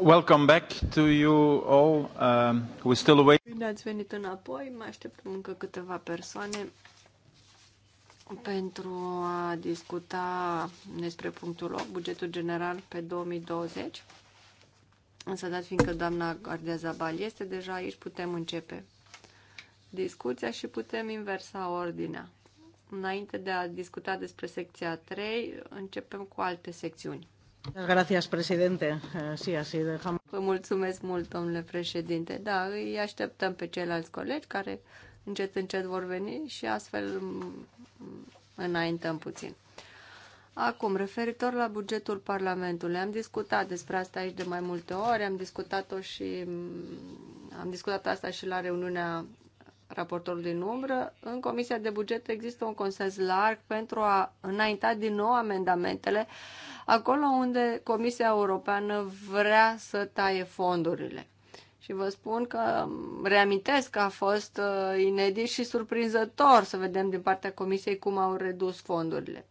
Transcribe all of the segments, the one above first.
Welcome back to you all. Um, we're still away. Bine ați venit înapoi. Mai așteptăm încă câteva persoane pentru a discuta despre punctul 8, bugetul general pe 2020. Însă, dat fiindcă doamna Gardia Zabal este deja aici, putem începe discuția și putem inversa ordinea înainte de a discuta despre secția 3, începem cu alte secțiuni. Gracias, președinte. Eh, sí, así Vă mulțumesc mult, domnule președinte. Da, îi așteptăm pe ceilalți colegi care încet, încet vor veni și astfel mm, înaintăm puțin. Acum, referitor la bugetul Parlamentului, am discutat despre asta aici de mai multe ori, am discutat-o și mm, am discutat asta și la reuniunea raportorul din umbră, în Comisia de Buget există un consens larg pentru a înainta din nou amendamentele acolo unde Comisia Europeană vrea să taie fondurile. Și vă spun că um, reamintesc că a fost uh, inedit și surprinzător să vedem din partea Comisiei cum au redus fondurile.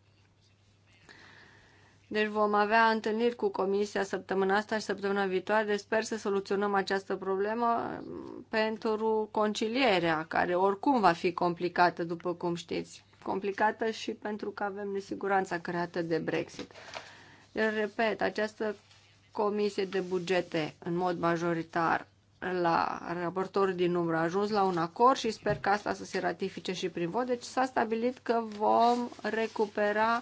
Deci vom avea întâlniri cu Comisia săptămâna asta și săptămâna viitoare, deci sper să soluționăm această problemă mm, pentru concilierea, care oricum va fi complicată, după cum știți. Complicată și pentru că avem nesiguranța creată de Brexit. Eu repet, această comisie de bugete, în mod majoritar, la raportorul din umbră a ajuns la un acord și sper că asta să se ratifice și prin vot. Deci s-a stabilit că vom recupera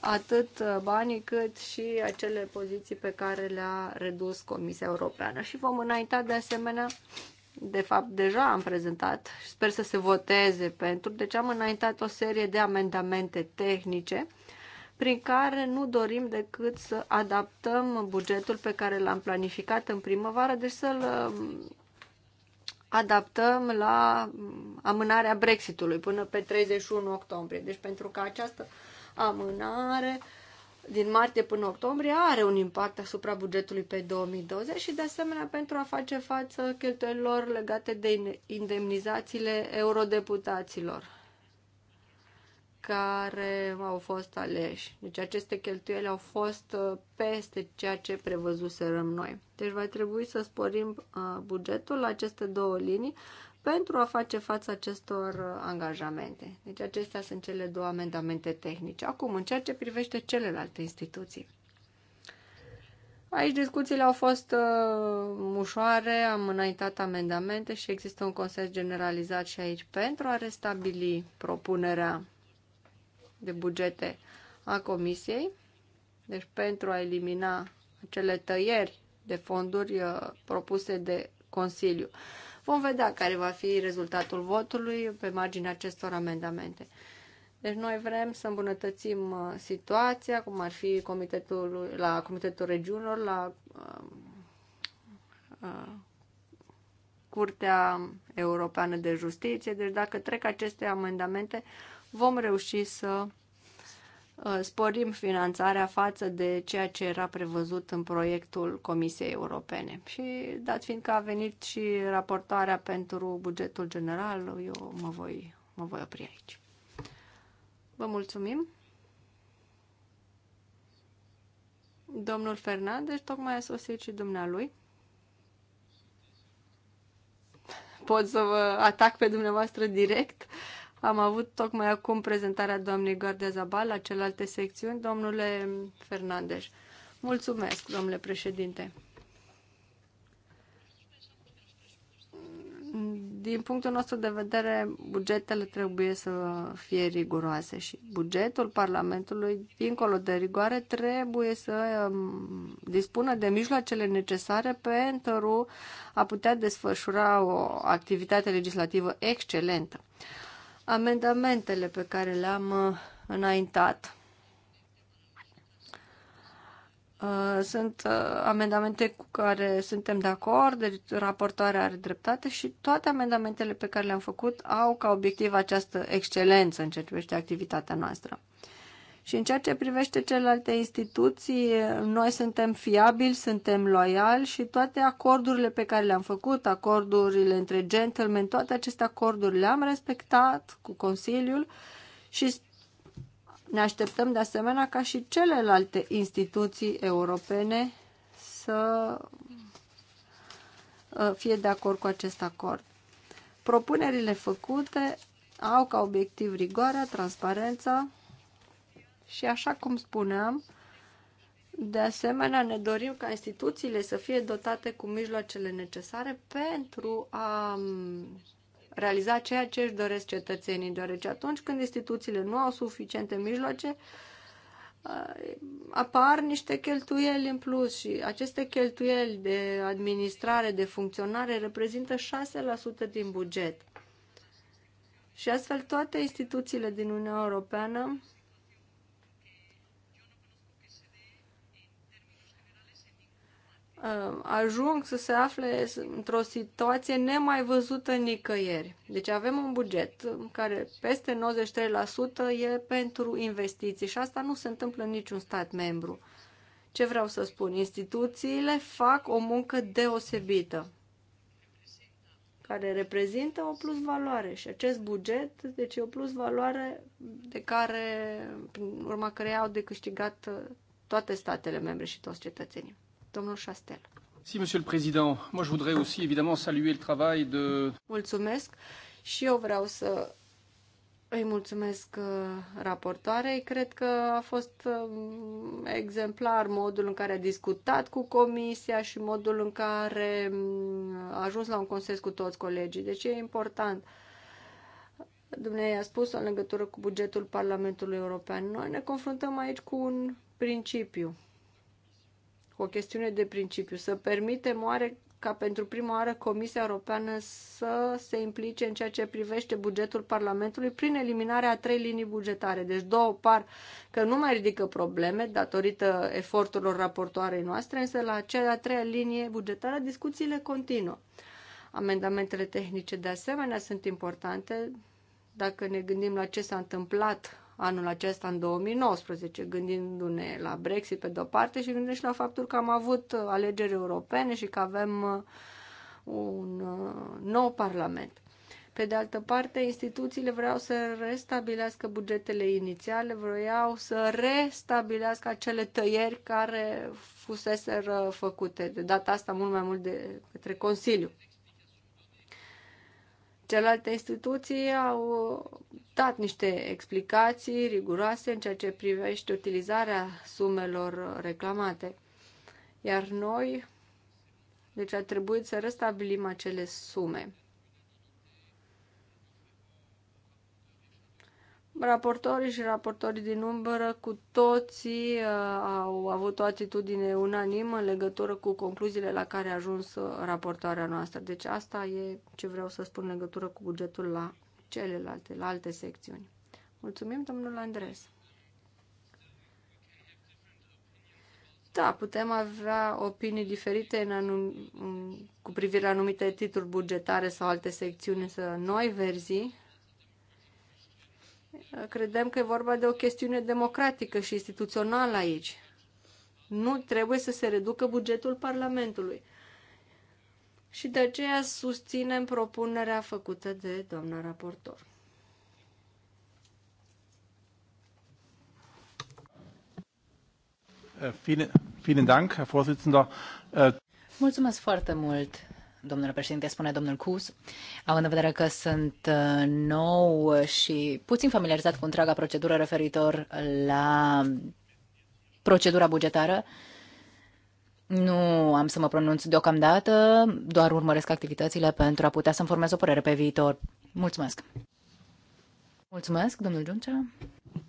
atât uh, banii cât și acele poziții pe care le-a redus Comisia Europeană. Și vom înainta de asemenea, de fapt deja am prezentat, sper să se voteze pentru, deci am înaintat o serie de amendamente tehnice prin care nu dorim decât să adaptăm bugetul pe care l-am planificat în primăvară, deci să-l um, adaptăm la um, amânarea Brexitului până pe 31 octombrie. Deci pentru că această amânare din martie până octombrie are un impact asupra bugetului pe 2020 și de asemenea pentru a face față cheltuielilor legate de indemnizațiile eurodeputaților care au fost aleși. Deci aceste cheltuieli au fost uh, peste ceea ce prevăzuserăm noi. Deci va trebui să sporim uh, bugetul la aceste două linii pentru a face față acestor uh, angajamente. Deci acestea sunt cele două amendamente tehnice. Acum, în ceea ce privește celelalte instituții. Aici discuțiile au fost uh, ușoare, am înaintat amendamente și există un consens generalizat și aici pentru a restabili propunerea de bugete a Comisiei, deci pentru a elimina acele tăieri de fonduri uh, propuse de Consiliu. Uh, Vom vedea care va fi rezultatul votului pe marginea acestor amendamente. Deci noi vrem să îmbunătățim uh, situația, cum ar fi comitetul, la Comitetul Regiunilor, la uh, uh, Curtea Europeană de Justiție. Deci dacă trec aceste amendamente, vom reuși să Uh, sporim finanțarea față de ceea ce era prevăzut în proiectul Comisiei Europene. Și dat fiind că a venit și raportarea pentru bugetul general, eu mă voi, mă voi opri aici. Vă mulțumim! Domnul Fernandez tocmai a sosit și dumnealui. Pot să vă atac pe dumneavoastră direct. Uh, am avut tocmai acum prezentarea doamnei Gardea Zabal la celelalte secțiuni. Domnule Fernandez, mulțumesc, domnule președinte. Din punctul nostru de vedere, bugetele trebuie să fie riguroase și bugetul Parlamentului, dincolo de rigoare, trebuie să um, dispună de mijloacele necesare pentru a putea desfășura o activitate legislativă excelentă amendamentele pe care le-am uh, înaintat. Uh, sunt uh, amendamente cu care suntem de acord, deci raportoarea are dreptate și toate amendamentele pe care le-am făcut au ca obiectiv această excelență în ce privește activitatea noastră. Și în ceea ce privește celelalte instituții, noi suntem fiabili, suntem loiali și toate acordurile pe care le-am făcut, acordurile între gentlemen, toate aceste acorduri le-am respectat cu Consiliul și ne așteptăm de asemenea ca și celelalte instituții europene să ă, fie de acord cu acest acord. Propunerile făcute au ca obiectiv rigoarea, transparența, și așa cum spuneam, de asemenea, ne dorim ca instituțiile să fie dotate cu mijloacele necesare pentru a realiza ceea ce își doresc cetățenii, deoarece atunci când instituțiile nu au suficiente mijloace, apar niște cheltuieli în plus și aceste cheltuieli de administrare, de funcționare reprezintă 6% din buget. Și astfel toate instituțiile din Uniunea Europeană Um, ajung să se afle într-o situație nemai văzută nicăieri. Deci avem un buget în care peste 93% e pentru investiții și asta nu se întâmplă în niciun stat membru. Ce vreau să spun? Instituțiile fac o muncă deosebită care reprezintă o plus valoare și acest buget, deci e o plus valoare de care, prin urma căreia au de câștigat uh, toate statele membre și toți cetățenii. Domnul Chastel. Si, monsieur le président. Moi, je voudrais aussi, évidemment, saluer le travail de... Mulțumesc și eu vreau să îi mulțumesc uh, raportoarei. Cred că a fost uh, exemplar modul în care a discutat cu comisia și modul în care uh, a ajuns la un consens cu toți colegii. Deci e important. Dumnezeu a spus în legătură cu bugetul Parlamentului European. Noi ne confruntăm aici cu un principiu o chestiune de principiu, să permitem oare ca pentru prima oară Comisia Europeană să se implice în ceea ce privește bugetul Parlamentului prin eliminarea a trei linii bugetare. Deci două par că nu mai ridică probleme datorită eforturilor raportoarei noastre, însă la cea de-a treia linie bugetară discuțiile continuă. Amendamentele tehnice de asemenea sunt importante dacă ne gândim la ce s-a întâmplat anul acesta, în 2019, gândindu-ne la Brexit pe de-o parte și gândindu-ne și la faptul că am avut uh, alegeri europene și că avem uh, un uh, nou parlament. Pe de altă parte, instituțiile vreau să restabilească bugetele inițiale, vreau să restabilească acele tăieri care fusese făcute, de data asta mult mai mult de către Consiliu. Celelalte instituții au dat niște explicații riguroase în ceea ce privește utilizarea sumelor reclamate. Iar noi, deci a trebuit să restabilim acele sume. Raportorii și raportorii din umbră cu toții uh, au avut o atitudine unanimă în legătură cu concluziile la care a ajuns uh, raportoarea noastră. Deci asta e ce vreau să spun în legătură cu bugetul la celelalte, la alte secțiuni. Mulțumim, domnul Andres. Da, putem avea opinii diferite în anum- cu privire la anumite titluri bugetare sau alte secțiuni, însă noi verzii Credem că e vorba de o chestiune democratică și instituțională aici. Nu trebuie să se reducă bugetul Parlamentului. Și de aceea susținem propunerea făcută de doamna raportor. Äh, vielen Dank, Herr Vorsitzender. Äh, Mulțumesc foarte mult, domnule președinte, spune domnul Cus, având în vedere că sunt uh, nou și puțin familiarizat cu întreaga procedură referitor la procedura bugetară, nu am să mă pronunț deocamdată, doar urmăresc activitățile pentru a putea să-mi formez o părere pe viitor. Mulțumesc! Mulțumesc, domnul Juncea.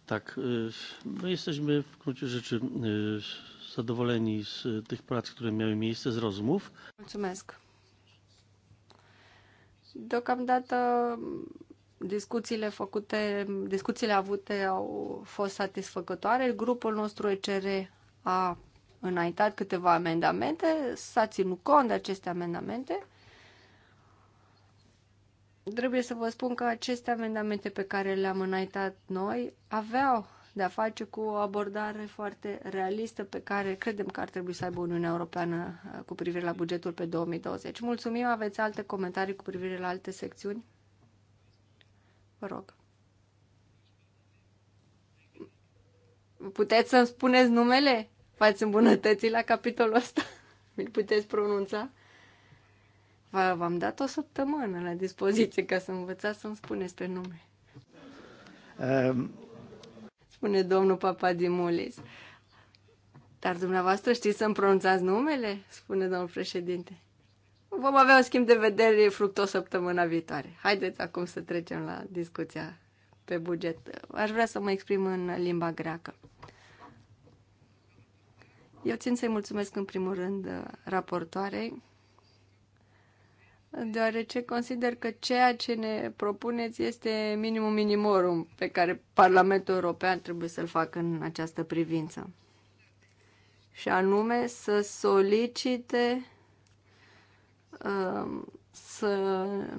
Tak, my jesteśmy w gruncie rzeczy zadowoleni z tych prac, które miały miejsce, z rozmów. Mulțumesc. Deocamdată discuțiile făcute, discuțiile avute au fost satisfăcătoare. Grupul nostru ECR a înaintat câteva amendamente, s-a ținut cont de aceste amendamente. Trebuie să vă spun că aceste amendamente pe care le-am înaintat noi aveau de a face cu o abordare foarte realistă pe care credem că ar trebui să aibă Uniunea Europeană uh, cu privire la bugetul pe 2020. Mulțumim, aveți alte comentarii cu privire la alte secțiuni? Vă rog. Puteți să-mi spuneți numele? Fați îmbunătății la capitolul ăsta? Mi-l puteți pronunța? V-am dat o săptămână la dispoziție ca să învățați să-mi spuneți pe nume. Um, spune domnul Papadimulis. Dar dumneavoastră știți să-mi pronunțați numele? Spune domnul președinte. Vom avea un schimb de vedere fructos săptămâna viitoare. Haideți acum să trecem la discuția pe buget. Aș vrea să mă exprim în limba greacă. Eu țin să-i mulțumesc în primul rând raportoarei deoarece consider că ceea ce ne propuneți este minimum minimorum pe care Parlamentul European trebuie să-l facă în această privință. Și anume să solicite um, să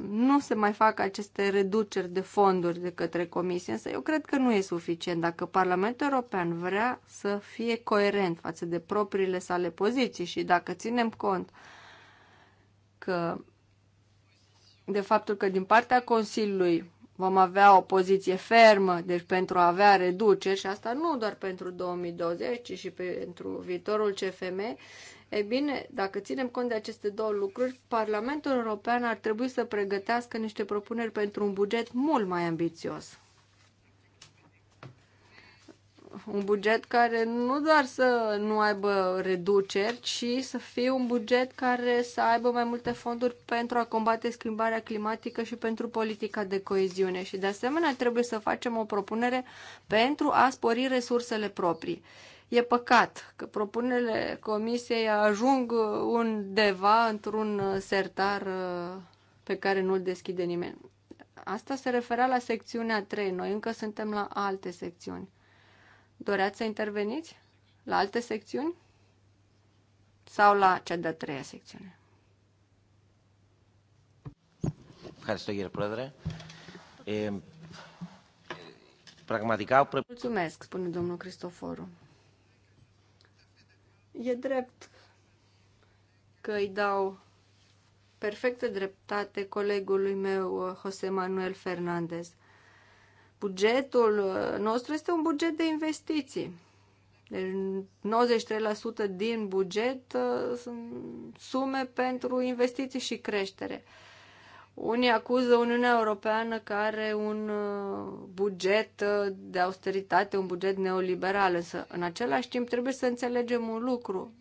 nu se mai facă aceste reduceri de fonduri de către Comisie, însă eu cred că nu e suficient. Dacă Parlamentul European vrea să fie coerent față de propriile sale poziții și dacă ținem cont că de faptul că din partea Consiliului vom avea o poziție fermă, deci pentru a avea reduceri, și asta nu doar pentru 2020, ci și pentru viitorul CFM, e bine, dacă ținem cont de aceste două lucruri, Parlamentul European ar trebui să pregătească niște propuneri pentru un buget mult mai ambițios un buget care nu doar să nu aibă reduceri, ci să fie un buget care să aibă mai multe fonduri pentru a combate schimbarea climatică și pentru politica de coeziune. Și de asemenea trebuie să facem o propunere pentru a spori resursele proprii. E păcat că propunerile comisiei ajung undeva într-un sertar uh, pe care nu-l deschide nimeni. Asta se referea la secțiunea 3. Noi încă suntem la alte secțiuni. Doreați să interveniți la alte secțiuni? Sau la cea de-a treia secțiune? Mulțumesc, spune domnul Cristoforu. E drept că îi dau perfectă dreptate colegului meu, Jose Manuel Fernandez. Bugetul uh, nostru este un buget de investiții. Deci 93% din buget uh, sunt sume pentru investiții și creștere. Unii acuză Uniunea Europeană că are un uh, buget de austeritate, un buget neoliberal, însă în același timp trebuie să înțelegem un lucru.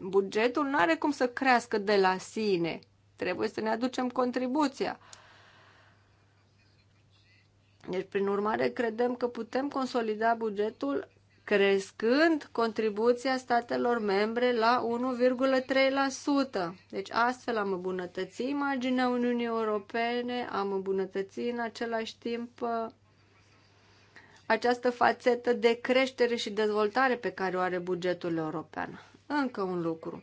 Bugetul nu are cum să crească de la sine. Trebuie să ne aducem contribuția. Uh, deci, prin urmare, credem că putem consolida bugetul crescând contribuția statelor membre la 1,3%. Deci astfel am îmbunătățit imaginea Uniunii Europene, am îmbunătățit în același timp uh, această fațetă de creștere și dezvoltare pe care o are bugetul european. Încă un lucru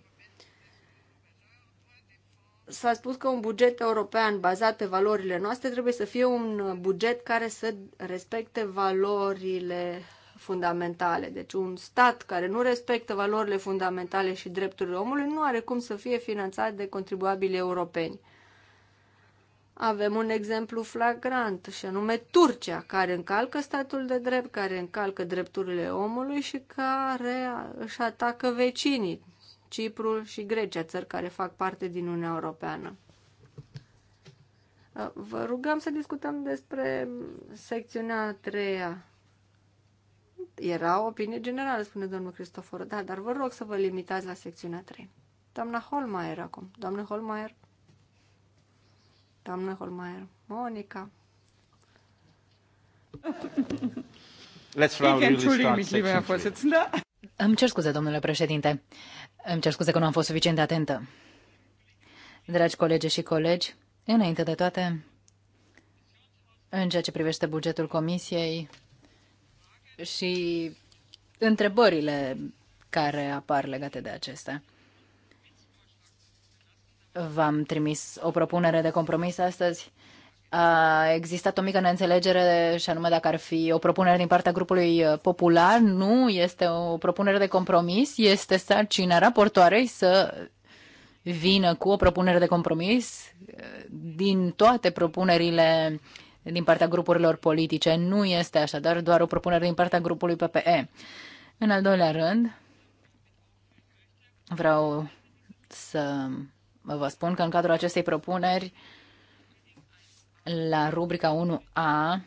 s-a spus că un buget european bazat pe valorile noastre trebuie să fie un buget care să respecte valorile fundamentale. Deci un stat care nu respectă valorile fundamentale și drepturile omului nu are cum să fie finanțat de contribuabili europeni. Avem un exemplu flagrant și anume Turcia, care încalcă statul de drept, care încalcă drepturile omului și care își atacă vecinii Ciprul și Grecia, țări care fac parte din Uniunea Europeană. Uh, vă rugăm să discutăm despre secțiunea a treia. Era o opinie generală, spune domnul Cristofor. Da, dar vă rog să vă limitați la secțiunea 3. Doamna Holmeier acum. Doamna Holmeier. Doamna Holmeier. Monica. Let's Frau really start. Da. Îmi cer scuze, domnule președinte. Îmi cer scuze că nu am fost suficient de atentă. Dragi colegi și colegi, înainte de toate, în ceea ce privește bugetul comisiei și întrebările care apar legate de acestea. V-am trimis o propunere de compromis astăzi a existat o mică neînțelegere și anume dacă ar fi o propunere din partea grupului uh, popular, nu este o propunere de compromis, este sarcina raportoarei să vină cu o propunere de compromis uh, din toate propunerile din partea grupurilor politice. Nu este așadar doar o propunere din partea grupului PPE. În al doilea rând, vreau să vă spun că în cadrul acestei propuneri la rubrica 1A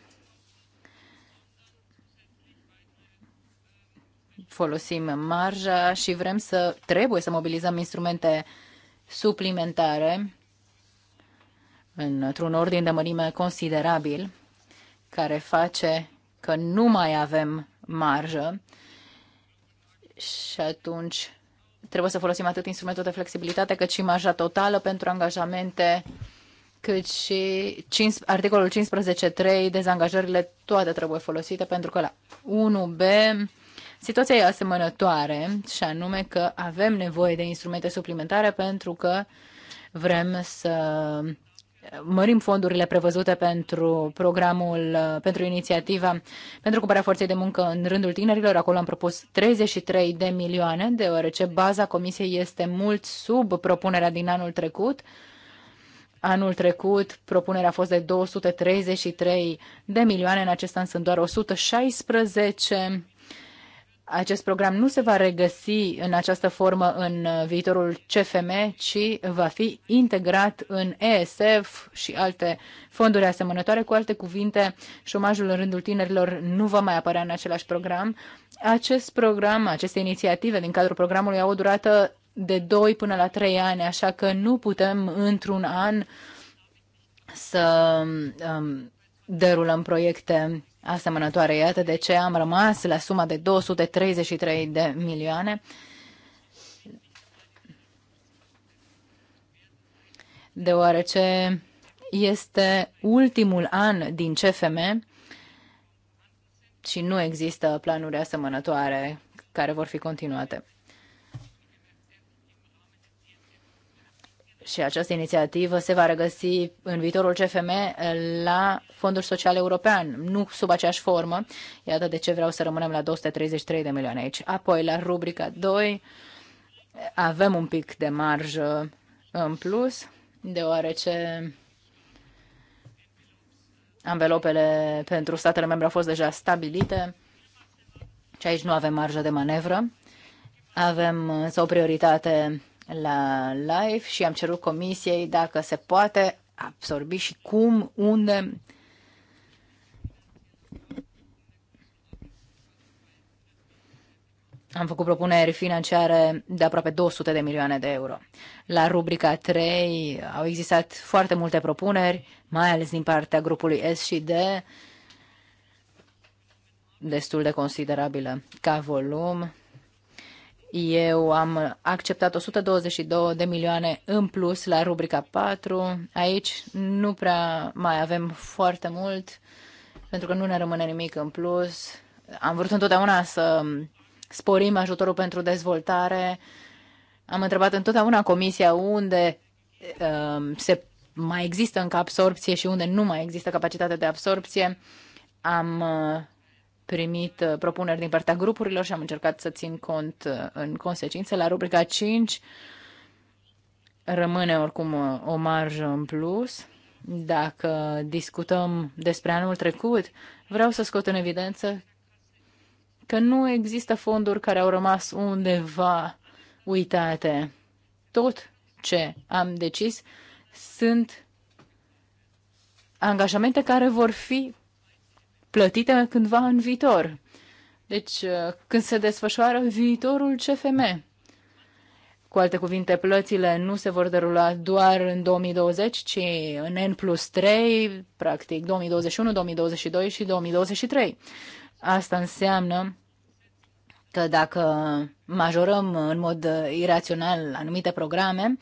folosim marja și vrem să, trebuie să mobilizăm instrumente suplimentare într-un ordin de mărime considerabil, care face că nu mai avem marjă și atunci trebuie să folosim atât instrumentul de flexibilitate cât și marja totală pentru angajamente uh, cât și 5, articolul 15.3, dezangajările toate trebuie folosite, pentru că la 1B situația e asemănătoare și anume că avem nevoie de instrumente suplimentare pentru că vrem să mărim fondurile prevăzute pentru programul, pentru inițiativa pentru cumpărarea forței de muncă în rândul tinerilor. Acolo am propus 33 de milioane, deoarece baza comisiei este mult sub propunerea din anul trecut Anul trecut propunerea a fost de 233 de milioane, în acest an sunt doar 116. Acest program nu se va regăsi în această formă în viitorul CFM, ci va fi integrat în ESF și alte fonduri asemănătoare. Cu alte cuvinte, șomajul în rândul tinerilor nu va mai apărea în același program. Acest program, aceste inițiative din cadrul programului au o durată de 2 până la 3 ani, așa că nu putem într-un an să um, derulăm proiecte asemănătoare. Iată de ce am rămas la suma de 233 de milioane. Deoarece este ultimul an din CFM și nu există planuri asemănătoare care vor fi continuate. și această inițiativă se va regăsi în viitorul CFM la Fondul Social European, nu sub aceeași formă. Iată de ce vreau să rămânem la 233 de milioane aici. Apoi, la rubrica 2, avem un pic de marjă în plus, deoarece anvelopele pentru statele membre au fost deja stabilite și aici nu avem marjă de manevră. Avem însă o prioritate la live și am cerut comisiei dacă se poate absorbi și cum, unde. Am făcut propuneri financiare de aproape 200 de milioane de euro. La rubrica 3 au existat foarte multe propuneri, mai ales din partea grupului S și D, destul de considerabilă ca volum. Eu am acceptat 122 de milioane în plus la rubrica 4. Aici nu prea mai avem foarte mult, pentru că nu ne rămâne nimic în plus. Am vrut întotdeauna să sporim ajutorul pentru dezvoltare. Am întrebat întotdeauna comisia unde uh, se mai există încă absorpție și unde nu mai există capacitate de absorpție. Am uh, primit uh, propuneri din partea grupurilor și am încercat să țin cont uh, în consecință. La rubrica 5 rămâne oricum uh, o marjă în plus. Dacă discutăm despre anul trecut, vreau să scot în evidență că nu există fonduri care au rămas undeva uitate. Tot ce am decis sunt angajamente care vor fi plătite cândva în viitor. Deci, uh, când se desfășoară viitorul CFM. Cu alte cuvinte, plățile nu se vor derula doar în 2020, ci în N plus 3, practic 2021, 2022 și 2023. Asta înseamnă că dacă majorăm în mod irațional anumite programe,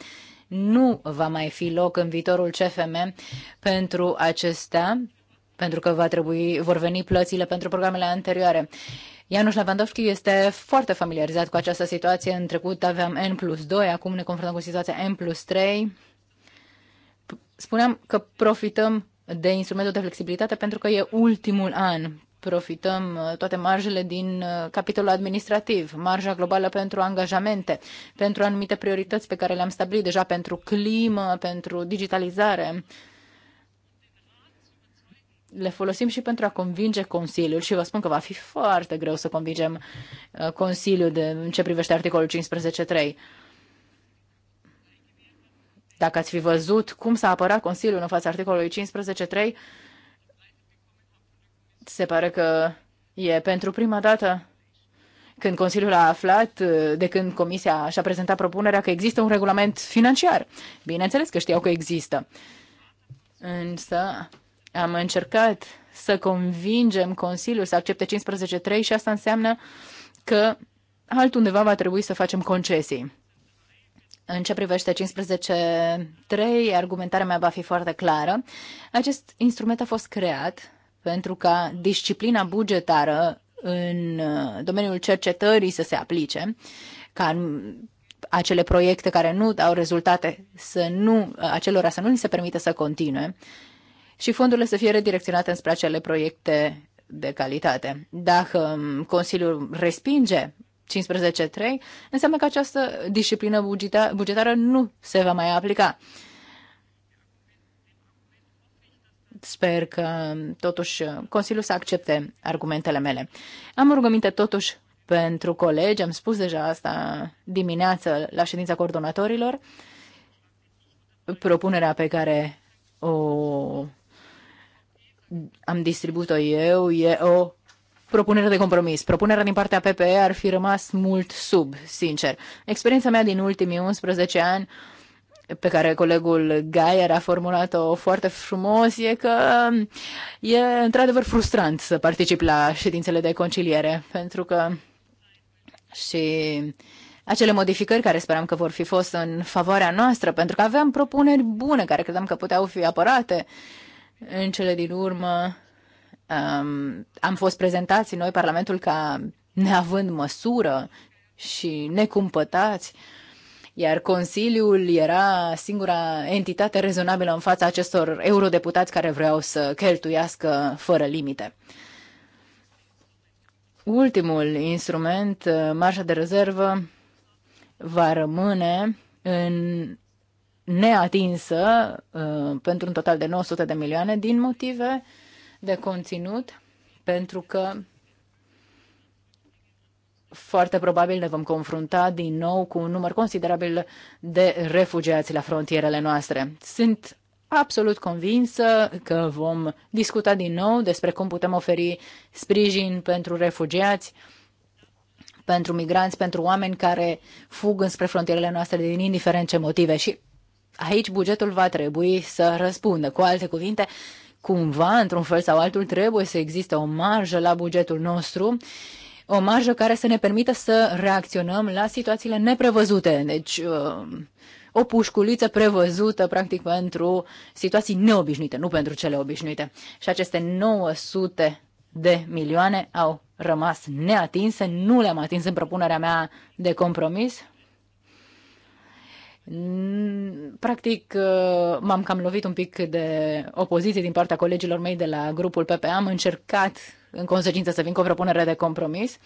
nu va mai fi loc în viitorul CFM pentru acestea, pentru că va trebui, vor veni plățile pentru programele anterioare. Ianuș Lewandowski este foarte familiarizat cu această situație. În trecut aveam N plus 2, acum ne confruntăm cu situația N plus 3. Spuneam că profităm de instrumentul de flexibilitate pentru că e ultimul an. Profităm uh, toate marjele din uh, capitolul administrativ, marja globală pentru angajamente, pentru anumite priorități pe care le-am stabilit deja, pentru climă, pentru digitalizare le folosim și pentru a convinge Consiliul și vă spun că va fi foarte greu să convingem uh, Consiliul de, în ce privește articolul 15.3. Dacă ați fi văzut cum s-a apărat Consiliul în fața articolului 15.3, se pare că e pentru prima dată când Consiliul a aflat, uh, de când Comisia și-a prezentat propunerea că există un regulament financiar. Bineînțeles că știau că există. Însă am încercat să convingem Consiliul să accepte 15.3 și asta înseamnă că altundeva va trebui să facem concesii. În ce privește 15.3, argumentarea mea va fi foarte clară. Acest instrument a fost creat pentru ca disciplina bugetară în uh, domeniul cercetării să se aplice, ca acele proiecte care nu dau rezultate să nu, uh, acelora să nu li se permită să continue și fondurile să fie redirecționate înspre acele proiecte de calitate. Dacă um, Consiliul respinge 15.3, înseamnă că această disciplină bugetară nu se va mai aplica. Sper că um, totuși Consiliul să accepte argumentele mele. Am rugăminte totuși pentru colegi, am spus deja asta dimineață la ședința coordonatorilor, propunerea pe care o am distribuit-o eu, e o propunere de compromis. Propunerea din partea PPE ar fi rămas mult sub, sincer. Experiența mea din ultimii 11 ani pe care colegul Gaier a formulat-o foarte frumos e că um, e într-adevăr frustrant să particip la ședințele de conciliere, pentru că și acele modificări care speram că vor fi fost în favoarea noastră, pentru că aveam propuneri bune care credeam că puteau fi apărate, uh, în cele din urmă um, am fost prezentați noi, Parlamentul, ca neavând măsură și necumpătați, iar Consiliul era singura entitate rezonabilă în fața acestor eurodeputați care vreau să cheltuiască fără limite. Ultimul instrument, marșa de rezervă, va rămâne în neatinsă uh, pentru un total de 900 de milioane din motive de conținut, pentru că foarte probabil ne vom confrunta din nou cu un număr considerabil de refugiați la frontierele noastre. Sunt absolut convinsă că vom discuta din nou despre cum putem oferi sprijin pentru refugiați, pentru migranți, pentru oameni care fug înspre frontierele noastre din indiferent ce motive. Și aici bugetul va trebui să răspundă. Cu alte cuvinte, cumva, într-un fel sau altul, trebuie să existe o marjă la bugetul nostru, o marjă care să ne permită să reacționăm la situațiile neprevăzute. Deci, uh, o pușculiță prevăzută, practic, pentru situații neobișnuite, nu pentru cele obișnuite. Și aceste 900 de milioane au rămas neatinse, nu le-am atins în propunerea mea de compromis, Practic, uh, m-am cam lovit un pic de opoziție din partea colegilor mei de la grupul PPA. Am încercat, în consecință, să vin cu o propunere de compromis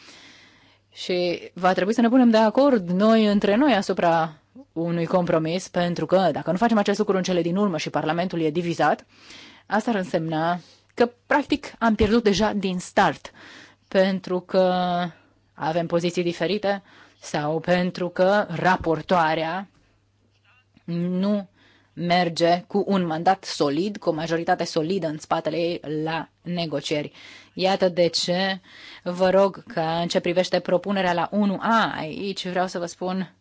și va trebui să ne punem de acord noi între noi asupra unui compromis, pentru că dacă nu facem acest lucru în cele din urmă și Parlamentul e divizat, asta ar însemna că, practic, am pierdut deja din start, pentru că avem poziții diferite sau pentru că raportoarea nu merge cu un mandat solid, cu o majoritate solidă în spatele ei la negocieri. Iată de ce vă rog că în ce privește propunerea la 1A, aici vreau să vă spun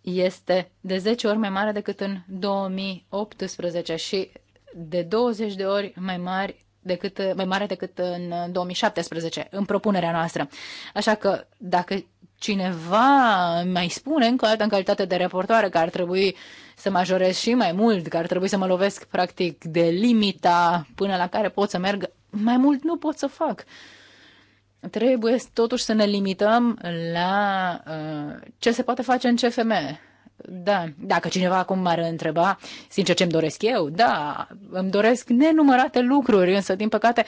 este de 10 ori mai mare decât în 2018 și de 20 de ori mai mari decât, mai mare decât în 2017, în propunerea noastră. Așa că dacă cineva mai spune încă o dată în calitate de reportoare că ar trebui să majorez și mai mult, că ar trebui să mă lovesc practic de limita până la care pot să merg, mai mult nu pot să fac. Trebuie totuși să ne limităm la uh, ce se poate face în CFM. Da, dacă cineva acum m-ar întreba, sincer ce-mi doresc eu, da, îmi doresc nenumărate lucruri, însă din păcate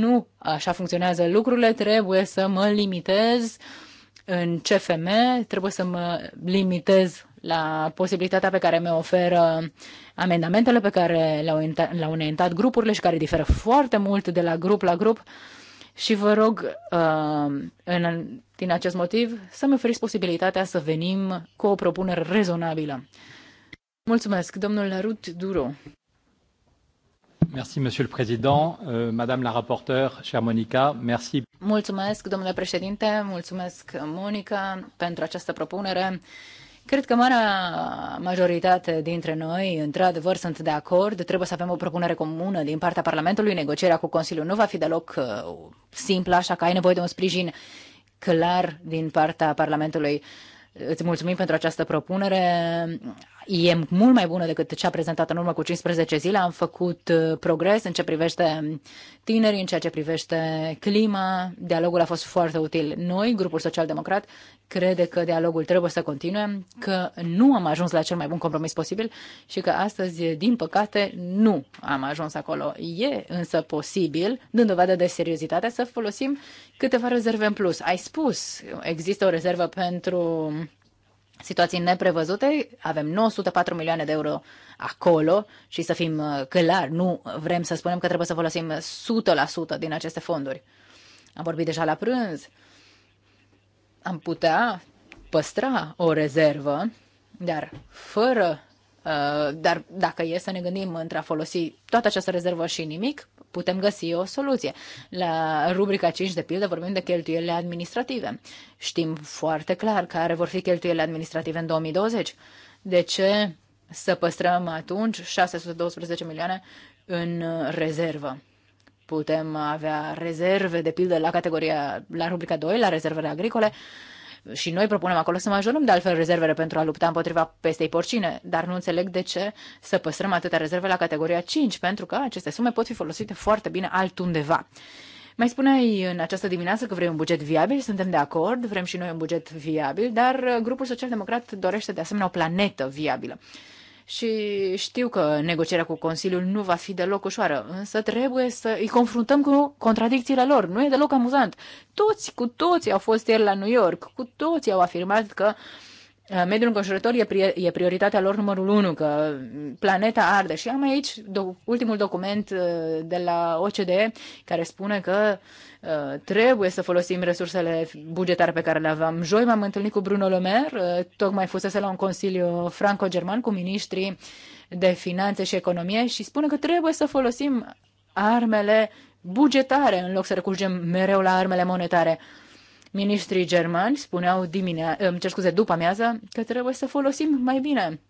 nu așa funcționează lucrurile, trebuie să mă limitez uh, în CFM, trebuie să mă limitez la posibilitatea pe care mi-o oferă amendamentele pe care le-au înaintat grupurile și care diferă foarte mult de la grup la grup și vă rog, uh, în, din acest motiv, să-mi oferiți posibilitatea să venim cu o propunere rezonabilă. Mulțumesc, domnul Larut Duro. Merci, Monsieur le Président, euh, Madame la chère Monica, merci. Mulțumesc, domnule președinte, mulțumesc, Monica, pentru această propunere. Cred că marea majoritate dintre noi, într-adevăr, sunt de acord. Trebuie să avem o propunere comună din partea Parlamentului. Negocierea cu Consiliul nu va fi deloc uh, simplă, așa că ai nevoie de un sprijin clar din partea Parlamentului. Îți mulțumim pentru această propunere e mult mai bună decât cea prezentată în urmă cu 15 zile. Am făcut uh, progres în ce privește tinerii, în ceea ce privește clima. Dialogul a fost foarte util. Noi, grupul social-democrat, crede că dialogul trebuie să continue, că nu am ajuns la cel mai bun compromis posibil și că astăzi, din păcate, nu am ajuns acolo. E însă posibil, dând dovadă de seriozitate, să folosim câteva rezerve în plus. Ai spus, există o rezervă pentru situații neprevăzute, avem 904 milioane de euro acolo și să fim uh, clari, nu vrem să spunem că trebuie să folosim 100% din aceste fonduri. Am vorbit deja la prânz, am putea păstra o rezervă, dar fără Uh, dar dacă e să ne gândim între a folosi toată această rezervă și nimic, putem găsi o soluție. La rubrica 5, de pildă, vorbim de cheltuielile administrative. Știm foarte clar care vor fi cheltuielile administrative în 2020. De ce să păstrăm atunci 612 milioane în rezervă? Putem avea rezerve, de pildă, la categoria, la rubrica 2, la rezervele agricole, uh, și noi propunem acolo să majorăm de altfel rezervele pentru a lupta împotriva pestei porcine, dar nu înțeleg de ce să păstrăm atâtea rezerve la categoria 5, pentru că aceste sume pot fi folosite foarte bine altundeva. Mai spuneai în această dimineață că vrei un buget viabil, suntem de acord, vrem și noi un buget viabil, dar grupul social-democrat dorește de asemenea o planetă viabilă și știu că negocierea cu Consiliul nu va fi deloc ușoară, însă trebuie să îi confruntăm cu contradicțiile lor. Nu e deloc amuzant. Toți, cu toții au fost ieri la New York, cu toții au afirmat că uh, Uh, mediul înconjurător e, e prioritatea lor numărul unu, că planeta arde. Și am aici do, ultimul document uh, de la OCDE care spune că uh, trebuie să folosim resursele bugetare pe care le aveam. Joi m-am întâlnit cu Bruno Le Maire, uh, tocmai fusese la un consiliu franco-german cu ministrii de finanțe și economie și spune că trebuie să folosim armele bugetare în loc să recurgem mereu la armele monetare. Uh, Ministrii germani spuneau diminea, îmi cer scuze, după amiază că trebuie să folosim mai bine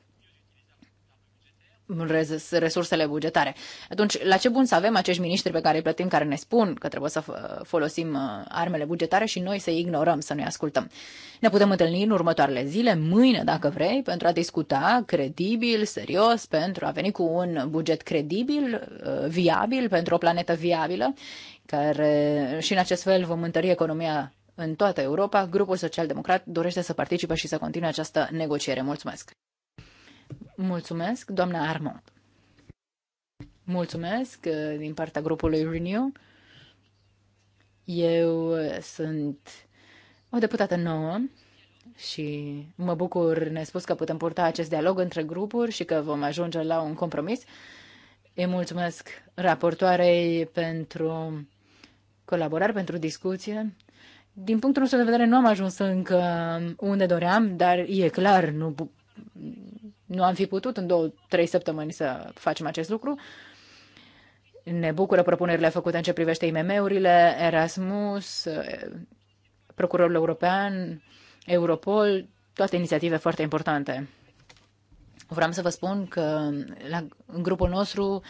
resursele bugetare. Atunci, la ce bun să avem acești miniștri pe care îi plătim, care ne spun că trebuie să folosim uh, armele bugetare și noi să ignorăm, să nu-i ascultăm? Ne putem întâlni în următoarele zile, mâine, dacă vrei, pentru a discuta credibil, serios, pentru a veni cu un buget credibil, uh, viabil, pentru o planetă viabilă, care și în acest fel vom întări economia în toată Europa, grupul social-democrat dorește să participe și să continue această negociere. Mulțumesc! Mulțumesc, doamna Armand! Mulțumesc uh, din partea grupului Renew. Eu uh, sunt o deputată nouă și mă bucur nespus că putem purta acest dialog între grupuri și că vom ajunge la un compromis. Îi mulțumesc raportoarei pentru colaborare, pentru discuție. Din punctul nostru de vedere, nu am ajuns încă unde doream, dar e clar, nu, nu am fi putut în două, trei săptămâni să facem acest lucru. Ne bucură propunerile făcute în ce privește IMM-urile, Erasmus, Procurorul European, Europol, toate inițiative foarte importante. Vreau să vă spun că la, în grupul nostru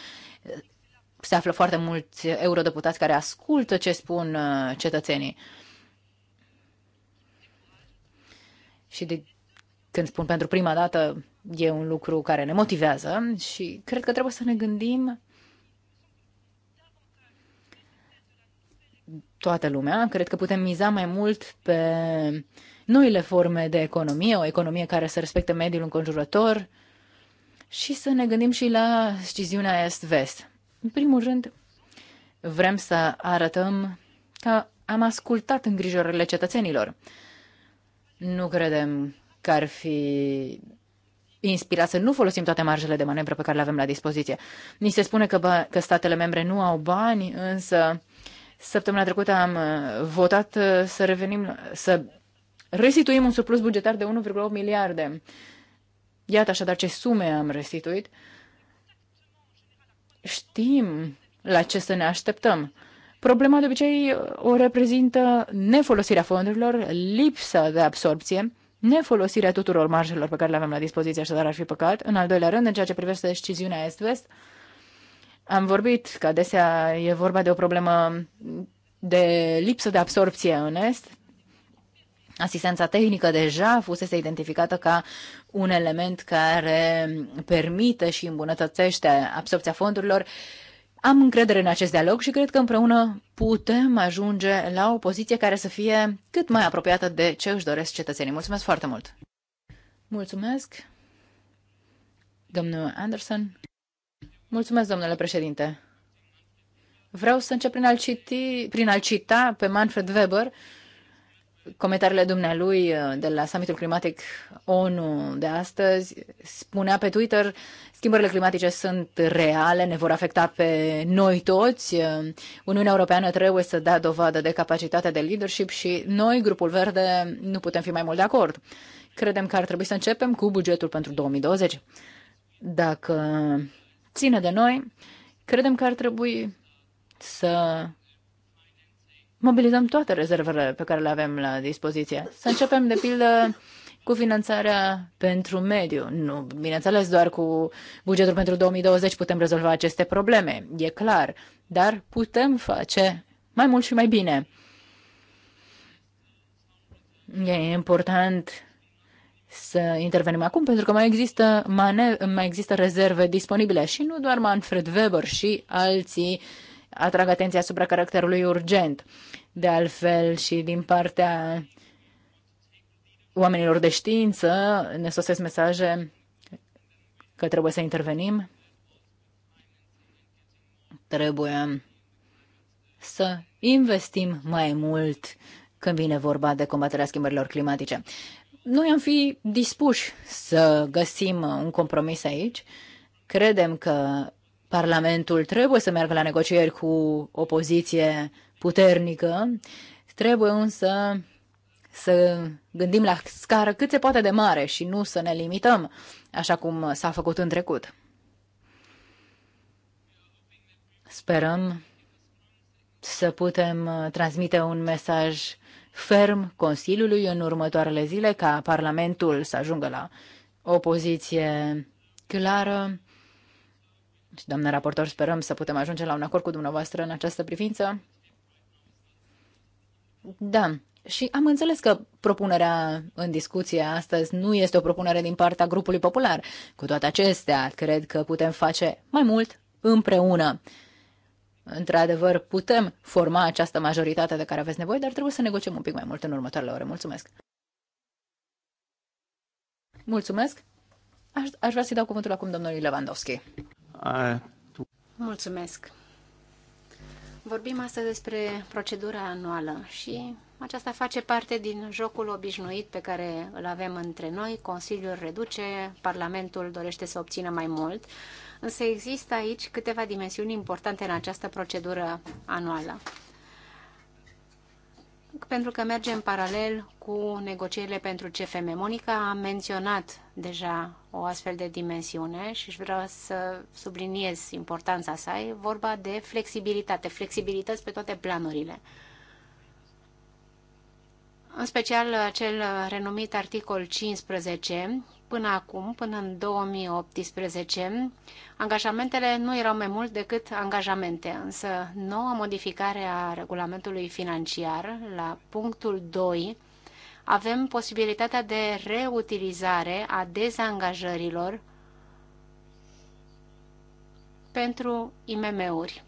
se află foarte mulți eurodeputați care ascultă ce spun uh, cetățenii. și de când spun pentru prima dată, e un lucru care ne motivează și cred că trebuie să ne gândim toată lumea, cred că putem miza mai mult pe noile forme de economie, o economie care să respecte mediul înconjurător și să ne gândim și la sciziunea est-vest. În primul rând, vrem să arătăm că am ascultat îngrijorările cetățenilor. Nu credem că ar fi inspirat să nu folosim toate marjele de manevră pe care le avem la dispoziție. Ni se spune că, că statele membre nu au bani, însă săptămâna trecută am uh, votat uh, să revenim, să restituim un surplus bugetar de 1,8 miliarde. Iată așadar ce sume am restituit. Știm la ce să ne așteptăm. Problema de obicei uh, o reprezintă nefolosirea fondurilor, lipsa de absorpție, nefolosirea tuturor marjelor pe care le avem la dispoziție, așadar ar fi păcat. În al doilea rând, în ceea ce privește deciziunea Est-Vest, am vorbit că adesea e vorba de o problemă de lipsă de absorpție în Est. Asistența tehnică deja fusese identificată ca un element care permite și îmbunătățește absorpția fondurilor am încredere în acest dialog și cred că împreună putem ajunge la o poziție care să fie cât mai apropiată de ce își doresc cetățenii. Mulțumesc foarte mult! Mulțumesc, domnul Anderson. Mulțumesc, domnule președinte. Vreau să încep prin a-l, citi, prin a cita pe Manfred Weber, comentariile dumnealui uh, de la summitul climatic ONU de astăzi, spunea pe Twitter, schimbările climatice sunt reale, ne vor afecta pe noi toți. Uh, Uniunea Europeană trebuie să dea dovadă de capacitate de leadership și noi, grupul verde, nu putem fi mai mult de acord. Credem că ar trebui să începem cu bugetul pentru 2020. Dacă ține de noi, credem că ar trebui să mobilizăm toate rezervele pe care le avem la dispoziție. Să începem, de pildă, cu finanțarea pentru mediu. Nu, bineînțeles, doar cu bugetul pentru 2020 putem rezolva aceste probleme, e clar, dar putem face mai mult și mai bine. E important să intervenim acum, pentru că mai există, mane- mai există rezerve disponibile și nu doar Manfred Weber și alții atrag atenția asupra caracterului urgent de altfel și din partea oamenilor de știință ne sosesc mesaje că trebuie să intervenim, trebuie să investim mai mult când vine vorba de combaterea schimbărilor climatice. Noi am fi dispuși să găsim un compromis aici. Credem că Parlamentul trebuie să meargă la negocieri cu opoziție puternică. Trebuie însă să gândim la scară cât se poate de mare și nu să ne limităm, așa cum s-a făcut în trecut. Sperăm să putem uh, transmite un mesaj ferm Consiliului în următoarele zile ca Parlamentul să ajungă la o poziție clară. Și, doamnă raportor, sperăm să putem ajunge la un acord cu dumneavoastră în această privință. Da. Și am înțeles că propunerea în discuție astăzi nu este o propunere din partea grupului popular. Cu toate acestea, cred că putem face mai mult împreună. Într-adevăr, putem forma această majoritate de care aveți nevoie, dar trebuie să negociem un pic mai mult în următoarele ore. Mulțumesc! Mulțumesc! Aș, aș vrea să-i dau cuvântul acum domnului Lewandowski. Uh, Mulțumesc! Vorbim astăzi despre procedura anuală și aceasta face parte din jocul obișnuit pe care îl avem între noi. Consiliul reduce, Parlamentul dorește să obțină mai mult, însă există aici câteva dimensiuni importante în această procedură anuală pentru că merge în paralel cu negocierile pentru CFM. Monica a menționat deja o astfel de dimensiune și vreau să subliniez importanța sa. E vorba de flexibilitate, flexibilități pe toate planurile. În special acel renumit articol 15, până acum, până în 2018, angajamentele nu erau mai mult decât angajamente, însă noua modificare a regulamentului financiar, la punctul 2, avem posibilitatea de reutilizare a dezangajărilor pentru IMM-uri.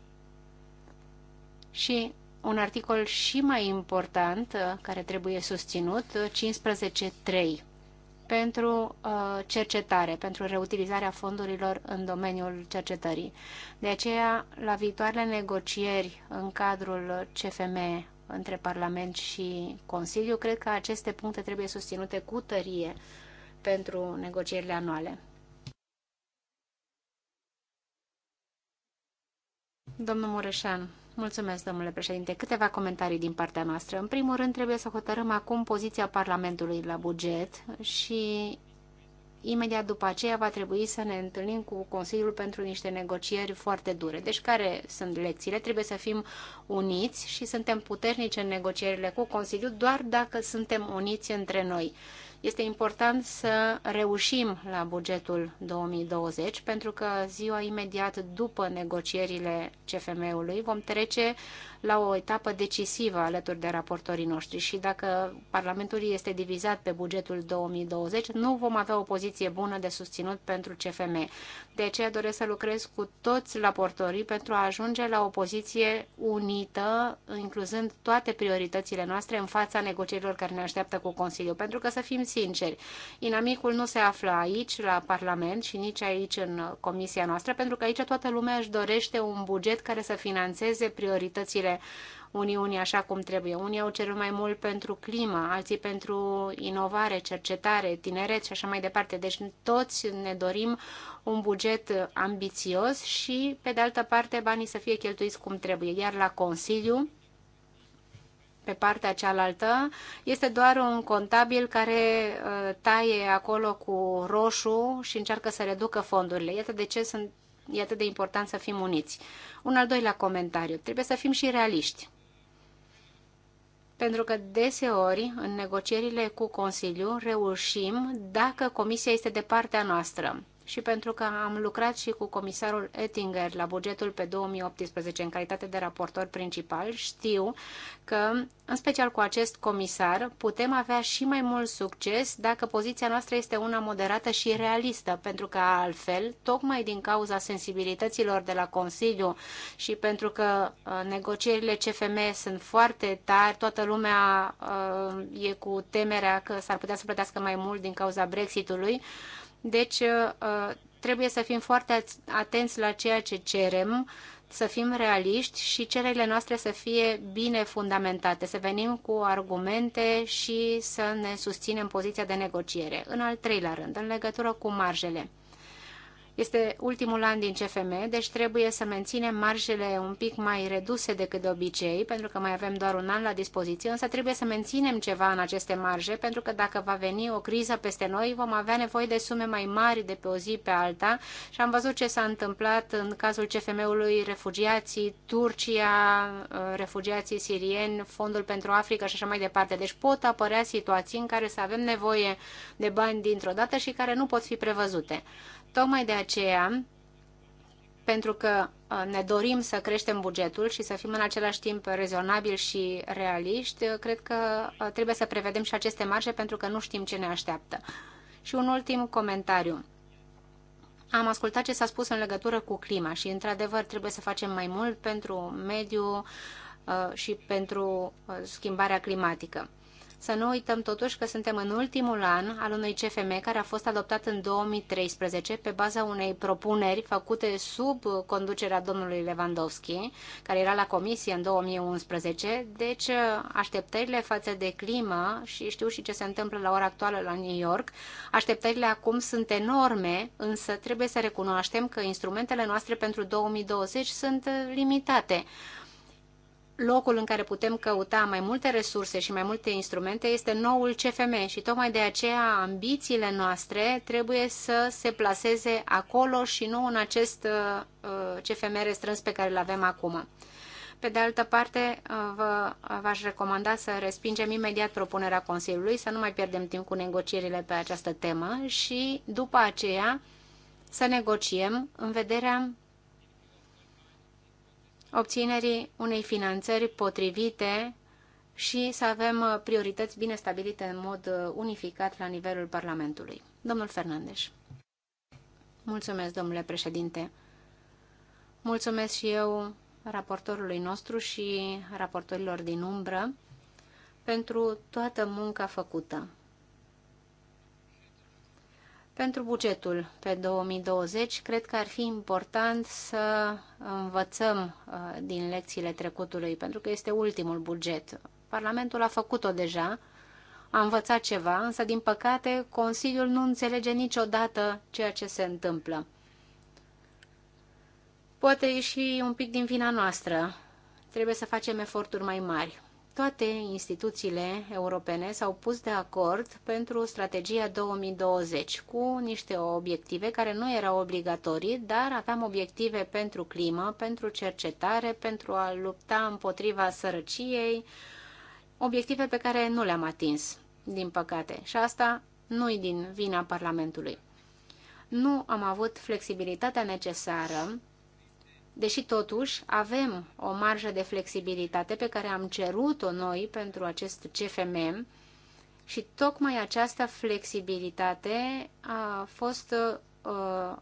Și un articol și mai important uh, care trebuie susținut, 15.3 uh, pentru uh, cercetare, pentru reutilizarea fondurilor în domeniul cercetării. De aceea, la viitoarele negocieri în cadrul CFM între Parlament și Consiliu, cred că aceste puncte trebuie susținute cu tărie pentru negocierile anuale. Domnul Mureșan. Mulțumesc, domnule președinte. Câteva comentarii din partea noastră. În primul rând, trebuie să hotărâm acum poziția Parlamentului la buget și imediat după aceea va trebui să ne întâlnim cu Consiliul pentru niște negocieri foarte dure. Deci care sunt lecțiile? Trebuie să fim uniți și suntem puternici în negocierile cu Consiliul doar dacă suntem uniți între noi. Este important să reușim la bugetul 2020, pentru că ziua imediat după negocierile CFM-ului vom trece la o etapă decisivă alături de raportorii noștri și dacă Parlamentul este divizat pe bugetul 2020, nu vom avea o poziție bună de susținut pentru CFM. De aceea doresc să lucrez cu toți raportorii pentru a ajunge la o poziție unită, incluzând toate prioritățile noastre în fața negocierilor care ne așteaptă cu Consiliul. Pentru că, să fim sinceri, inamicul nu se află aici, la Parlament și nici aici în comisia noastră, pentru că aici toată lumea își dorește un buget care să financeze prioritățile Uniunii așa cum trebuie. Unii au cerut mai mult pentru climă, alții pentru inovare, cercetare, tineret și așa mai departe. Deci toți ne dorim un buget ambițios și, pe de altă parte, banii să fie cheltuiți cum trebuie. Iar la Consiliu, pe partea cealaltă, este doar un contabil care uh, taie acolo cu roșu și încearcă să reducă fondurile. Iată de ce sunt e atât de important să fim uniți. Un al doilea comentariu. Trebuie să fim și realiști. Pentru că deseori, în negocierile cu Consiliu, reușim dacă Comisia este de partea noastră și pentru că am lucrat și cu comisarul Ettinger la bugetul pe 2018 în calitate de raportor principal, știu că, în special cu acest comisar, putem avea și mai mult succes dacă poziția noastră este una moderată și realistă, pentru că altfel, tocmai din cauza sensibilităților de la Consiliu și pentru că uh, negocierile CFM sunt foarte tari, toată lumea uh, e cu temerea că s-ar putea să plătească mai mult din cauza Brexitului, ului deci uh, uh, trebuie să fim foarte atenți la ceea ce cerem, să fim realiști și cererile noastre să fie bine fundamentate, să venim cu argumente și să ne susținem poziția de negociere. În al treilea rând, în legătură cu marjele. Este ultimul an din CFM, deci trebuie să menținem marjele un pic mai reduse decât de obicei, pentru că mai avem doar un an la dispoziție, însă trebuie să menținem ceva în aceste marje, pentru că dacă va veni o criză peste noi, vom avea nevoie de sume mai mari de pe o zi pe alta și am văzut ce s-a întâmplat în cazul CFM-ului, refugiații, Turcia, uh, refugiații sirieni, Fondul pentru Africa și așa mai departe. Deci pot apărea situații în care să avem nevoie de bani dintr-o dată și care nu pot fi prevăzute. Tocmai de aceea, pentru că uh, ne dorim să creștem bugetul și să fim în același timp rezonabili și realiști, uh, cred că uh, trebuie să prevedem și aceste marje pentru că nu știm ce ne așteaptă. Și un ultim comentariu. Am ascultat ce s-a spus în legătură cu clima și, într-adevăr, trebuie să facem mai mult pentru mediu și pentru schimbarea climatică. Să nu uităm totuși că suntem în ultimul an al unui CFM care a fost adoptat în 2013 pe baza unei propuneri făcute sub conducerea domnului Lewandowski, care era la comisie în 2011. Deci așteptările față de climă și știu și ce se întâmplă la ora actuală la New York, așteptările acum sunt enorme, însă trebuie să recunoaștem că instrumentele noastre pentru 2020 sunt limitate locul în care putem căuta mai multe resurse și mai multe instrumente este noul CFM și tocmai de aceea ambițiile noastre trebuie să se placeze acolo și nu în acest uh, uh, CFM restrâns pe care îl avem acum. Pe de altă parte, uh, vă, v-aș recomanda să respingem imediat propunerea Consiliului, să nu mai pierdem timp cu negocierile pe această temă și după aceea să negociem în vederea obținerii unei finanțări potrivite și să avem uh, priorități bine stabilite în mod uh, unificat la nivelul Parlamentului. Domnul Fernandes. Mulțumesc, domnule președinte. Mulțumesc și eu raportorului nostru și raportorilor din umbră pentru toată munca făcută. Pentru bugetul pe 2020, cred că ar fi important să învățăm uh, din lecțiile trecutului, pentru că este ultimul buget. Parlamentul a făcut-o deja, a învățat ceva, însă, din păcate, Consiliul nu înțelege niciodată ceea ce se întâmplă. Poate e și un pic din vina noastră. Trebuie să facem eforturi mai mari toate instituțiile europene s-au pus de acord pentru strategia 2020 cu niște obiective care nu erau obligatorii, dar aveam obiective pentru climă, pentru cercetare, pentru a lupta împotriva sărăciei, obiective pe care nu le-am atins, din păcate. Și asta nu e din vina Parlamentului. Nu am avut flexibilitatea necesară deși totuși avem o marjă de flexibilitate pe care am cerut-o noi pentru acest CFM și tocmai această flexibilitate a fost uh,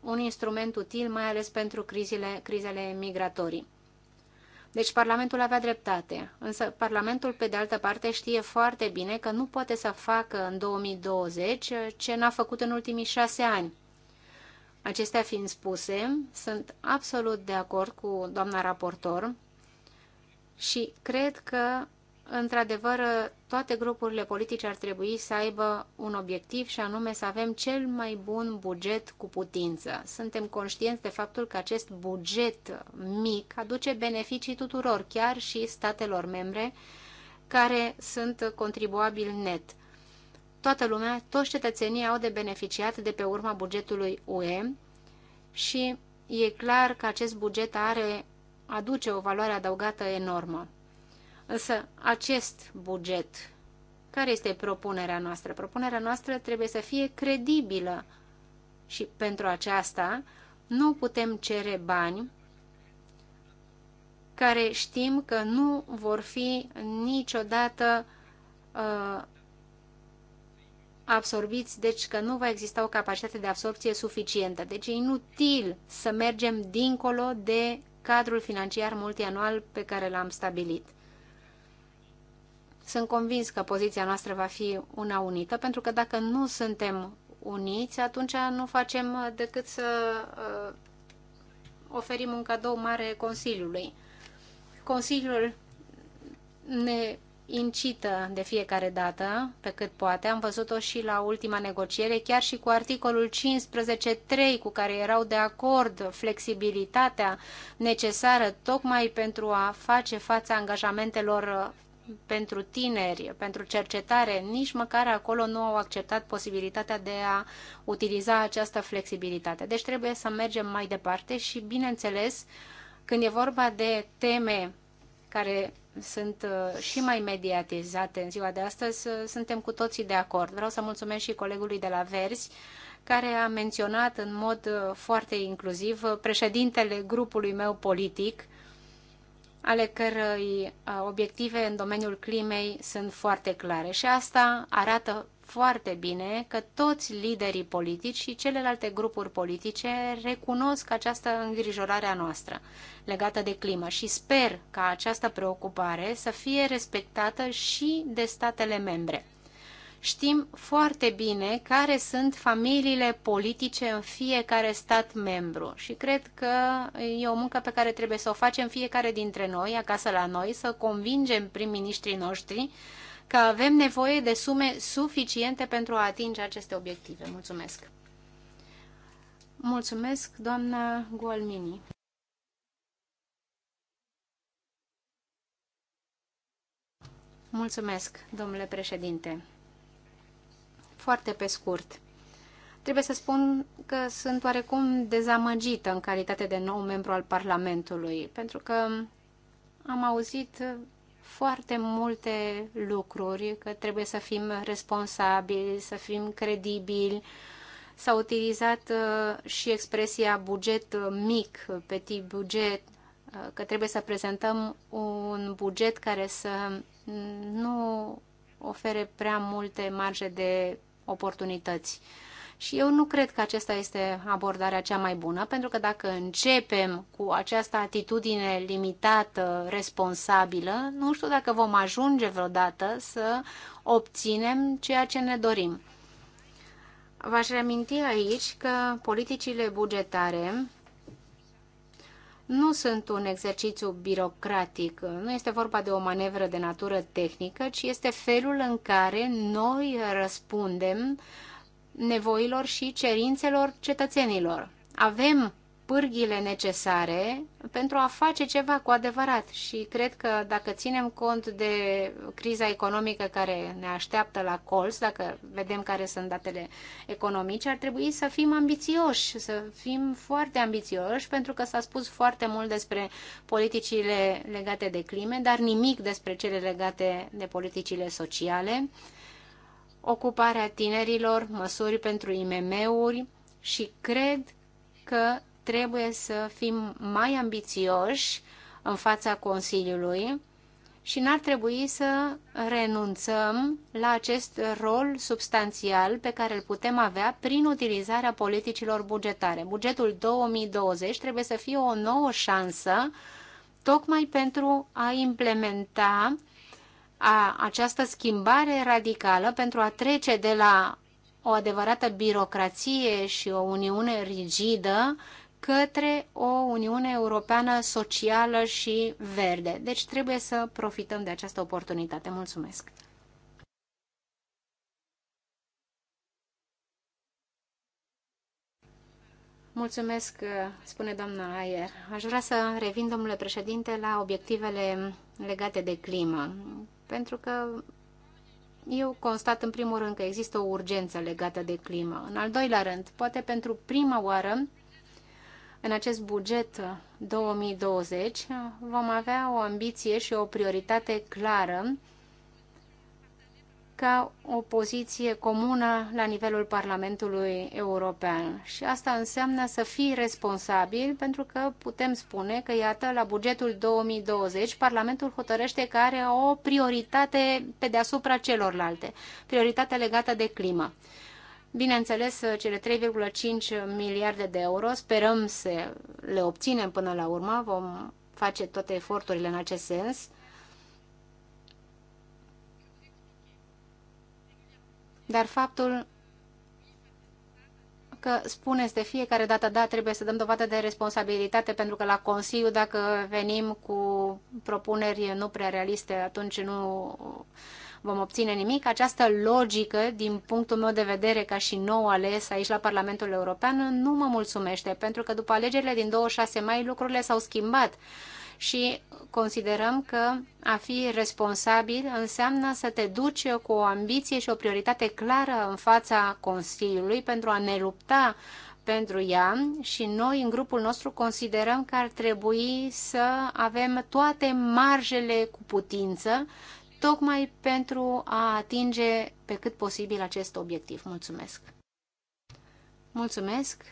un instrument util, mai ales pentru crizile, crizele migratorii. Deci Parlamentul avea dreptate, însă Parlamentul, pe de altă parte, știe foarte bine că nu poate să facă în 2020 ce n-a făcut în ultimii șase ani. Acestea fiind spuse, sunt absolut de acord cu doamna raportor și cred că, într-adevăr, toate grupurile politice ar trebui să aibă un obiectiv și anume să avem cel mai bun buget cu putință. Suntem conștienți de faptul că acest buget mic aduce beneficii tuturor, chiar și statelor membre care sunt contribuabili net toată lumea, toți cetățenii au de beneficiat de pe urma bugetului UE și e clar că acest buget are, aduce o valoare adăugată enormă. Însă acest buget, care este propunerea noastră? Propunerea noastră trebuie să fie credibilă și pentru aceasta nu putem cere bani care știm că nu vor fi niciodată uh, absorbiți, deci că nu va exista o capacitate de absorpție suficientă. Deci e inutil să mergem dincolo de cadrul financiar multianual pe care l-am stabilit. Sunt convins că poziția noastră va fi una unită, pentru că dacă nu suntem uniți, atunci nu facem uh, decât să uh, oferim un cadou mare Consiliului. Consiliul ne incită de fiecare dată, pe cât poate. Am văzut-o și la ultima negociere, chiar și cu articolul 15.3, cu care erau de acord flexibilitatea necesară tocmai pentru a face fața angajamentelor uh, pentru tineri, pentru cercetare, nici măcar acolo nu au acceptat posibilitatea de a utiliza această flexibilitate. Deci trebuie să mergem mai departe și, bineînțeles, când e vorba de teme care sunt uh, și mai mediatizate în ziua de astăzi, uh, suntem cu toții de acord. Vreau să mulțumesc și colegului de la Verzi, care a menționat în mod uh, foarte inclusiv președintele grupului meu politic, ale cărei obiective în domeniul climei sunt foarte clare. Și asta arată foarte bine că toți liderii politici și celelalte grupuri politice recunosc această îngrijorare a noastră legată de climă și sper ca această preocupare să fie respectată și de statele membre. Știm foarte bine care sunt familiile politice în fiecare stat membru și cred că e o muncă pe care trebuie să o facem fiecare dintre noi, acasă la noi, să convingem prim-ministrii noștri că avem nevoie de sume suficiente pentru a atinge aceste obiective. Mulțumesc! Mulțumesc, doamna Gualmini. Mulțumesc, domnule președinte. Foarte pe scurt. Trebuie să spun că sunt oarecum dezamăgită în calitate de nou membru al Parlamentului, pentru că am auzit foarte multe lucruri, că trebuie să fim responsabili, să fim credibili. S-a utilizat uh, și expresia buget mic, petit buget, uh, că trebuie să prezentăm un buget care să nu ofere prea multe marge de oportunități. Și eu nu cred că aceasta este abordarea cea mai bună, pentru că dacă începem cu această atitudine limitată, responsabilă, nu știu dacă vom ajunge vreodată să obținem ceea ce ne dorim. V-aș reaminti aici că politicile bugetare nu sunt un exercițiu birocratic, nu este vorba de o manevră de natură tehnică, ci este felul în care noi răspundem uh, nevoilor și cerințelor cetățenilor. Avem pârghile necesare pentru a face ceva cu adevărat și cred că dacă ținem cont de criza economică care ne așteaptă la colț, dacă vedem care sunt datele economice, ar trebui să fim ambițioși, să fim foarte ambițioși pentru că s-a spus foarte mult despre politicile legate de clime, dar nimic despre cele legate de politicile sociale ocuparea tinerilor, măsuri pentru IMM-uri și cred că trebuie să fim mai ambițioși în fața Consiliului și n-ar trebui să renunțăm la acest rol substanțial pe care îl putem avea prin utilizarea politicilor bugetare. Bugetul 2020 trebuie să fie o nouă șansă tocmai pentru a implementa a, această schimbare radicală pentru a trece de la o adevărată birocrație și o uniune rigidă către o Uniune Europeană socială și verde. Deci trebuie să profităm de această oportunitate. Mulțumesc! Mulțumesc, spune doamna Ayer. Aș vrea să revin, domnule președinte, la obiectivele legate de climă pentru că eu constat în primul rând că există o urgență legată de climă. În al doilea rând, poate pentru prima oară, în acest buget 2020 vom avea o ambiție și o prioritate clară ca o poziție comună la nivelul Parlamentului European. Și asta înseamnă să fii responsabil, pentru că putem spune că, iată, la bugetul 2020, Parlamentul hotărăște că are o prioritate pe deasupra celorlalte, prioritatea legată de climă. Bineînțeles, cele 3,5 miliarde de euro sperăm să le obținem până la urmă, vom face toate eforturile în acest sens, Dar faptul că spuneți de fiecare dată, da, trebuie să dăm dovadă de responsabilitate, pentru că la Consiliu, dacă venim cu propuneri nu prea realiste, atunci nu vom obține nimic. Această logică, din punctul meu de vedere, ca și nou ales aici la Parlamentul European, nu mă mulțumește, pentru că după alegerile din 26 mai lucrurile s-au schimbat și considerăm că a fi responsabil înseamnă să te duci cu o ambiție și o prioritate clară în fața Consiliului pentru a ne lupta pentru ea și noi în grupul nostru considerăm că ar trebui să avem toate marjele cu putință tocmai pentru a atinge pe cât posibil acest obiectiv. Mulțumesc! Mulțumesc!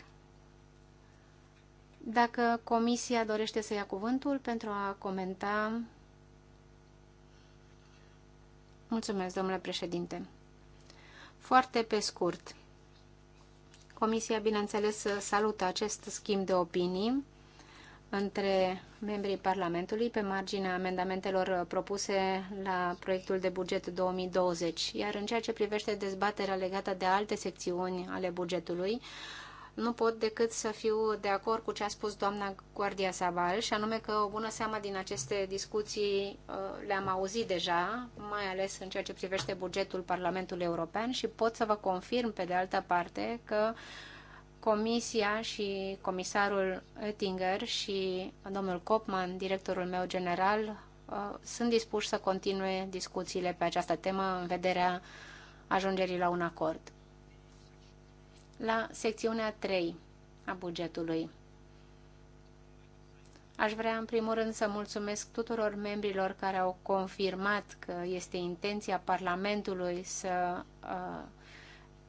Dacă comisia dorește să ia cuvântul pentru a comenta... Mulțumesc, domnule președinte. Foarte pe scurt. Comisia, bineînțeles, salută acest schimb de opinii între membrii Parlamentului pe marginea amendamentelor propuse la proiectul de buget 2020. Iar în ceea ce privește dezbaterea legată de alte secțiuni ale bugetului, nu pot decât să fiu de acord cu ce a spus doamna Guardia Sabal, și anume că o bună seama din aceste discuții uh, le-am auzit deja, mai ales în ceea ce privește bugetul Parlamentului European și pot să vă confirm, pe de altă parte, că Comisia și comisarul Oettinger și domnul Kopman, directorul meu general, uh, sunt dispuși să continue discuțiile pe această temă în vederea ajungerii la un acord la secțiunea 3 a bugetului. Aș vrea în primul rând să mulțumesc tuturor membrilor care au confirmat că este intenția Parlamentului să uh,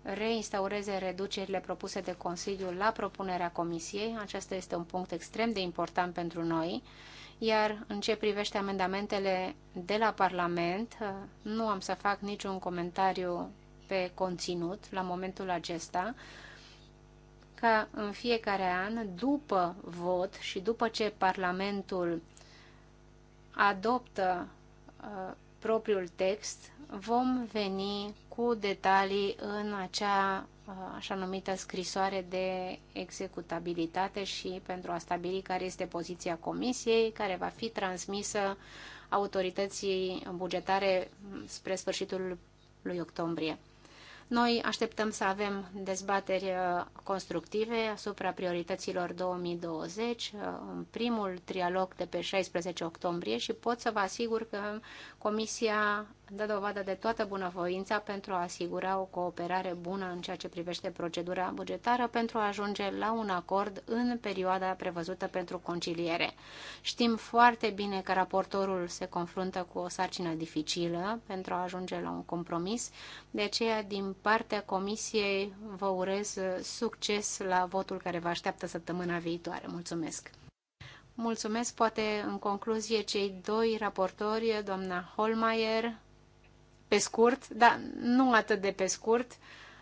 reinstaureze reducerile propuse de Consiliu la propunerea Comisiei. Acesta este un punct extrem de important pentru noi. Iar în ce privește amendamentele de la Parlament, uh, nu am să fac niciun comentariu pe conținut la momentul acesta, ca în fiecare an, după vot și după ce Parlamentul adoptă uh, propriul text, vom veni cu detalii în acea uh, așa numită scrisoare de executabilitate și pentru a stabili care este poziția comisiei, care va fi transmisă autorității bugetare spre sfârșitul lui octombrie. Noi așteptăm să avem dezbateri uh, constructive asupra priorităților 2020 uh, în primul trialog de pe 16 octombrie și pot să vă asigur că Comisia dă dovadă de toată bunăvoința pentru a asigura o cooperare bună în ceea ce privește procedura bugetară pentru a ajunge la un acord în perioada prevăzută pentru conciliere. Știm foarte bine că raportorul se confruntă cu o sarcină dificilă pentru a ajunge la un compromis, de aceea din partea Comisiei vă urez succes la votul care vă așteaptă săptămâna viitoare. Mulțumesc! Mulțumesc, poate în concluzie, cei doi raportori, doamna Holmeier, pe scurt, dar nu atât de pe scurt,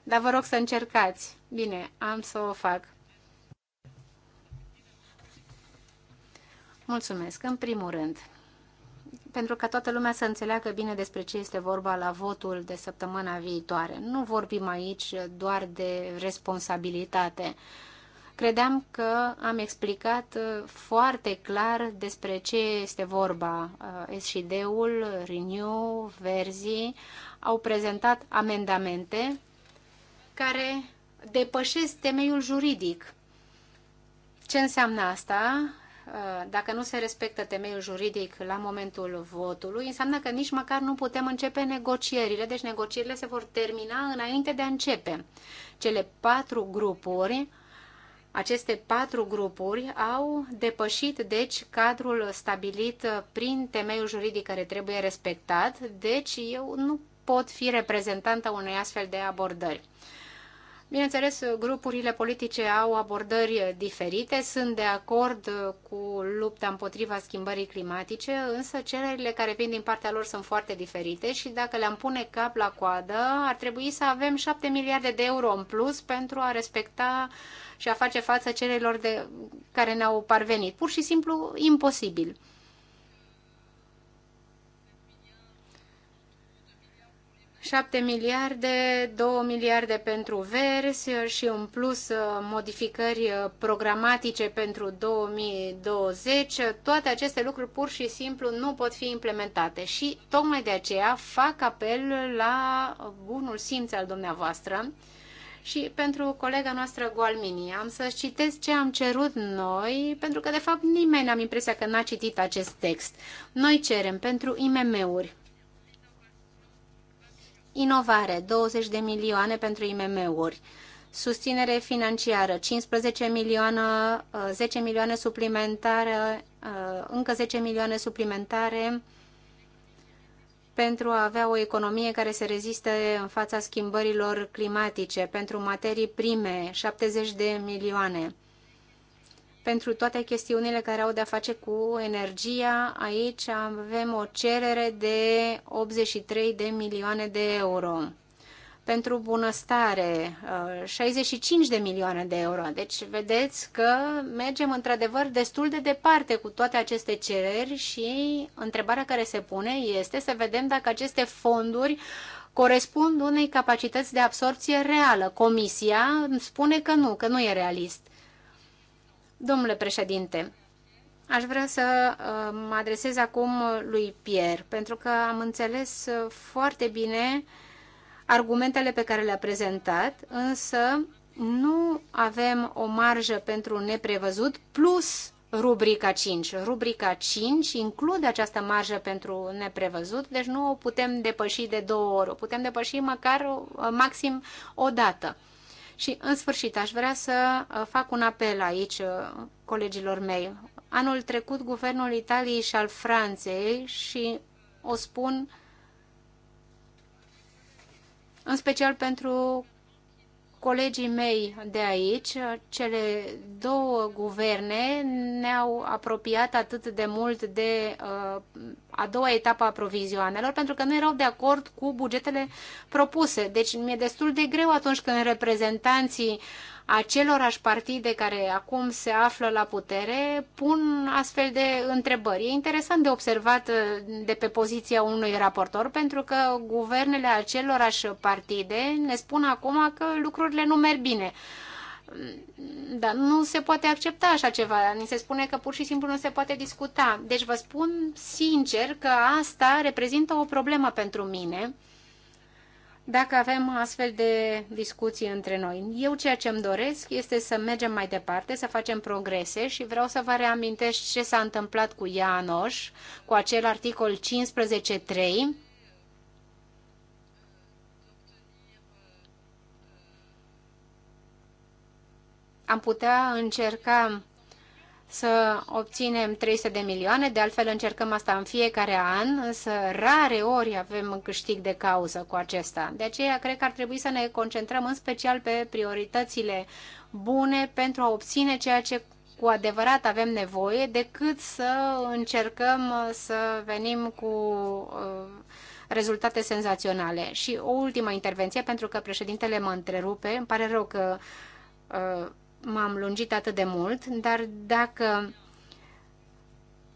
dar vă rog să încercați. Bine, am să o fac. Mulțumesc, în primul rând, pentru ca toată lumea să înțeleagă bine despre ce este vorba la votul de săptămâna viitoare. Nu vorbim aici doar de responsabilitate. Credeam că am explicat uh, foarte clar despre ce este vorba. Uh, SID-ul, Renew, Verzi au prezentat amendamente care depășesc temeiul juridic. Ce înseamnă asta? Uh, dacă nu se respectă temeiul juridic la momentul votului, înseamnă că nici măcar nu putem începe negocierile, deci negocierile se vor termina înainte de a începe. Cele patru grupuri aceste patru grupuri au depășit, deci, cadrul stabilit prin temeiul juridic care trebuie respectat, deci eu nu pot fi reprezentanta unei astfel de abordări. Bineînțeles, grupurile politice au abordări diferite, sunt de acord cu lupta împotriva schimbării climatice, însă cererile care vin din partea lor sunt foarte diferite și dacă le-am pune cap la coadă, ar trebui să avem 7 miliarde de euro în plus pentru a respecta uh, și a face față cererilor de, care ne-au parvenit. Pur și simplu imposibil. Șapte miliarde, două miliarde pentru versi și în plus uh, modificări uh, programatice pentru 2020, toate aceste lucruri pur și simplu nu pot fi implementate și tocmai de aceea fac apel la bunul simț al dumneavoastră și pentru colega noastră Gualmini. Am să citesc ce am cerut noi, pentru că, de fapt, nimeni am impresia că n-a citit acest text. Noi cerem pentru IMM-uri. Inovare, 20 de milioane pentru IMM-uri. Susținere financiară, 15 milioane, 10 uh, milioane suplimentare, uh, încă 10 milioane suplimentare, pentru a avea o economie care să reziste în fața schimbărilor climatice, pentru materii prime, 70 de milioane. Pentru toate chestiunile care au de-a face cu energia, aici avem o cerere de 83 de milioane de euro pentru bunăstare, 65 uh, de milioane de euro. Deci vedeți că mergem într-adevăr destul de departe cu toate aceste cereri și întrebarea care se pune este să vedem dacă aceste fonduri corespund unei capacități de absorpție reală. Comisia îmi spune că nu, că nu e realist. Domnule președinte, Aș vrea să uh, mă adresez acum lui Pierre, pentru că am înțeles uh, foarte bine argumentele pe care le-a prezentat, însă nu avem o marjă pentru neprevăzut plus rubrica 5. Rubrica 5 include această marjă pentru neprevăzut, deci nu o putem depăși de două ori, o putem depăși măcar uh, maxim o dată. Și în sfârșit aș vrea să uh, fac un apel aici uh, colegilor mei. Anul trecut guvernul Italiei și al Franței și o spun în special pentru colegii mei de aici, cele două guverne ne-au apropiat atât de mult de uh, a doua etapă a provizioanelor, pentru că nu erau de acord cu bugetele propuse. Deci mi-e destul de greu atunci când reprezentanții uh, acelorași partide care acum se află la putere pun astfel de întrebări. E interesant de observat uh, de pe poziția unui raportor, pentru că guvernele acelorași partide ne spun acum că lucrurile nu merg bine. Mm, dar nu se poate accepta așa ceva. Ni se spune că pur și simplu nu se poate discuta. Deci vă spun sincer că asta reprezintă o problemă pentru mine dacă avem astfel de discuții între noi. Eu ceea ce îmi doresc este să mergem mai departe, să facem progrese și vreau să vă reamintesc ce s-a întâmplat cu Ianoș, cu acel articol 15.3, am putea încerca să obținem 300 de milioane, de altfel încercăm asta în fiecare an, însă rare ori avem câștig de cauză cu acesta. De aceea cred că ar trebui să ne concentrăm în special pe prioritățile bune pentru a obține ceea ce cu adevărat avem nevoie, decât să încercăm să venim cu uh, rezultate senzaționale. Și o ultimă intervenție, pentru că președintele mă întrerupe, îmi pare rău că uh, m-am lungit atât de mult, dar dacă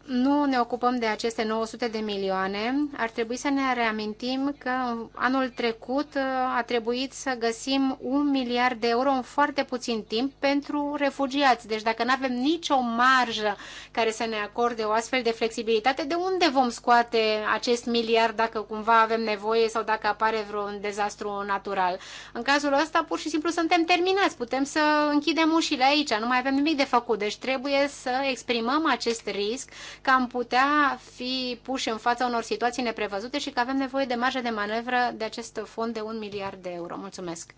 nu ne ocupăm de aceste 900 de milioane, ar trebui să ne reamintim că anul trecut uh, a trebuit să găsim un miliard de euro în foarte puțin timp pentru refugiați. Deci dacă nu avem nicio marjă care să ne acorde o astfel de flexibilitate, de unde vom scoate acest miliard dacă cumva avem nevoie sau dacă apare vreun dezastru natural? În cazul ăsta pur și simplu suntem terminați, putem să închidem ușile aici, nu mai avem nimic de făcut. Deci trebuie să exprimăm acest risc că am putea fi puși în fața unor situații neprevăzute și că avem nevoie de marjă de manevră de acest fond de un miliard de euro. Mulțumesc!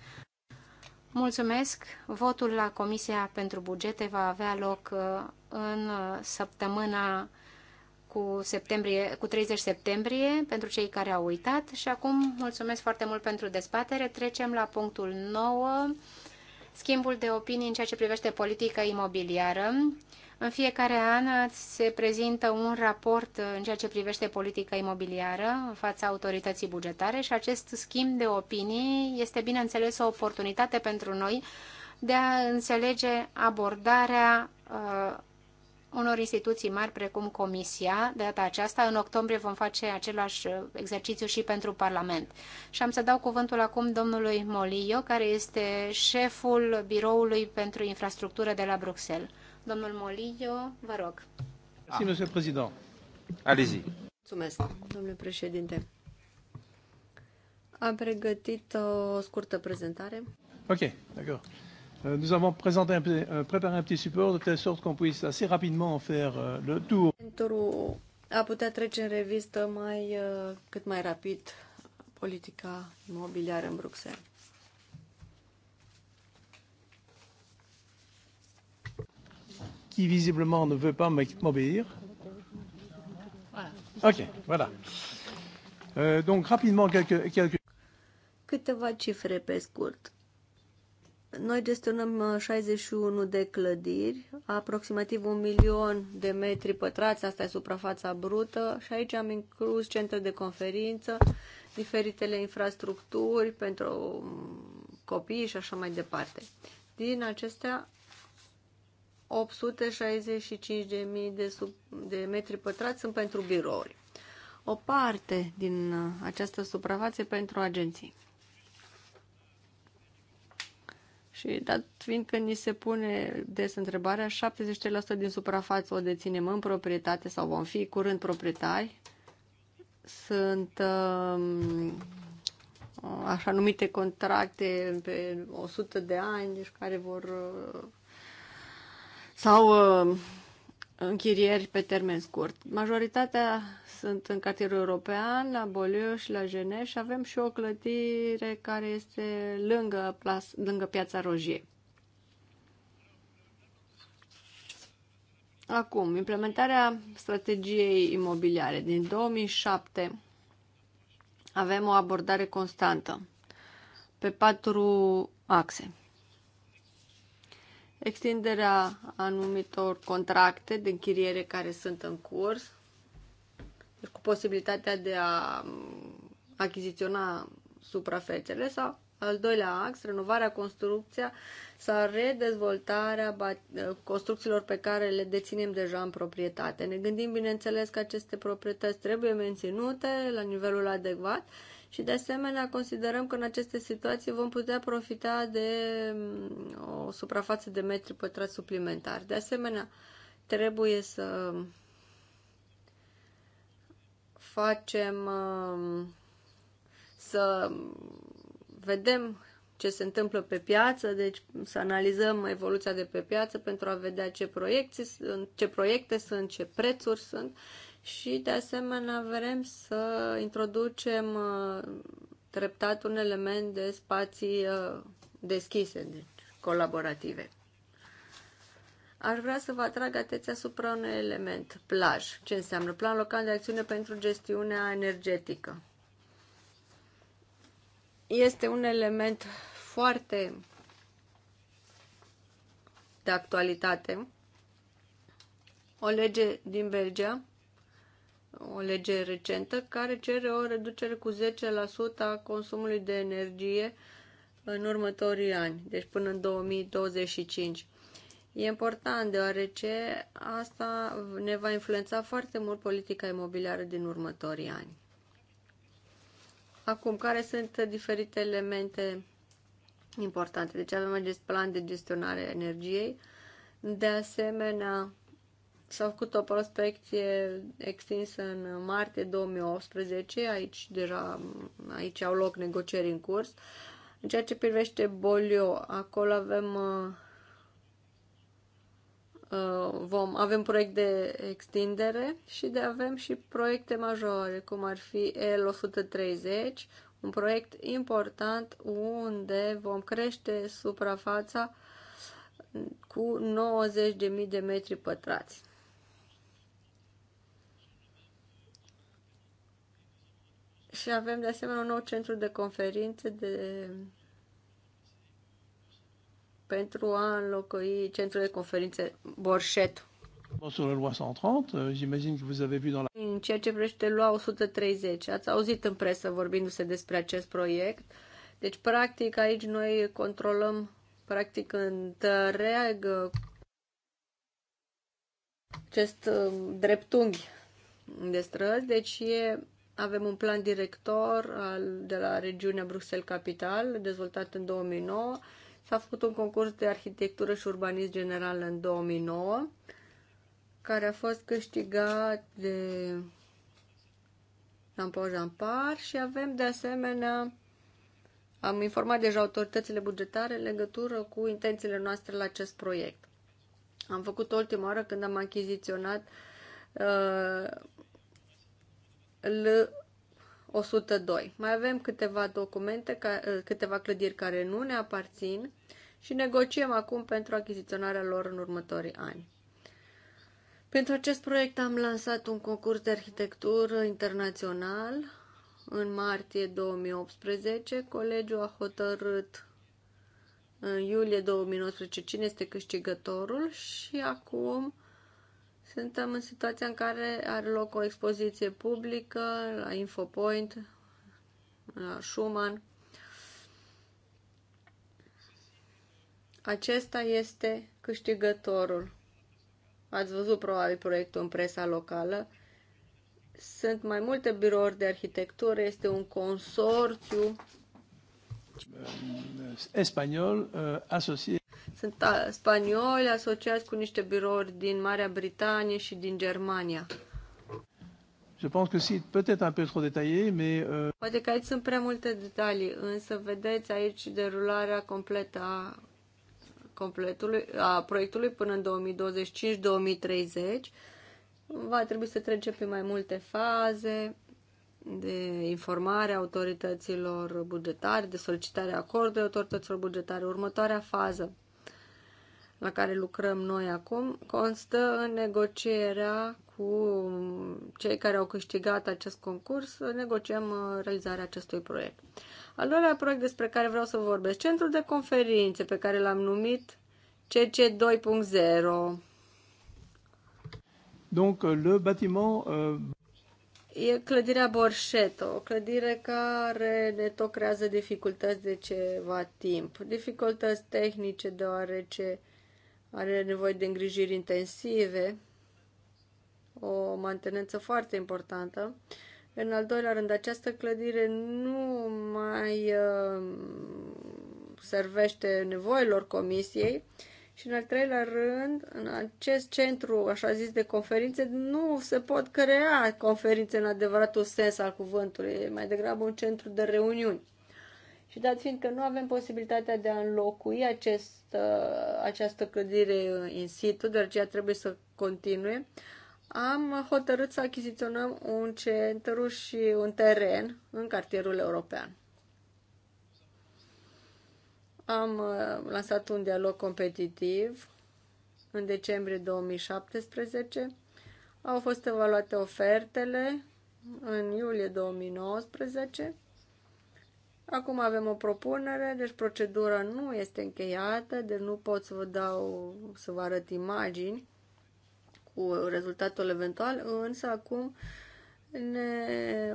Mulțumesc! Votul la Comisia pentru Bugete va avea loc uh, în uh, săptămâna cu, septembrie, cu 30 septembrie pentru cei care au uitat și acum mulțumesc foarte mult pentru dezbatere. Trecem la punctul 9, schimbul de opinii în ceea ce privește politica imobiliară. În fiecare an se prezintă un raport în ceea ce privește politica imobiliară în fața autorității bugetare și acest schimb de opinii este, bineînțeles, o oportunitate pentru noi de a înțelege abordarea uh, unor instituții mari precum Comisia. De data aceasta, în octombrie, vom face același uh, exercițiu și pentru Parlament. Și am să dau cuvântul acum domnului Molio, care este șeful Biroului pentru Infrastructură de la Bruxelles. Domnul Moligio, vă rog. Mersi, ah. Allez-y. Mulțumesc, domnule președinte. Am pregătit o scurtă prezentare. Ok, d'accord. Euh, nous avons présenté un, euh, préparé un petit support de telle sorte qu'on puisse assez rapidement faire euh, le tour. a putea trece în revistă mai, cât mai rapid politica imobiliară în Bruxelles. qui visiblement ne veut pas m'obéir. Ok, voilà. Euh, donc rapidement quelques, quelques... Câteva cifre pe scurt. Noi gestionăm 61 uh, de clădiri, aproximativ un milion de metri pătrați, asta e suprafața brută, și aici am inclus centre de conferință, diferitele infrastructuri pentru um, copii și așa mai departe. Din acestea, 865.000 de, sub, de metri pătrați sunt pentru birouri. O parte din această suprafață pentru agenții. Și dat fiind că ni se pune des întrebarea, 70% din suprafață o deținem în proprietate sau vom fi curând proprietari, sunt um, așa numite contracte pe 100 de ani, deci care vor sau uh, închirieri pe termen scurt. Majoritatea sunt în cartierul european, la Boliu și la Geneș și avem și o clădire care este lângă, plas, lângă Piața Rojie. Acum, implementarea strategiei imobiliare. Din 2007 avem o abordare constantă pe patru axe extinderea anumitor contracte de închiriere care sunt în curs, deci cu posibilitatea de a achiziționa suprafețele sau al doilea ax, renovarea, construcția sau redezvoltarea eh, construcțiilor pe care le deținem deja în proprietate. Ne gândim, bineînțeles, că aceste proprietăți trebuie menținute la nivelul adecvat și de asemenea considerăm că în aceste situații vom putea profita de mm, o suprafață de metri pătrați suplimentar. De asemenea, trebuie să facem mm, să vedem ce se întâmplă pe piață, deci să analizăm evoluția de pe piață pentru a vedea ce proiecte, sunt, ce proiecte sunt, ce prețuri sunt și de asemenea vrem să introducem uh, treptat un element de spații uh, deschise, deci colaborative. Aș vrea să vă atrag atenția asupra unui element, plaj. Ce înseamnă? Plan local de acțiune pentru gestiunea energetică. Este un element foarte de actualitate. O lege din Belgia o lege recentă care cere o reducere cu 10% a consumului de energie în următorii ani, deci până în 2025. E important deoarece asta ne va influența foarte mult politica imobiliară din următorii ani. Acum, care sunt diferite elemente importante? Deci avem acest plan de gestionare a energiei, de asemenea S-a făcut o prospecție extinsă în martie 2018, aici deja aici au loc negocieri în curs. În ceea ce privește Bolio, acolo avem uh, uh, vom, avem proiect de extindere și de avem și proiecte majore, cum ar fi L130, un proiect important unde vom crește suprafața cu 90.000 de metri pătrați. Și avem de asemenea un nou centru de conferințe de... pentru a înlocui centrul de conferințe Borșet. Sur la loi 130, euh, j'imagine que vous avez vu dans la... În ceea ce privește lua 130, ați auzit în presă vorbindu-se despre acest proiect. Deci, practic, aici noi controlăm, practic, întreagă acest um, dreptunghi de străzi, deci e avem un plan director al, de la regiunea Bruxelles-Capital, dezvoltat în 2009. S-a făcut un concurs de arhitectură și urbanism general în 2009, care a fost câștigat de Jean-Paul Jampar și avem de asemenea am informat deja autoritățile bugetare în legătură cu intențiile noastre la acest proiect. Am făcut ultima oară când am achiziționat uh, L102. Mai avem câteva documente, eh, câteva clădiri care nu ne aparțin și negociem acum pentru achiziționarea lor în următorii ani. Pentru acest proiect am lansat un concurs de arhitectură internațional în martie 2018. Colegiul a hotărât în iulie 2019 cine este câștigătorul și acum suntem în situația în care are loc o expoziție publică la Infopoint, la Schumann. Acesta este câștigătorul. Ați văzut probabil proiectul în presa locală. Sunt mai multe birouri de arhitectură, este un consorțiu. Spaniol uh, asociat sunt spanioli asociați cu niște birouri din Marea Britanie și din Germania. Je pense que c'est peut-être un peu trop détaillé, mais... Euh... Poate că aici sunt prea multe detalii, însă vedeți aici derularea completă a, completului, a proiectului până în 2025-2030. Va trebui să trecem pe mai multe faze de informare a autorităților bugetare, de solicitare a acordului autorităților bugetare. Următoarea fază la care lucrăm noi acum constă în negocierea cu cei care au câștigat acest concurs, negociem uh, realizarea acestui proiect. Al doilea proiect despre care vreau să vorbesc, centrul de conferințe pe care l-am numit CC 2.0. Donc euh, le bâtiment euh... E clădirea Borșeto, o clădire care ne tot creează dificultăți de ceva timp. Dificultăți tehnice, deoarece uh, are nevoie de îngrijiri intensive, o mantenență foarte importantă. În al doilea rând, această clădire nu mai uh, servește nevoilor comisiei și în al treilea rând, în acest centru, așa zis, de conferințe, nu se pot crea conferințe în adevăratul sens al cuvântului, e mai degrabă un centru de reuniuni. Și dat fiind că nu avem posibilitatea de a înlocui acest, uh, această clădire uh, in situ, dar ceea trebuie să continue, am hotărât să achiziționăm un centru și un teren în cartierul european. Am uh, lansat un dialog competitiv în decembrie 2017. Au fost evaluate ofertele în iulie 2019 Acum avem o propunere, deci procedura nu este încheiată, deci nu pot să vă dau, să vă arăt imagini cu rezultatul eventual, însă acum ne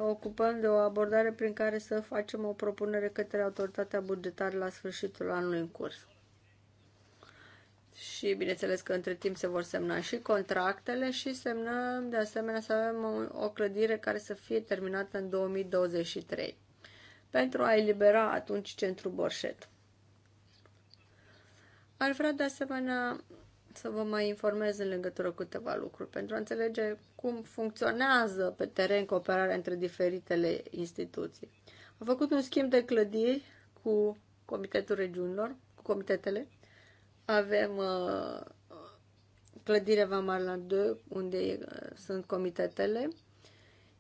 ocupăm de o abordare prin care să facem o propunere către autoritatea bugetară la sfârșitul anului în curs. Și bineînțeles că între timp se vor semna și contractele și semnăm de asemenea să avem o clădire care să fie terminată în 2023 pentru a elibera atunci centrul Borșet. Ar vrea de asemenea să vă mai informez în legătură cu câteva lucruri pentru a înțelege cum funcționează pe teren cooperarea între diferitele instituții. Am făcut un schimb de clădiri cu Comitetul Regiunilor, cu comitetele. Avem uh, clădirea Vamarland 2, unde uh, sunt comitetele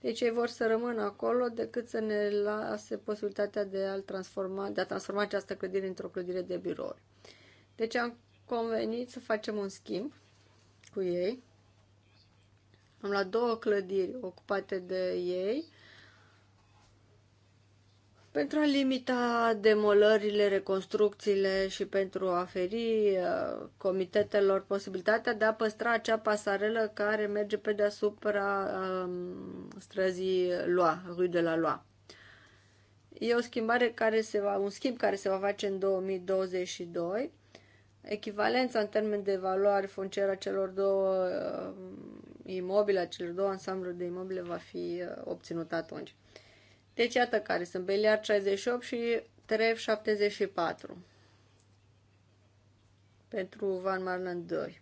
deci ei vor să rămână acolo decât să ne lase posibilitatea de a, transforma, de a transforma această clădire într-o clădire de birouri. Deci am convenit să facem un schimb cu ei. Am luat două clădiri ocupate de ei pentru a limita demolările, reconstrucțiile și pentru a oferi uh, comitetelor posibilitatea de a păstra acea pasarelă care merge pe deasupra um, străzii Lua, Rue de la Lua. E o schimbare care se va, un schimb care se va face în 2022. Echivalența în termen de valoare funcționară celor două um, imobile, celor două ansambluri de imobile va fi uh, obținută atunci. Deci iată care sunt Beliar 68 și Tref 74 pentru Van Marlen 2.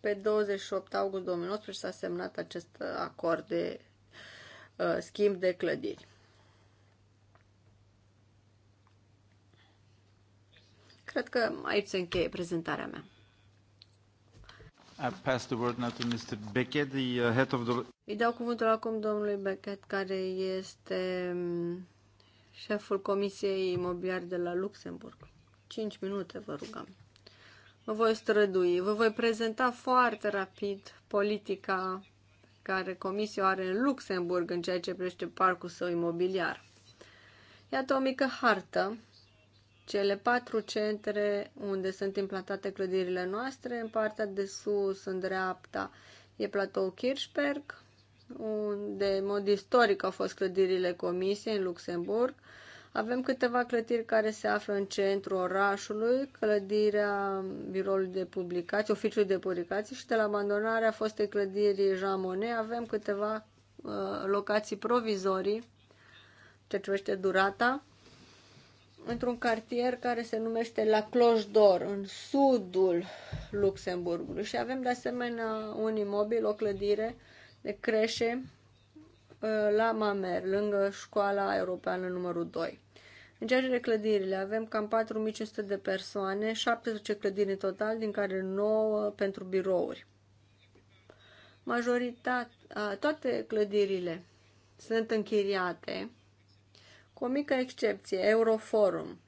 Pe 28 august 2019 s-a semnat acest acord de uh, schimb de clădiri. Cred că aici se încheie prezentarea mea. I pass the word now to Mr. Beckett, the uh, head of the... Îi dau cuvântul acum domnului Beckett, care este mm, șeful Comisiei Imobiliare de la Luxemburg. 5 minute, vă rugăm. Mă voi strădui. Vă voi prezenta foarte rapid politica care Comisia are în Luxemburg în ceea ce privește parcul său imobiliar. Iată o mică hartă cele patru centre unde sunt implantate clădirile noastre, în partea de sus, în dreapta, e platou Kirchberg, unde în mod istoric au fost clădirile comisiei în Luxemburg. Avem câteva clădiri care se află în centrul orașului, clădirea biroului de publicații, oficiului de publicații și de la abandonarea fostei clădiri Jean Monnet avem câteva uh, locații provizorii ce privește durata într-un cartier care se numește La Cloche d'Or, în sudul Luxemburgului. Și avem de asemenea un imobil, o clădire de creșe uh, la Mamer, lângă școala europeană numărul 2. În ceea ce de clădirile, avem cam 4500 de persoane, 17 clădiri în total, din care 9 pentru birouri. Majoritatea, toate clădirile sunt închiriate cu o mică excepție, Euroforum.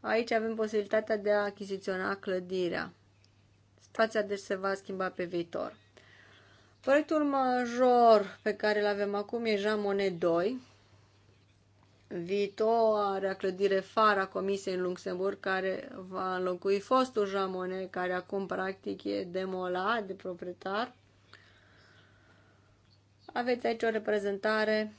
Aici avem posibilitatea de a achiziționa clădirea. Situația deci se va schimba pe viitor. Proiectul major pe care îl avem acum e Jean Monnet 2, viitoarea clădire fara Comisiei în Luxemburg, care va înlocui fostul Jean Monnet, care acum practic e demolat de proprietar. Aveți aici o reprezentare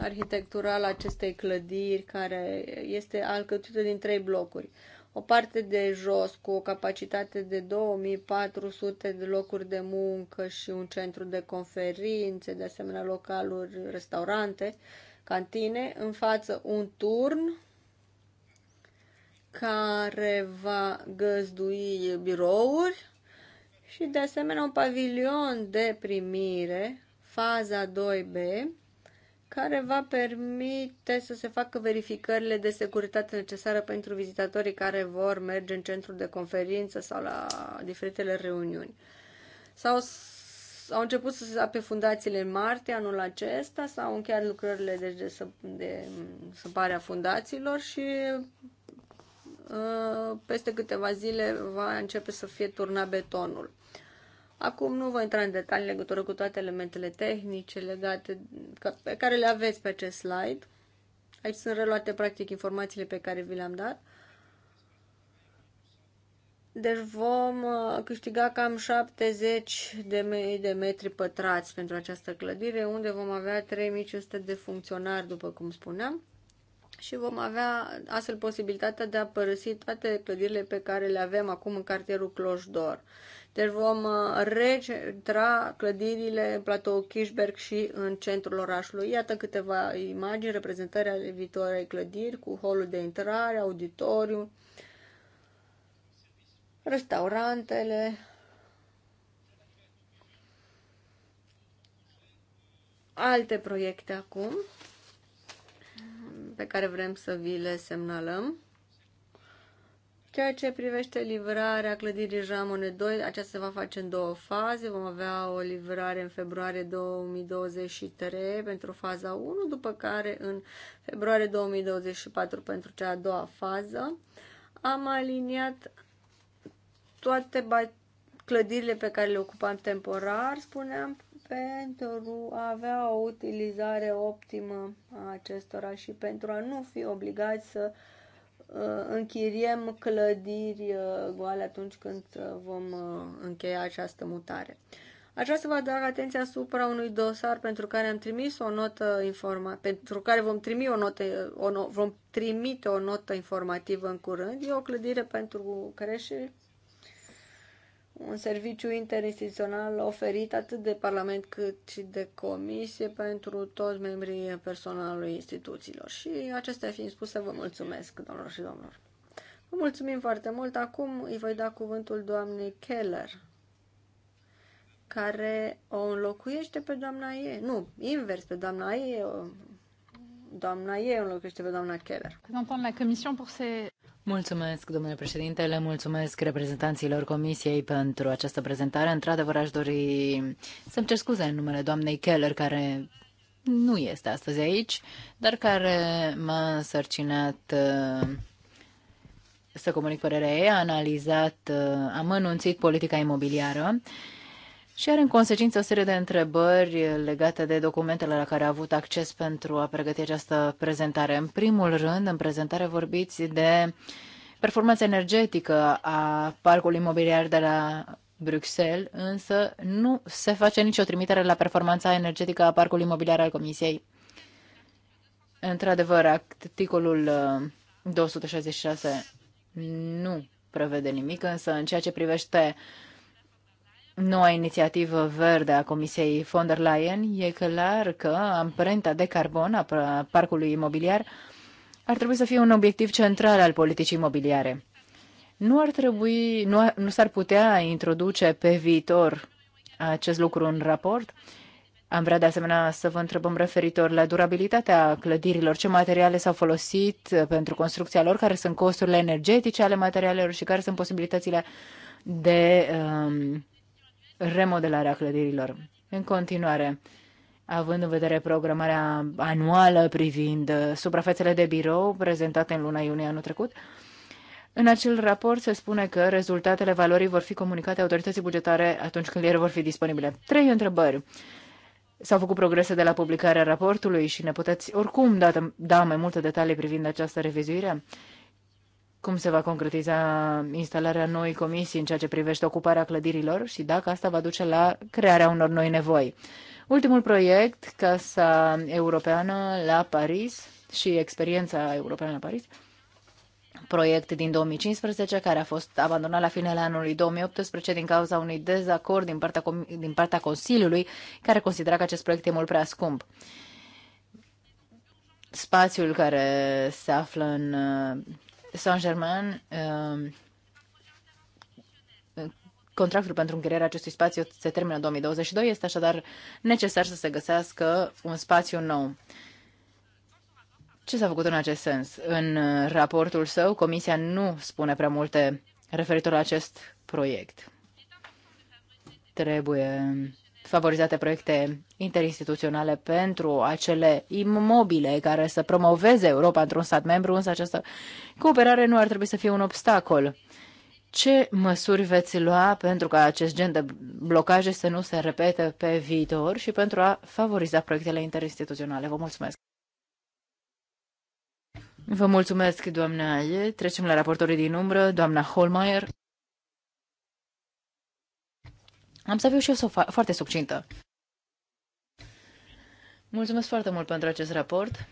arhitectural acestei clădiri, care este alcătuită din trei blocuri. O parte de jos, cu o capacitate de 2400 de locuri de muncă și un centru de conferințe, de asemenea localuri, restaurante, cantine. În față, un turn care va găzdui birouri și de asemenea un pavilion de primire, faza 2B, care va permite să se facă verificările de securitate necesară pentru vizitatorii care vor merge în centrul de conferință sau la diferitele reuniuni. Sau au început să se ape fundațiile în martie anul acesta, s-au încheiat lucrările deci, de, săp- de mm, săparea fundațiilor și uh, peste câteva zile va începe să fie turnat betonul. Acum nu voi intra în detalii legătură cu toate elementele tehnice legate pe care le aveți pe acest slide. Aici sunt reluate practic informațiile pe care vi le-am dat. Deci vom uh, câștiga cam 70 de, me- de metri pătrați pentru această clădire, unde vom avea 3500 de funcționari, după cum spuneam, și vom avea astfel posibilitatea de a părăsi toate clădirile pe care le avem acum în cartierul Cloșdor. Deci vom uh, recentra clădirile în platou Kirchberg și în centrul orașului. Iată câteva imagini, reprezentări ale viitoarei clădiri cu holul de intrare, auditoriu, restaurantele, alte proiecte acum pe care vrem să vi le semnalăm. Ceea ce privește livrarea clădirii Jamone 2, aceasta se va face în două faze. Vom avea o livrare în februarie 2023 pentru faza 1, după care în februarie 2024 pentru cea a doua fază. Am aliniat toate clădirile pe care le ocupam temporar, spuneam, pentru a avea o utilizare optimă a acestora și pentru a nu fi obligați să uh, Uh, închiriem clădiri uh, goale atunci când uh, vom încheia această mutare. Aș vrea să vă atrag atenția asupra unui dosar pentru care am trimis o notă informa- pentru care vom, trimi o notă, o no- vom trimite o notă informativă în curând. E o clădire pentru creșe un serviciu interinstituțional oferit atât de Parlament cât și de Comisie pentru toți membrii personalului instituțiilor. Și acestea fiind spuse, vă mulțumesc, doamnelor și domnilor. Vă mulțumim foarte mult. Acum îi voi da cuvântul doamnei Keller, care o înlocuiește pe doamna E. Nu, invers, pe doamna E. Doamna E înlocuiește pe doamna Keller. la Comisie Mulțumesc, domnule președinte, le mulțumesc reprezentanților Comisiei pentru această prezentare. Într-adevăr, aș dori să-mi cer scuze în numele doamnei Keller, care nu este astăzi aici, dar care m-a însărcinat uh, să comunic părerea ei, a analizat, am uh, anunțit politica imobiliară și are în consecință o serie de întrebări legate de documentele la care a avut acces pentru a pregăti această prezentare. În primul rând, în prezentare vorbiți de performanța energetică a parcului imobiliar de la Bruxelles, însă nu se face nicio trimitere la performanța energetică a parcului imobiliar al Comisiei. Într-adevăr, articolul 266 uh, nu prevede nimic, însă în ceea ce privește uh, noua inițiativă verde a Comisiei von der Leyen, e clar că amprenta de carbon a parcului imobiliar ar trebui să fie un obiectiv central al politicii imobiliare. Nu ar trebui, nu, nu s-ar putea introduce pe viitor acest lucru în raport? Am vrea de asemenea să vă întrebăm referitor la durabilitatea clădirilor, ce materiale s-au folosit pentru construcția lor, care sunt costurile energetice ale materialelor și care sunt posibilitățile de um, remodelarea clădirilor. În continuare, având în vedere programarea anuală privind uh, suprafețele de birou prezentate în luna iunie anul trecut, în acel raport se spune că rezultatele valorii vor fi comunicate autorității bugetare atunci când ele vor fi disponibile. Trei întrebări. S-au făcut progrese de la publicarea raportului și ne puteți oricum da, da mai multe detalii privind această revizuire? cum se va concretiza instalarea noii comisii în ceea ce privește ocuparea clădirilor și dacă asta va duce la crearea unor noi nevoi. Ultimul proiect, Casa Europeană la Paris și Experiența Europeană la Paris, proiect din 2015 care a fost abandonat la finele anului 2018 din cauza unui dezacord din partea, din partea Consiliului care considera că acest proiect e mult prea scump spațiul care se află în Saint-Germain, um, contractul pentru încheierea acestui spațiu se termină în 2022, este așadar necesar să se găsească un spațiu nou. Ce s-a făcut în acest sens? În raportul său, Comisia nu spune prea multe referitor la acest proiect. Trebuie favorizate proiecte interinstituționale pentru acele imobile care să promoveze Europa într-un stat membru, însă această cooperare nu ar trebui să fie un obstacol. Ce măsuri veți lua pentru ca acest gen de blocaje să nu se repete pe viitor și pentru a favoriza proiectele interinstituționale? Vă mulțumesc! Vă mulțumesc, doamna Aie. Trecem la raportorii din umbră, doamna Holmeier. Am să fiu și eu foarte succintă. Mulțumesc foarte mult pentru acest raport.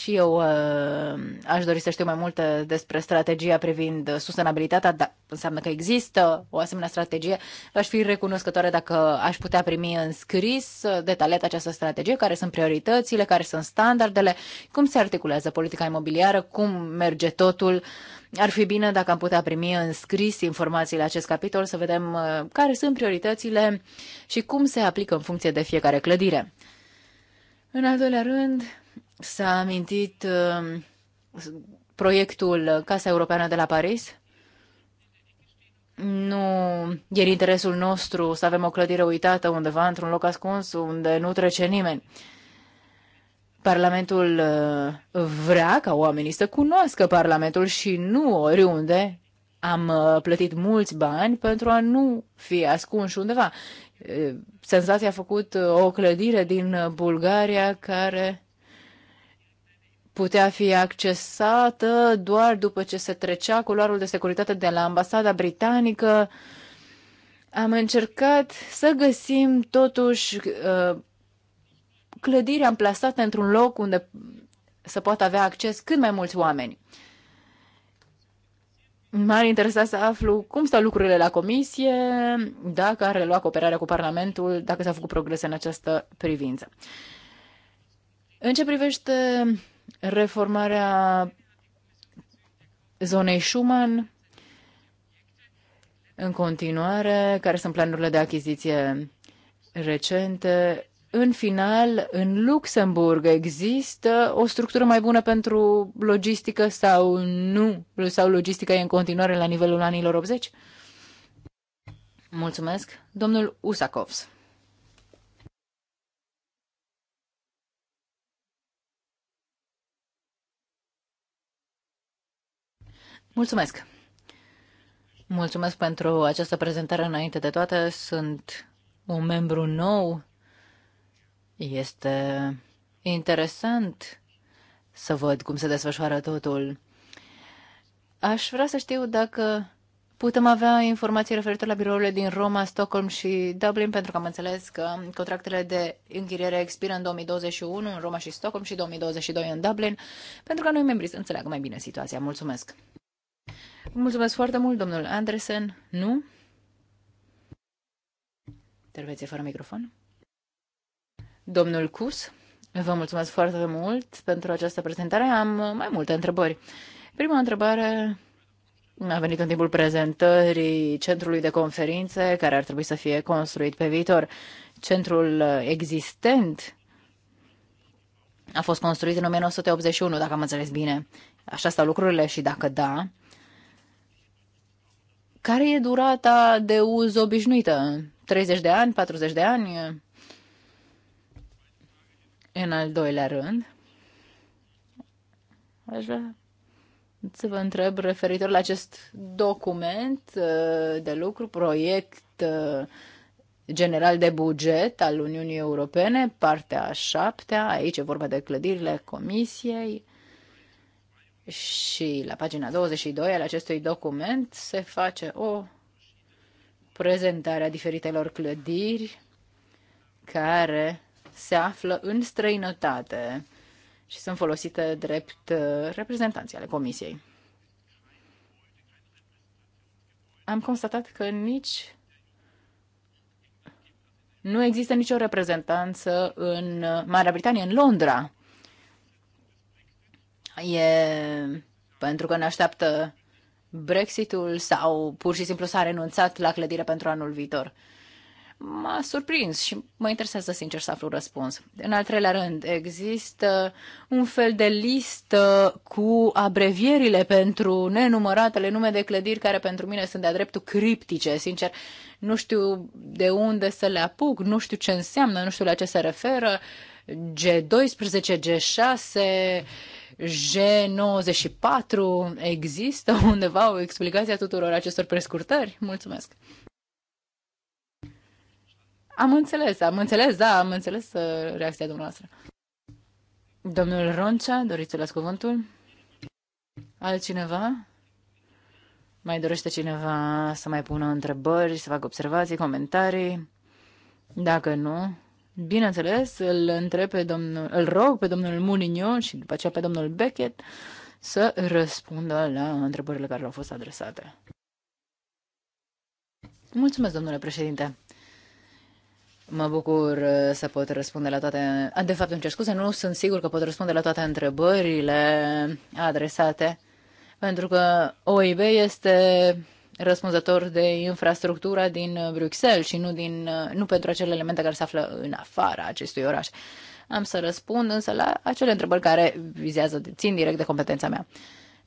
Și eu uh, aș dori să știu mai multe despre strategia privind sustenabilitatea, dar înseamnă că există o asemenea strategie. Aș fi recunoscătoare dacă aș putea primi în scris detaliat această strategie, care sunt prioritățile, care sunt standardele, cum se articulează politica imobiliară, cum merge totul. Ar fi bine dacă am putea primi în scris informațiile acest capitol, să vedem uh, care sunt prioritățile și cum se aplică în funcție de fiecare clădire. În al doilea rând, S-a amintit um, proiectul Casa Europeană de la Paris. Nu e interesul nostru să avem o clădire uitată undeva, într-un loc ascuns, unde nu trece nimeni. Parlamentul uh, vrea ca oamenii să cunoască Parlamentul și nu oriunde. Am uh, plătit mulți bani pentru a nu fi ascunși undeva. Uh, senzația a făcut o clădire din Bulgaria care putea fi accesată doar după ce se trecea culoarul de securitate de la ambasada britanică. Am încercat să găsim totuși uh, clădirea amplasată într-un loc unde să poată avea acces cât mai mulți oameni. M-ar interesa să aflu cum stau lucrurile la comisie, dacă are luat cooperarea cu Parlamentul, dacă s a făcut progrese în această privință. În ce privește reformarea zonei Schuman, în continuare, care sunt planurile de achiziție recente. În final, în Luxemburg există o structură mai bună pentru logistică sau nu? Sau logistica e în continuare la nivelul anilor 80? Mulțumesc. Domnul Usakovs. Mulțumesc! Mulțumesc pentru această prezentare înainte de toate. Sunt un membru nou. Este interesant să văd cum se desfășoară totul. Aș vrea să știu dacă putem avea informații referitoare la birourile din Roma, Stockholm și Dublin, pentru că am înțeles că contractele de închiriere expiră în 2021 în Roma și Stockholm și 2022 în Dublin, pentru că noi membrii să înțeleagă mai bine situația. Mulțumesc! Mulțumesc foarte mult, domnul Andresen. Nu? Intervenție fără microfon. Domnul Cus, vă mulțumesc foarte mult pentru această prezentare. Am mai multe întrebări. Prima întrebare a venit în timpul prezentării centrului de conferințe care ar trebui să fie construit pe viitor. Centrul existent a fost construit în 1981, dacă am înțeles bine. Așa stau lucrurile și dacă da, care e durata de uz obișnuită? 30 de ani, 40 de ani? În al doilea rând, aș vrea să vă întreb referitor la acest document uh, de lucru, proiect uh, general de buget al Uniunii Europene, partea a șaptea, aici e vorba de clădirile Comisiei, și la pagina 22 al acestui document se face o prezentare a diferitelor clădiri care se află în străinătate și sunt folosite drept uh, reprezentanții ale comisiei. Am constatat că nici nu există nicio reprezentanță în Marea Britanie, în Londra. E pentru că ne așteaptă Brexitul sau pur și simplu s-a renunțat la clădire pentru anul viitor? M-a surprins și mă interesează sincer să aflu răspuns. În al treilea rând, există un fel de listă cu abrevierile pentru nenumăratele nume de clădiri care pentru mine sunt de-a dreptul criptice. Sincer, nu știu de unde să le apuc, nu știu ce înseamnă, nu știu la ce se referă. G12, G6, G94? Există undeva o explicație a tuturor acestor prescurtări? Mulțumesc! Am înțeles, am înțeles, da, am înțeles uh, reacția dumneavoastră. Domnul Roncea, doriți să las cuvântul? Altcineva? Mai dorește cineva să mai pună întrebări, să facă observații, comentarii? Dacă nu, Bineînțeles, îl, întreb pe domnul, îl rog pe domnul Mourinho și după aceea pe domnul Beckett să răspundă la întrebările care le-au fost adresate. Mulțumesc, domnule președinte. Mă bucur uh, să pot răspunde la toate... Uh, de fapt, îmi cer scuze, nu sunt sigur că pot răspunde la toate întrebările adresate, pentru că OIB este răspunzător de infrastructura din uh, Bruxelles și nu, din, uh, nu pentru acele elemente care se află în afara acestui oraș. Am să răspund însă la acele întrebări care vizează, țin direct de competența mea.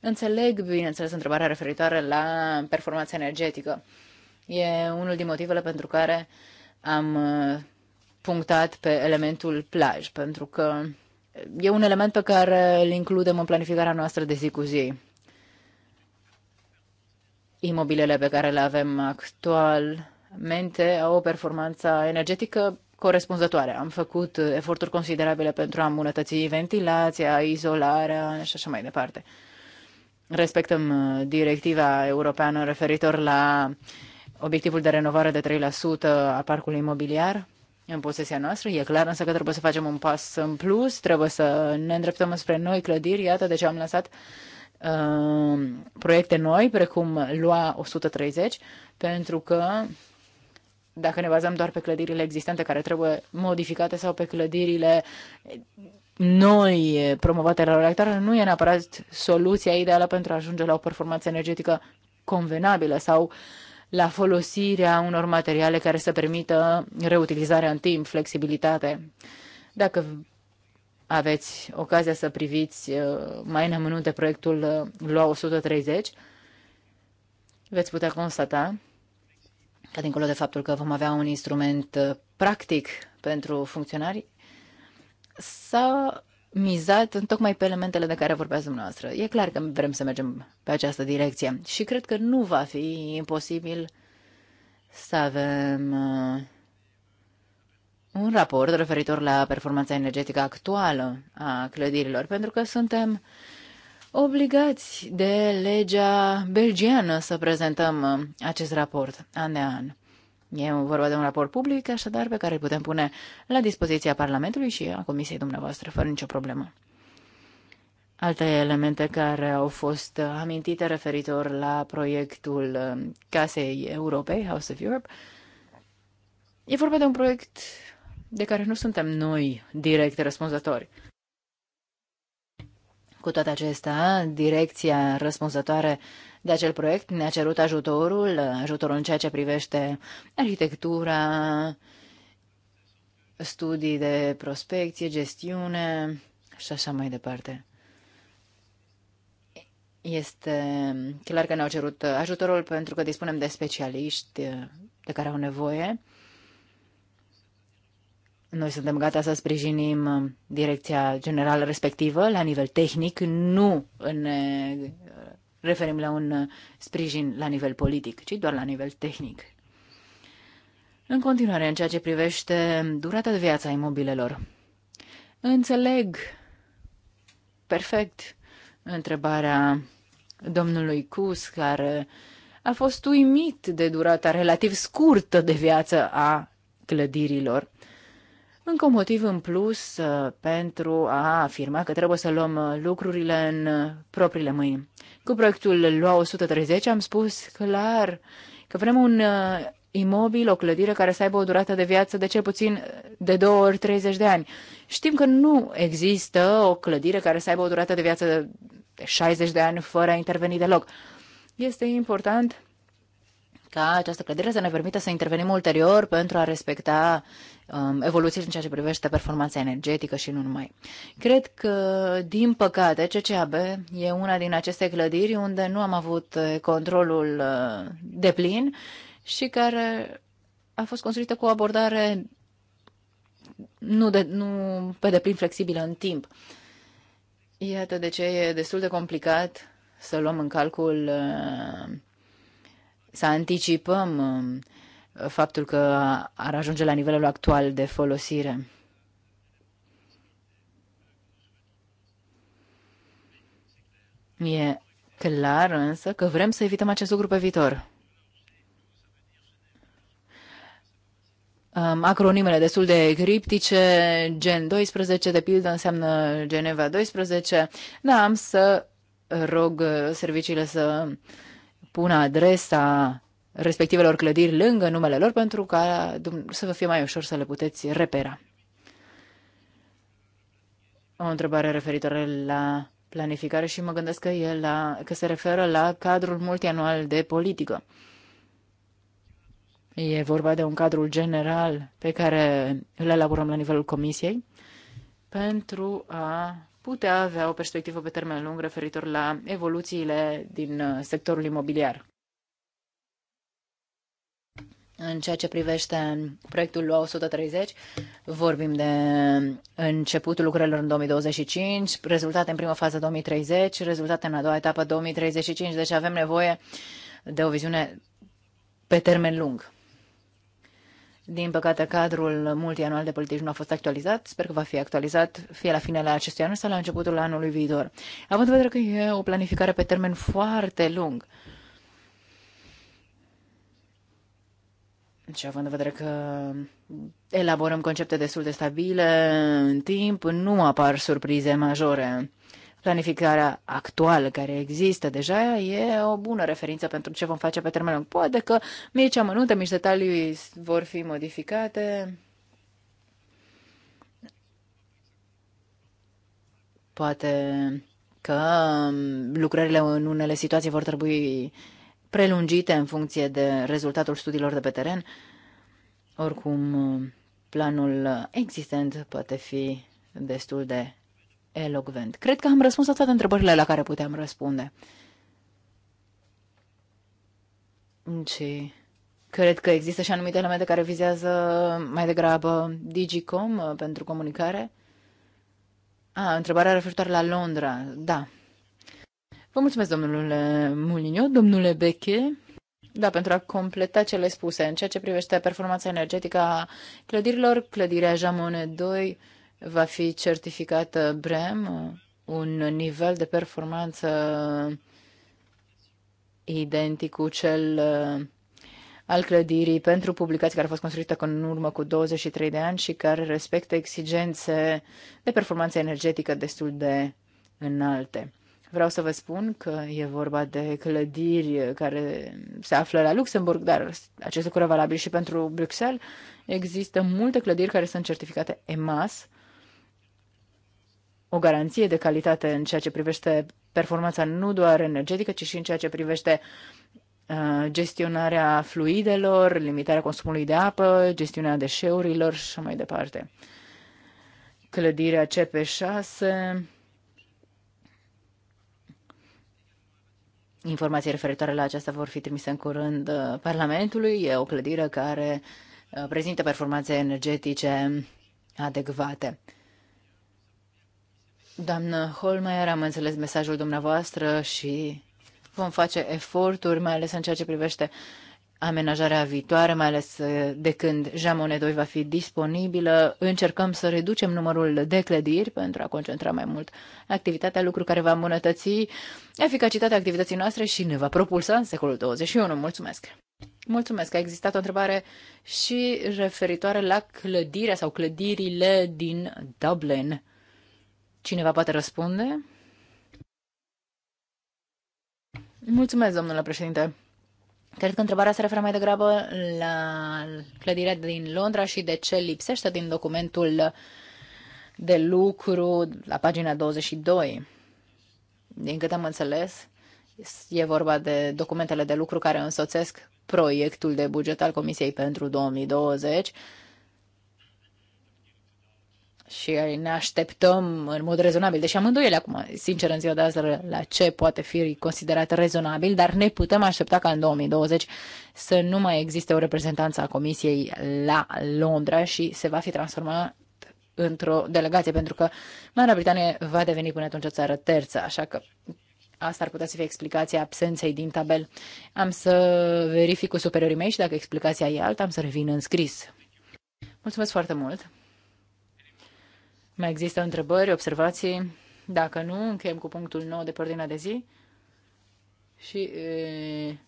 Înțeleg, bineînțeles, întrebarea referitoare la performanța energetică. E unul din motivele pentru care am uh, punctat pe elementul plaj, pentru că e un element pe care îl includem în planificarea noastră de zi cu zi imobilele pe care le avem actualmente au o performanță energetică corespunzătoare. Am făcut eforturi considerabile pentru a îmbunătăți ventilația, izolarea și așa mai departe. Respectăm uh, directiva europeană referitor la obiectivul de renovare de 3% a parcului imobiliar în posesia noastră. E clar însă că trebuie să facem un pas în plus, trebuie să ne îndreptăm spre noi clădiri. Iată de ce am lăsat Um, proiecte noi, precum Lua 130, pentru că dacă ne bazăm doar pe clădirile existente care trebuie modificate sau pe clădirile noi eh, promovate la reactoare, nu e neapărat soluția ideală pentru a ajunge la o performanță energetică convenabilă sau la folosirea unor materiale care să permită reutilizarea în timp, flexibilitate. Dacă aveți ocazia să priviți uh, mai în de proiectul uh, LUA 130, veți putea constata că dincolo de faptul că vom avea un instrument uh, practic pentru funcționari, s-a mizat în tocmai pe elementele de care vorbeați dumneavoastră. E clar că vrem să mergem pe această direcție și cred că nu va fi imposibil să avem un raport referitor la performanța energetică actuală a clădirilor, pentru că suntem obligați de legea belgiană să prezentăm uh, acest raport an de an. E vorba de un raport public, așadar, pe care îl putem pune la dispoziția Parlamentului și a Comisiei dumneavoastră, fără nicio problemă. Alte elemente care au fost uh, amintite referitor la proiectul uh, Casei Europei, House of Europe, e vorba de un proiect de care nu suntem noi direct răspunzători. Cu toate acestea, direcția răspunzătoare de acel proiect ne-a cerut ajutorul, ajutorul în ceea ce privește arhitectura, studii de prospecție, gestiune și așa mai departe. Este clar că ne-au cerut ajutorul pentru că dispunem de specialiști de care au nevoie noi suntem gata să sprijinim uh, direcția generală respectivă la nivel tehnic, nu ne uh, referim la un uh, sprijin la nivel politic, ci doar la nivel tehnic. În continuare, în ceea ce privește durata de viață a imobilelor, înțeleg perfect întrebarea domnului Cus, care a fost uimit de durata relativ scurtă de viață a clădirilor încă un motiv în plus uh, pentru a afirma că trebuie să luăm uh, lucrurile în uh, propriile mâini. Cu proiectul Lua 130 am spus clar că vrem un imobil, o clădire care să aibă o durată de viață de cel puțin de 2 ori 30 de ani. Știm că nu există o clădire care să aibă o durată de viață de 60 de ani fără a interveni deloc. Este important ca această clădire să ne permită să intervenim ulterior pentru a respecta um, evoluțiile în ceea ce privește performanța energetică și nu numai. Cred că, din păcate, CCAB e una din aceste clădiri unde nu am avut uh, controlul uh, de plin și care a fost construită cu o abordare nu, de, nu pe deplin flexibilă în timp. Iată de ce e destul de complicat să luăm în calcul uh, să anticipăm um, faptul că ar ajunge la nivelul actual de folosire. E clar însă că vrem să evităm acest lucru pe viitor. Um, acronimele destul de criptice, Gen 12, de pildă, înseamnă Geneva 12. Da, am să rog uh, serviciile să pună adresa respectivelor clădiri lângă numele lor pentru ca să vă fie mai ușor să le puteți repera. O întrebare referitoare la planificare și mă gândesc că, e la, că se referă la cadrul multianual de politică. E vorba de un cadru general pe care îl elaborăm la nivelul comisiei pentru a putea avea o perspectivă pe termen lung referitor la evoluțiile din uh, sectorul imobiliar. În ceea ce privește proiectul LUA 130, vorbim de începutul lucrărilor în 2025, rezultate în prima fază 2030, rezultate în a doua etapă 2035, deci avem nevoie de o viziune pe termen lung. Din păcate, cadrul multianual de politici nu a fost actualizat. Sper că va fi actualizat fie la finele acestui an sau la începutul anului viitor. Având în vedere că e o planificare pe termen foarte lung, Și având în vedere că elaborăm concepte destul de stabile în timp, nu apar surprize majore. Planificarea actuală care există deja e o bună referință pentru ce vom face pe termen lung. Poate că mici amănunte, mici detalii vor fi modificate. Poate că lucrările în unele situații vor trebui prelungite în funcție de rezultatul studiilor de pe teren. Oricum, planul existent poate fi destul de Elogvent. Cred că am răspuns la toate întrebările la care puteam răspunde. Și cred că există și anumite elemente care vizează mai degrabă Digicom uh, pentru comunicare. A, întrebarea referitoare la Londra, da. Vă mulțumesc, domnule Mulinio, domnule Beche. Da, pentru a completa cele spuse, în ceea ce privește performanța energetică a clădirilor, clădirea Jamone 2, va fi certificată BREM, un nivel de performanță identic cu cel uh, al clădirii pentru publicații care a fost construită în urmă cu 23 de ani și care respectă exigențe de performanță energetică destul de înalte. Vreau să vă spun că e vorba de clădiri care se află la Luxemburg, dar acest lucru e valabil și pentru Bruxelles. Există multe clădiri care sunt certificate EMAS, o garanție de calitate în ceea ce privește performanța nu doar energetică, ci și în ceea ce privește uh, gestionarea fluidelor, limitarea consumului de apă, gestiunea deșeurilor și așa mai departe. Clădirea CP6, informații referitoare la aceasta vor fi trimise în curând uh, Parlamentului. E o clădire care uh, prezintă performanțe energetice adecvate. Doamnă Holmeier, am înțeles mesajul dumneavoastră și vom face eforturi, mai ales în ceea ce privește amenajarea viitoare, mai ales eh, de când Jamone 2 va fi disponibilă. Încercăm să reducem numărul de clădiri pentru a concentra mai mult activitatea, lucru care va îmbunătăți eficacitatea activității noastre și ne va propulsa în secolul 21. Mulțumesc! Mulțumesc! A existat o întrebare și referitoare la clădirea sau clădirile din Dublin. Cineva poate răspunde? Mulțumesc, domnule președinte. Cred că întrebarea se referă mai degrabă la clădirea din Londra și de ce lipsește din documentul de lucru la pagina 22. Din câte am înțeles, e vorba de documentele de lucru care însoțesc proiectul de buget al Comisiei pentru 2020 și ne așteptăm în mod rezonabil, deși amândoi ele acum, sincer, în ziua de azi, la ce poate fi considerat rezonabil, dar ne putem aștepta ca în 2020 să nu mai existe o reprezentanță a Comisiei la Londra și se va fi transformat într-o delegație, pentru că Marea Britanie va deveni până atunci o țară terță, așa că asta ar putea să fie explicația absenței din tabel. Am să verific cu superiorii mei și dacă explicația e alta, am să revin în scris. Mulțumesc foarte mult! Mai există întrebări, observații? Dacă nu, încheiem cu punctul 9 de pe ordinea de zi și e,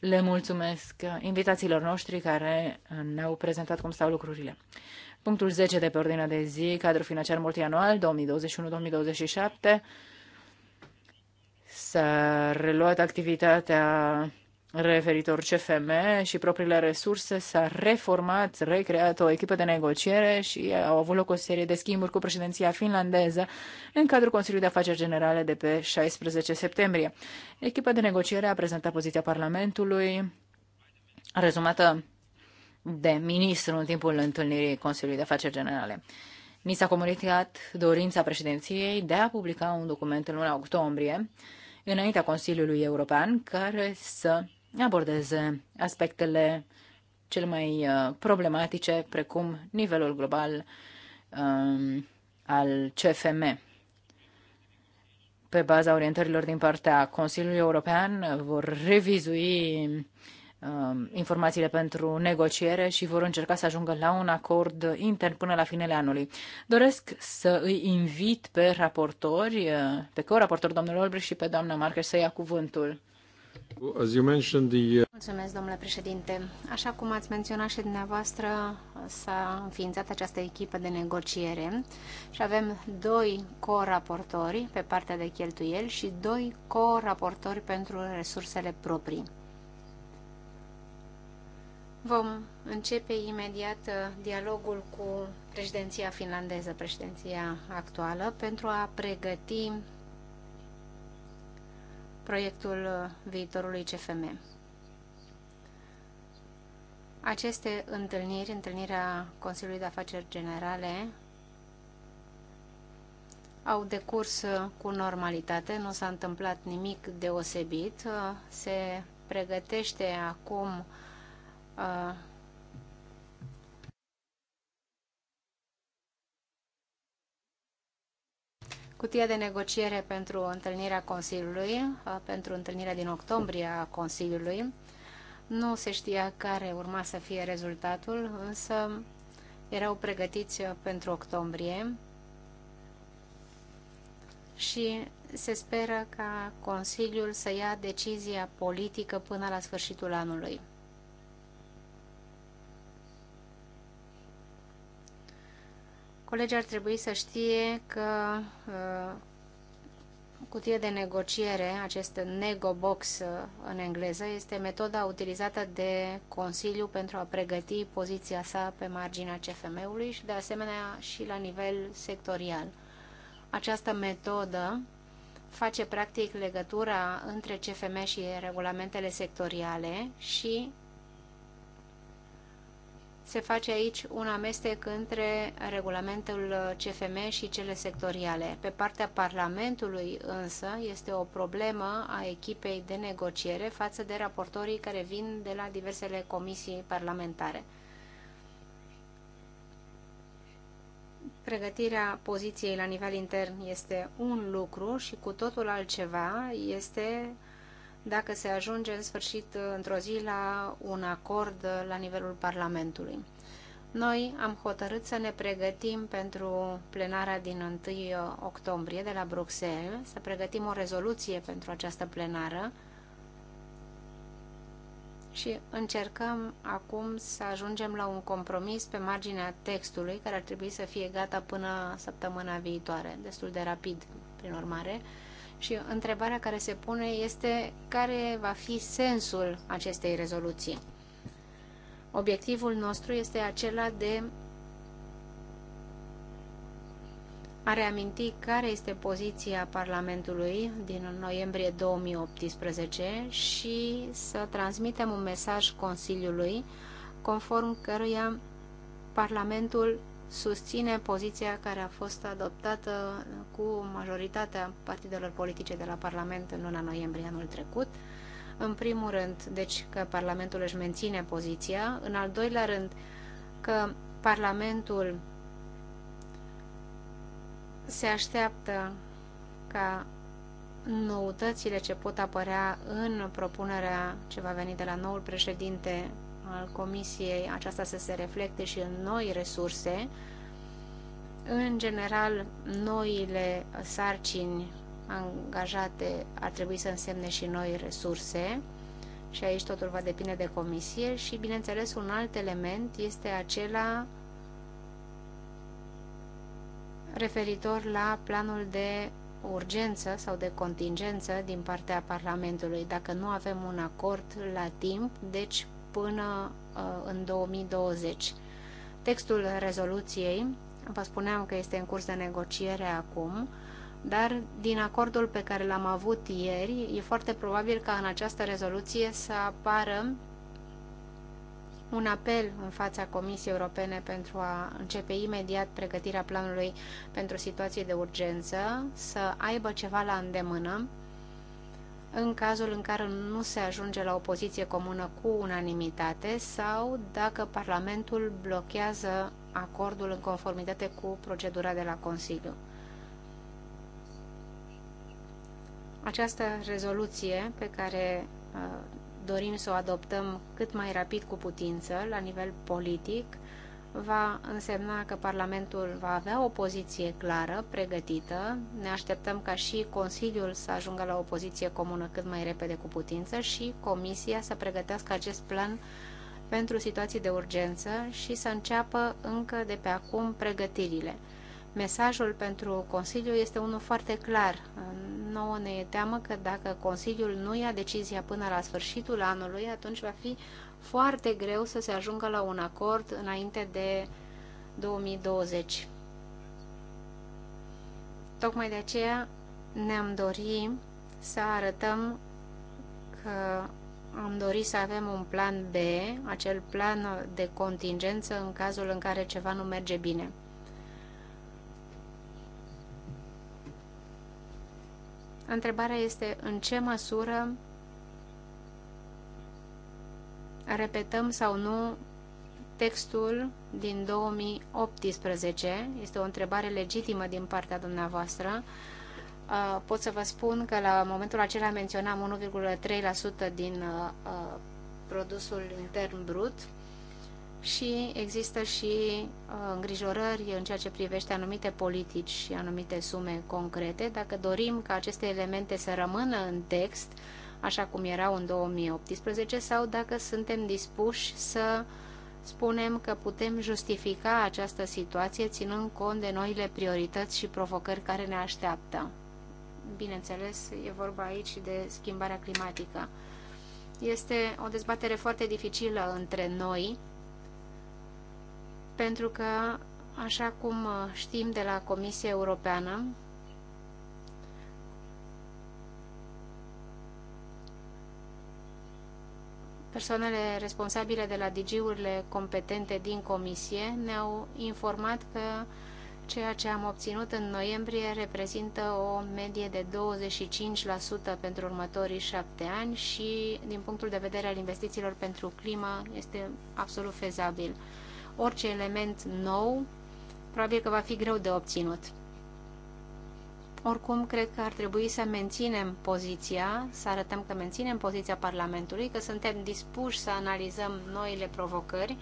le mulțumesc invitațiilor noștri care ne-au prezentat cum stau lucrurile. Punctul 10 de pe ordinea de zi, cadru financiar multianual 2021-2027, s-a reluat activitatea referitor CFM și propriile resurse, s-a reformat, recreat o echipă de negociere și au avut loc o serie de schimburi cu președinția finlandeză în cadrul Consiliului de Afaceri Generale de pe 16 septembrie. Echipa de negociere a prezentat poziția Parlamentului, rezumată de ministru în timpul întâlnirii Consiliului de Afaceri Generale. Ni s-a comunicat dorința președinției de a publica un document în luna octombrie, înaintea Consiliului European, care să abordeze aspectele cel mai uh, problematice, precum nivelul global um, al CFM. Pe baza orientărilor din partea Consiliului European, vor revizui um, informațiile pentru negociere și vor încerca să ajungă la un acord intern până la finele anului. Doresc să îi invit pe raportori, uh, pe co-raportor domnul Olbrich și pe doamna Marker să ia cuvântul. Uh, Mulțumesc, domnule președinte. Așa cum ați menționat și dumneavoastră, s-a înființat această echipă de negociere și avem doi co-raportori pe partea de cheltuieli și doi co-raportori pentru resursele proprii. Vom începe imediat uh, dialogul cu președinția finlandeză, președinția actuală, pentru a pregăti proiectul uh, viitorului CFM. Aceste întâlniri, întâlnirea Consiliului de Afaceri Generale, au decurs uh, cu normalitate, nu s-a întâmplat nimic deosebit. Uh, se pregătește acum cutia de negociere pentru întâlnirea Consiliului, pentru întâlnirea din octombrie a Consiliului. Nu se știa care urma să fie rezultatul, însă erau pregătiți pentru octombrie și se speră ca Consiliul să ia decizia politică până la sfârșitul anului. Colegii ar trebui să știe că uh, cutie de negociere, acest box uh, în engleză, este metoda utilizată de Consiliu pentru a pregăti poziția sa pe marginea CFM-ului și de asemenea și la nivel sectorial. Această metodă face practic legătura între CFM și regulamentele sectoriale și se face aici un amestec între regulamentul CFM și cele sectoriale. Pe partea Parlamentului însă este o problemă a echipei de negociere față de raportorii care vin de la diversele comisii parlamentare. Pregătirea poziției la nivel intern este un lucru și cu totul altceva este dacă se ajunge în sfârșit într-o zi la un acord la nivelul Parlamentului. Noi am hotărât să ne pregătim pentru plenara din 1 uh, octombrie de la Bruxelles, să pregătim o rezoluție pentru această plenară și încercăm acum să ajungem la un compromis pe marginea textului care ar trebui să fie gata până săptămâna viitoare, destul de rapid, prin urmare, și întrebarea care se pune este care va fi sensul acestei rezoluții. Obiectivul nostru este acela de a reaminti care este poziția Parlamentului din noiembrie 2018 și să transmitem un mesaj Consiliului conform căruia Parlamentul susține poziția care a fost adoptată cu majoritatea partidelor politice de la Parlament în luna noiembrie anul trecut. În primul rând, deci că Parlamentul își menține poziția. În al doilea rând, că Parlamentul se așteaptă ca noutățile ce pot apărea în propunerea ce va veni de la noul președinte al Comisiei aceasta să se reflecte și în noi resurse. În general, noile sarcini angajate ar trebui să însemne și noi resurse și aici totul va depinde de comisie și, bineînțeles, un alt element este acela referitor la planul de urgență sau de contingență din partea Parlamentului. Dacă nu avem un acord la timp, deci până uh, în 2020. Textul rezoluției, vă spuneam că este în curs de negociere acum, dar din acordul pe care l-am avut ieri, e foarte probabil ca în această rezoluție să apară un apel în fața Comisiei Europene pentru a începe imediat pregătirea planului pentru situații de urgență, să aibă ceva la îndemână în cazul în care nu se ajunge la o poziție comună cu unanimitate sau dacă Parlamentul blochează acordul în conformitate cu procedura de la Consiliu. Această rezoluție pe care uh, dorim să o adoptăm cât mai rapid cu putință la nivel politic va însemna că Parlamentul va avea o poziție clară, pregătită. Ne așteptăm ca și Consiliul să ajungă la o poziție comună cât mai repede cu putință și Comisia să pregătească acest plan pentru situații de urgență și să înceapă încă de pe acum pregătirile. Mesajul pentru Consiliu este unul foarte clar. Nouă ne e teamă că dacă Consiliul nu ia decizia până la sfârșitul anului, atunci va fi foarte greu să se ajungă la un acord înainte de 2020. Tocmai de aceea ne-am dorit să arătăm că am dorit să avem un plan B, acel plan de contingență în cazul în care ceva nu merge bine. Întrebarea este în ce măsură repetăm sau nu textul din 2018. Este o întrebare legitimă din partea dumneavoastră. Uh, pot să vă spun că la momentul acela menționam 1,3% din uh, produsul intern brut și există și uh, îngrijorări în ceea ce privește anumite politici și anumite sume concrete. Dacă dorim ca aceste elemente să rămână în text, așa cum erau în 2018, sau dacă suntem dispuși să spunem că putem justifica această situație ținând cont de noile priorități și provocări care ne așteaptă. Bineînțeles, e vorba aici de schimbarea climatică. Este o dezbatere foarte dificilă între noi, pentru că, așa cum știm de la Comisia Europeană, Persoanele responsabile de la DG-urile competente din comisie ne-au informat că ceea ce am obținut în noiembrie reprezintă o medie de 25% pentru următorii șapte ani și, din punctul de vedere al investițiilor pentru climă, este absolut fezabil. Orice element nou, probabil că va fi greu de obținut. Oricum, cred că ar trebui să menținem poziția, să arătăm că menținem poziția Parlamentului, că suntem dispuși să analizăm noile provocări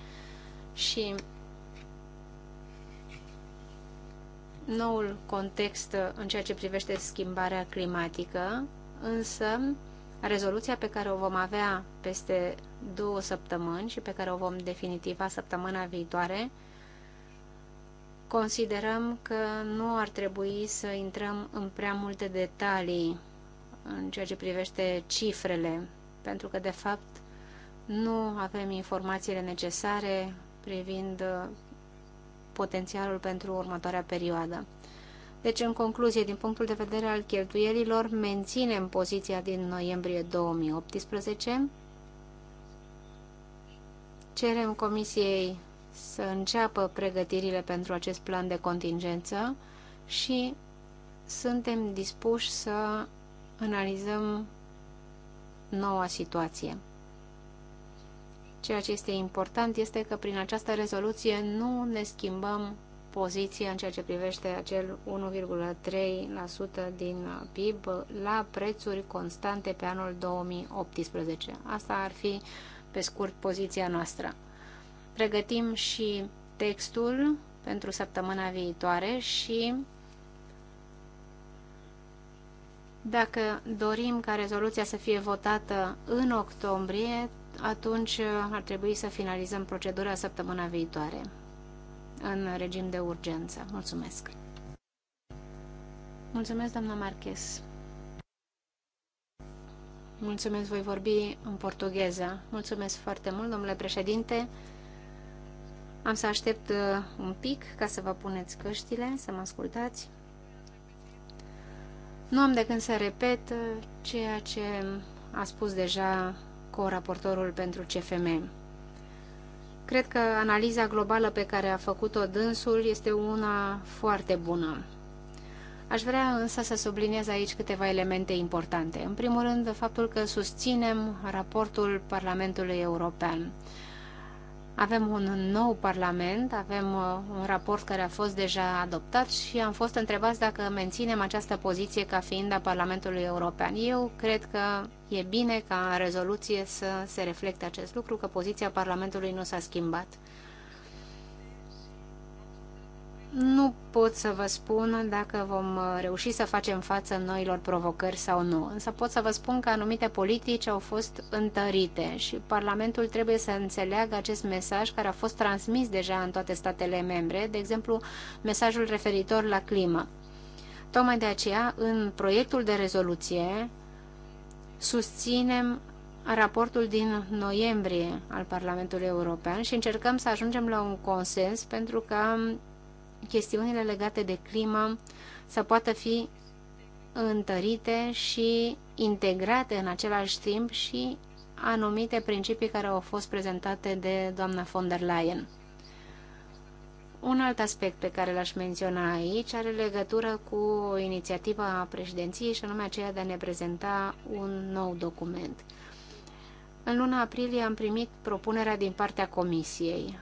și noul context în ceea ce privește schimbarea climatică, însă rezoluția pe care o vom avea peste două săptămâni și pe care o vom definitiva săptămâna viitoare considerăm că nu ar trebui să intrăm în prea multe detalii în ceea ce privește cifrele, pentru că, de fapt, nu avem informațiile necesare privind uh, potențialul pentru următoarea perioadă. Deci, în concluzie, din punctul de vedere al cheltuielilor, menținem poziția din noiembrie 2018, cerem Comisiei să înceapă pregătirile pentru acest plan de contingență și suntem dispuși să analizăm noua situație. Ceea ce este important este că prin această rezoluție nu ne schimbăm poziția în ceea ce privește acel 1,3% din PIB la prețuri constante pe anul 2018. Asta ar fi, pe scurt, poziția noastră pregătim și textul pentru săptămâna viitoare și dacă dorim ca rezoluția să fie votată în octombrie, atunci ar trebui să finalizăm procedura săptămâna viitoare în regim de urgență. Mulțumesc! Mulțumesc, doamna Marques! Mulțumesc, voi vorbi în portugheză. Mulțumesc foarte mult, domnule președinte! Am să aștept uh, un pic ca să vă puneți căștile, să mă ascultați. Nu am de când să repet uh, ceea ce a spus deja co-raportorul pentru CFM. Cred că analiza globală pe care a făcut-o dânsul este una foarte bună. Aș vrea însă să subliniez aici câteva elemente importante. În primul rând, faptul că susținem raportul Parlamentului European. Avem un nou parlament, avem uh, un raport care a fost deja adoptat și am fost întrebați dacă menținem această poziție ca fiind a Parlamentului European. Eu cred că e bine ca în rezoluție să se reflecte acest lucru, că poziția Parlamentului nu s-a schimbat nu pot să vă spun dacă vom uh, reuși să facem față noilor provocări sau nu, însă pot să vă spun că anumite politici au fost întărite și Parlamentul trebuie să înțeleagă acest mesaj care a fost transmis deja în toate statele membre, de exemplu mesajul referitor la climă. Tocmai de aceea, în proiectul de rezoluție, susținem raportul din noiembrie al Parlamentului European și încercăm să ajungem la un consens pentru că chestiunile legate de climă să poată fi întărite și integrate în același timp și anumite principii care au fost prezentate de doamna von der Leyen. Un alt aspect pe care l-aș menționa aici are legătură cu inițiativa a președinției și anume aceea de a ne prezenta un nou document. În luna aprilie am primit propunerea din partea Comisiei.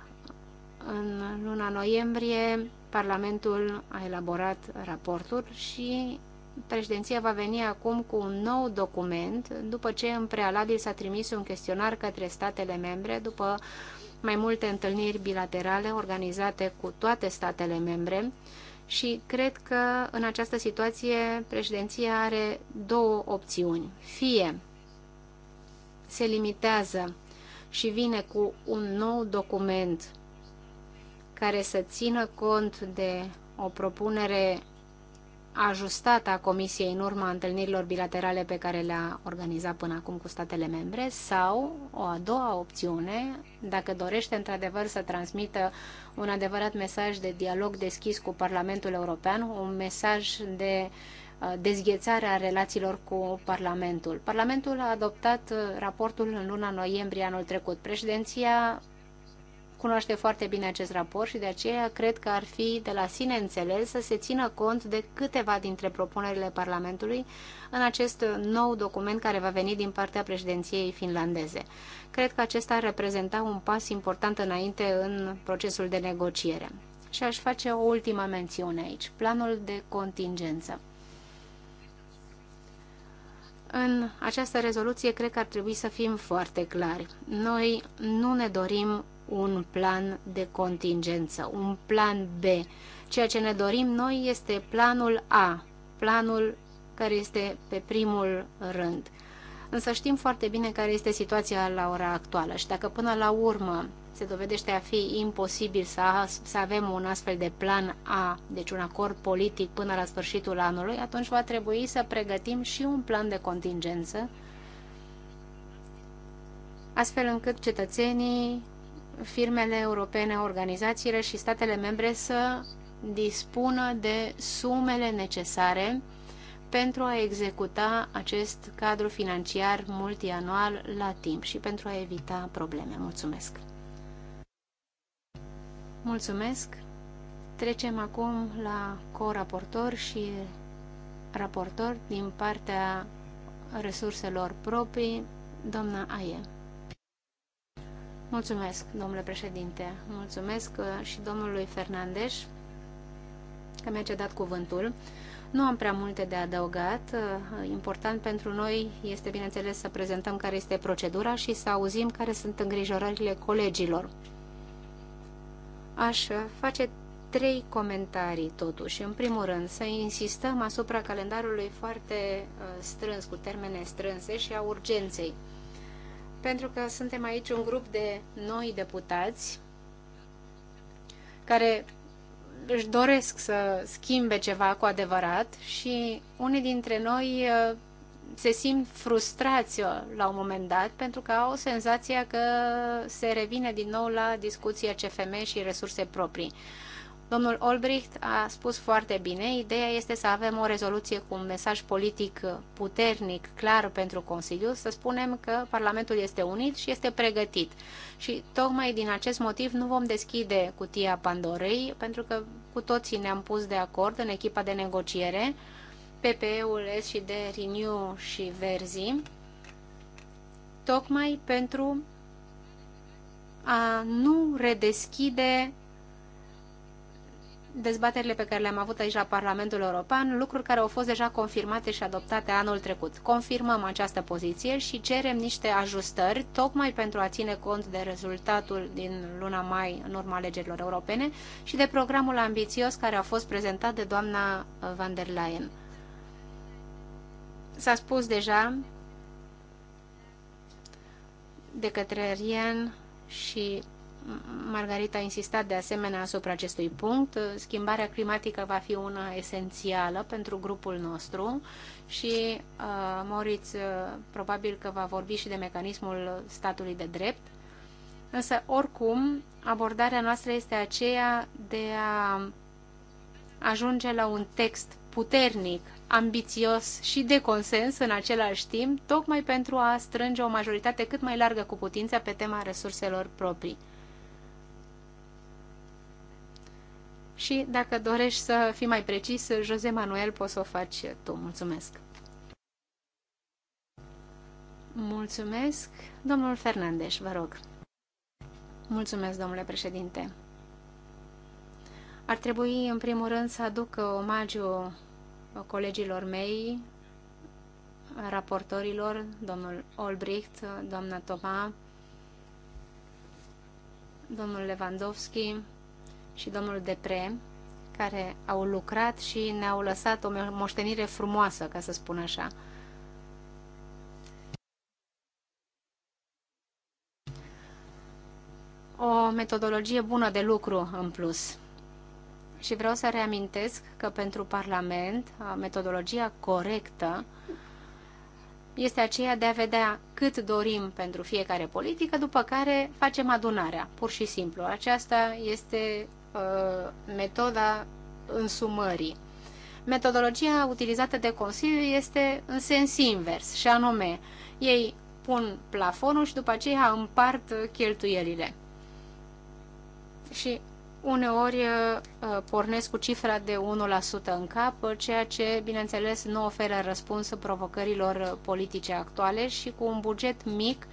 În luna noiembrie, Parlamentul a elaborat raportul și președinția va veni acum cu un nou document, după ce în prealabil s-a trimis un chestionar către statele membre, după mai multe întâlniri bilaterale organizate cu toate statele membre și cred că în această situație președinția are două opțiuni. Fie se limitează și vine cu un nou document care să țină cont de o propunere ajustată a Comisiei în urma întâlnirilor bilaterale pe care le-a organizat până acum cu statele membre sau o a doua opțiune, dacă dorește într-adevăr să transmită un adevărat mesaj de dialog deschis cu Parlamentul European, un mesaj de uh, dezghețare a relațiilor cu Parlamentul. Parlamentul a adoptat uh, raportul în luna noiembrie anul trecut. Președinția cunoaște foarte bine acest raport și de aceea cred că ar fi de la sine înțeles să se țină cont de câteva dintre propunerile Parlamentului în acest nou document care va veni din partea președinției finlandeze. Cred că acesta ar reprezenta un pas important înainte în procesul de negociere. Și aș face o ultimă mențiune aici, planul de contingență. În această rezoluție cred că ar trebui să fim foarte clari. Noi nu ne dorim un plan de contingență, un plan B. Ceea ce ne dorim noi este planul A, planul care este pe primul rând. Însă știm foarte bine care este situația la ora actuală și dacă până la urmă se dovedește a fi imposibil să, să avem un astfel de plan A, deci un acord politic până la sfârșitul anului, atunci va trebui să pregătim și un plan de contingență, astfel încât cetățenii firmele europene, organizațiile și statele membre să dispună de sumele necesare pentru a executa acest cadru financiar multianual la timp și pentru a evita probleme. Mulțumesc! Mulțumesc! Trecem acum la co-raportor și raportor din partea resurselor proprii, doamna Aie. Mulțumesc, domnule președinte. Mulțumesc uh, și domnului Fernandes că mi-a cedat cuvântul. Nu am prea multe de adăugat. Uh, important pentru noi este, bineînțeles, să prezentăm care este procedura și să auzim care sunt îngrijorările colegilor. Aș uh, face trei comentarii, totuși. În primul rând, să insistăm asupra calendarului foarte strâns, cu termene strânse și a urgenței pentru că suntem aici un grup de noi deputați care își doresc să schimbe ceva cu adevărat și unii dintre noi uh, se simt frustrați uh, la un moment dat pentru că au senzația că se revine din nou la discuția CFM și resurse proprii. Domnul Olbricht a spus foarte bine, ideea este să avem o rezoluție cu un mesaj politic puternic, clar pentru Consiliu, să spunem că Parlamentul este unit și este pregătit. Și tocmai din acest motiv nu vom deschide cutia Pandorei, pentru că cu toții ne-am pus de acord în echipa de negociere, PPE-ul S și de Renew și Verzi, tocmai pentru a nu redeschide dezbaterile pe care le-am avut aici la Parlamentul European, lucruri care au fost deja confirmate și adoptate anul trecut. Confirmăm această poziție și cerem niște ajustări, tocmai pentru a ține cont de rezultatul din luna mai în urma alegerilor europene și de programul ambițios care a fost prezentat de doamna van der Leyen. S-a spus deja de către Rien și Margarita a insistat de asemenea asupra acestui punct. Schimbarea climatică va fi una esențială pentru grupul nostru și uh, Moritz uh, probabil că va vorbi și de mecanismul statului de drept. Însă, oricum, abordarea noastră este aceea de a ajunge la un text puternic, ambițios și de consens în același timp, tocmai pentru a strânge o majoritate cât mai largă cu putință pe tema resurselor proprii. și dacă dorești să fii mai precis, Jose Manuel, poți să o faci tu. Mulțumesc! Mulțumesc, domnul Fernandes, vă rog. Mulțumesc, domnule președinte. Ar trebui, în primul rând, să aduc omagiu colegilor mei, raportorilor, domnul Olbricht, doamna Toma, domnul Lewandowski, și domnul Depre, care au lucrat și ne-au lăsat o moștenire frumoasă, ca să spun așa. O metodologie bună de lucru în plus. Și vreau să reamintesc că pentru Parlament metodologia corectă este aceea de a vedea cât dorim pentru fiecare politică, după care facem adunarea, pur și simplu. Aceasta este Uh, metoda însumării. Metodologia utilizată de Consiliu este în sens invers, și anume, ei pun plafonul și după aceea împart cheltuielile. Și uneori uh, pornesc cu cifra de 1% în cap, ceea ce, bineînțeles, nu oferă răspuns provocărilor politice actuale și cu un buget mic,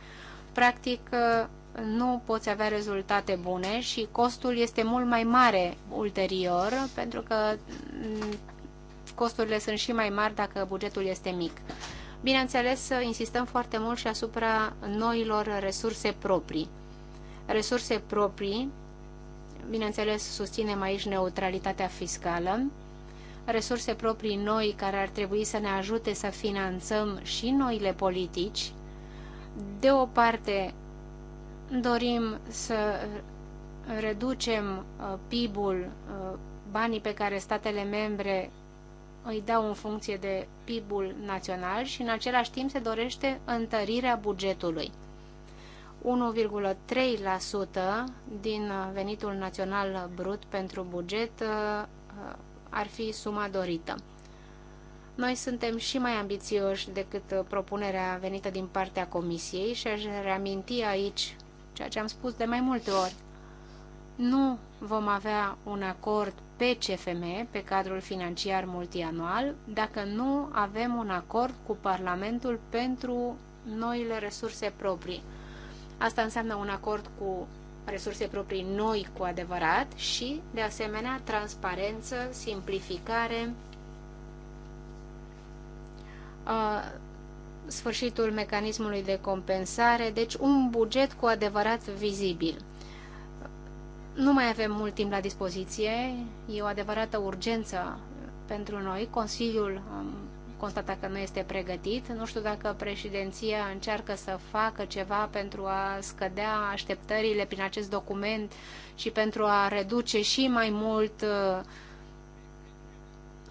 practic uh, nu poți avea rezultate bune și costul este mult mai mare ulterior, pentru că mm, costurile sunt și mai mari dacă bugetul este mic. Bineînțeles, insistăm foarte mult și asupra noilor resurse proprii. Resurse proprii, bineînțeles, susținem aici neutralitatea fiscală, resurse proprii noi care ar trebui să ne ajute să finanțăm și noile politici, de o parte dorim să reducem uh, PIB-ul, uh, banii pe care statele membre îi dau în funcție de PIB-ul național și în același timp se dorește întărirea bugetului. 1,3% din uh, venitul național brut pentru buget ar fi suma dorită. Noi suntem și mai ambițioși decât propunerea venită din partea Comisiei și aș reaminti aici ceea ce am spus de mai multe ori. Nu vom avea un acord pe CFM, pe cadrul financiar multianual, dacă nu avem un acord cu Parlamentul pentru noile resurse proprii. Asta înseamnă un acord cu resurse proprii noi cu adevărat și, de asemenea, transparență, simplificare, uh, sfârșitul mecanismului de compensare, deci un buget cu adevărat vizibil. Nu mai avem mult timp la dispoziție, e o adevărată urgență pentru noi. Consiliul constata că nu este pregătit. Nu știu dacă președinția încearcă să facă ceva pentru a scădea așteptările prin acest document și pentru a reduce și mai mult uh,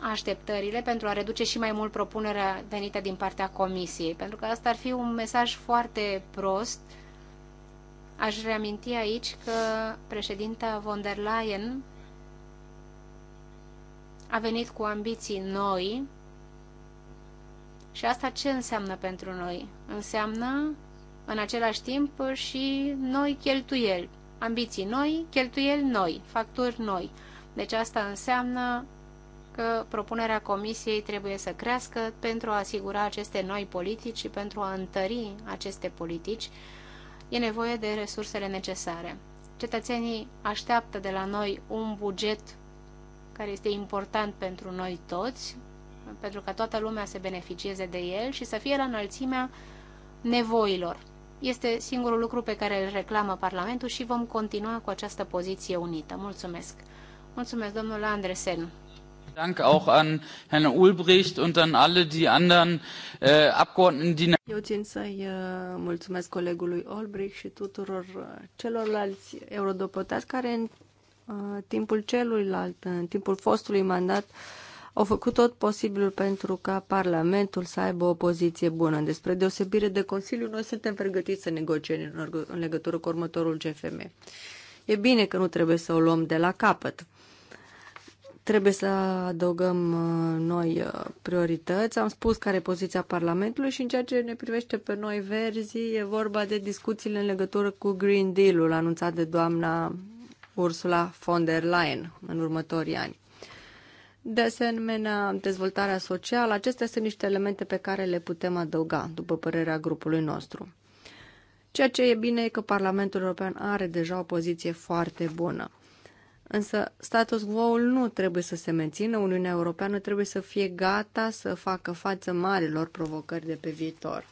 așteptările pentru a reduce și mai mult propunerea venită din partea Comisiei, pentru că asta ar fi un mesaj foarte prost. Aș reaminti aici că președinta von der Leyen a venit cu ambiții noi și asta ce înseamnă pentru noi? Înseamnă în același timp și noi cheltuieli, ambiții noi, cheltuieli noi, facturi noi. Deci asta înseamnă că propunerea Comisiei trebuie să crească pentru a asigura aceste noi politici și pentru a întări aceste politici. E nevoie de resursele necesare. Cetățenii așteaptă de la noi un buget care este important pentru noi toți, pentru ca toată lumea să beneficieze de el și să fie la înălțimea nevoilor. Este singurul lucru pe care îl reclamă Parlamentul și vom continua cu această poziție unită. Mulțumesc! Mulțumesc, domnul Andresen! Dank auch an Herrn Ulbricht und an alle die anderen äh, Abgeordneten, die... Eu țin să-i uh, mulțumesc colegului Olbrich și tuturor uh, celorlalți eurodeputați care în uh, timpul celuilalt, în timpul fostului mandat, au făcut tot posibilul pentru ca Parlamentul să aibă o poziție bună. Despre deosebire de Consiliu, noi suntem pregătiți să negociem în legătură cu următorul GFM. E bine că nu trebuie să o luăm de la capăt. Trebuie să adăugăm uh, noi uh, priorități. Am spus care e poziția Parlamentului și în ceea ce ne privește pe noi verzi, e vorba de discuțiile în legătură cu Green Deal-ul anunțat de doamna Ursula von der Leyen în următorii ani. De asemenea, dezvoltarea socială, acestea sunt niște elemente pe care le putem adăuga, după părerea grupului nostru. Ceea ce e bine e că Parlamentul European are deja o poziție foarte bună. Însă status quo-ul nu trebuie să se mențină, Uniunea Europeană trebuie să fie gata să facă față marilor provocări de pe viitor.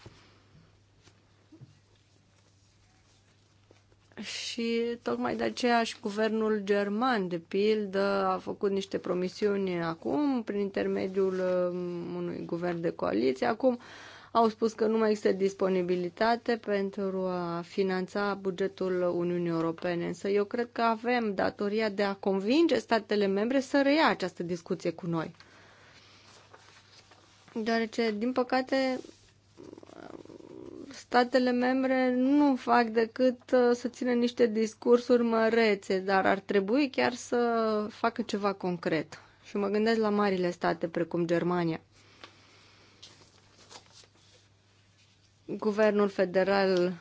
Și tocmai de aceea și guvernul german, de pildă, a făcut niște promisiuni acum, prin intermediul um, unui guvern de coaliție. Acum, uh, au spus că nu mai există disponibilitate pentru a finanța bugetul Uniunii Europene, însă eu cred că avem datoria de a convinge statele membre să reia această discuție cu noi. Deoarece, din păcate, statele membre nu fac decât uh, să țină niște discursuri mărețe, dar ar trebui chiar să facă ceva concret. Și mă gândesc la marile state precum Germania. Guvernul federal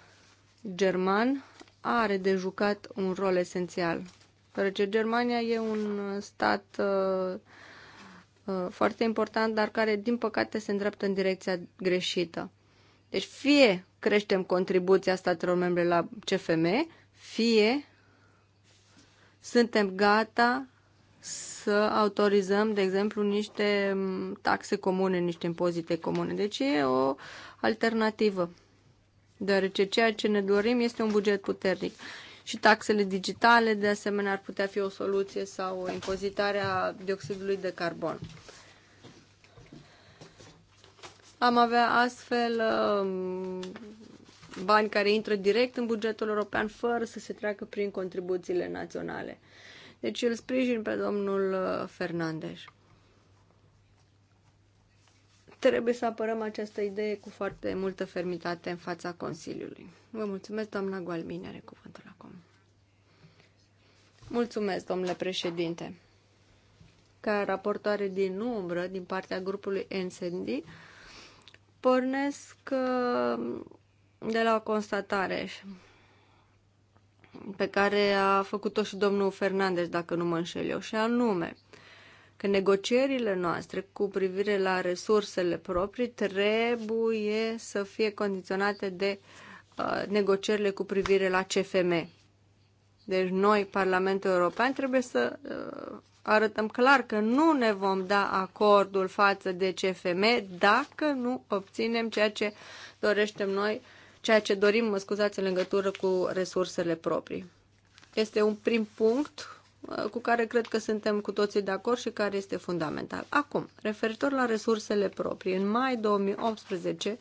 german are de jucat un rol esențial, deoarece Germania e un stat uh, uh, foarte important, dar care, din păcate, se îndreaptă în direcția greșită. Deci fie creștem contribuția statelor membre la CFM, fie suntem gata să autorizăm, de exemplu, niște mm, taxe comune, niște impozite comune. Deci e o alternativă, deoarece ceea ce ne dorim este un buget puternic. Și taxele digitale, de asemenea, ar putea fi o soluție sau o impozitare a dioxidului de carbon. Am avea astfel um, bani care intră direct în bugetul european fără să se treacă prin contribuțiile naționale. Deci îl sprijin pe domnul uh, Fernandez trebuie să apărăm această idee cu foarte multă fermitate în fața Consiliului. Vă mulțumesc, doamna Gualmini, are cuvântul acum. Mulțumesc, domnule președinte. Ca raportoare din umbră, din partea grupului NSD, pornesc uh, de la o constatare pe care a făcut-o și domnul Fernandez, dacă nu mă înșel eu, și anume, că negocierile noastre cu privire la resursele proprii trebuie să fie condiționate de uh, negocierile cu privire la CFM. Deci noi, Parlamentul European, trebuie să uh, arătăm clar că nu ne vom da acordul față de CFM dacă nu obținem ceea ce dorește noi, ceea ce dorim, mă scuzați, în legătură cu resursele proprii. Este un prim punct cu care cred că suntem cu toții de acord și care este fundamental. Acum, referitor la resursele proprii, în mai 2018,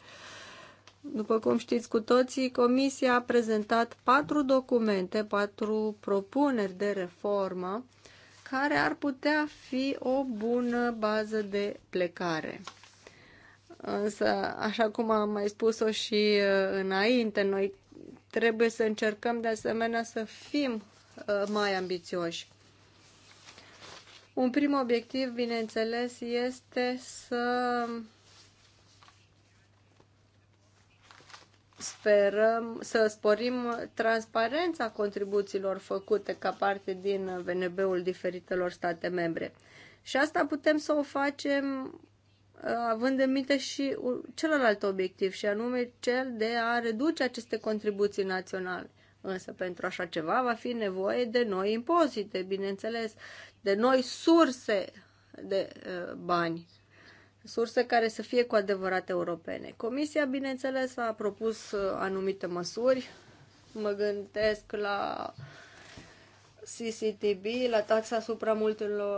după cum știți cu toții, Comisia a prezentat patru documente, patru propuneri de reformă care ar putea fi o bună bază de plecare. Însă, așa cum am mai spus-o și uh, înainte, noi trebuie să încercăm de asemenea să fim uh, mai ambițioși. Un prim obiectiv, bineînțeles, este să sperăm să sporim transparența contribuțiilor făcute ca parte din VNB-ul diferitelor state membre. Și asta putem să o facem uh, având în minte și celălalt obiectiv, și anume cel de a reduce aceste contribuții naționale. Însă pentru așa ceva va fi nevoie de noi impozite, bineînțeles, de noi surse de uh, bani, surse care să fie cu adevărat europene. Comisia, bineînțeles, a propus uh, anumite măsuri. Mă gândesc la CCTB, la taxa asupra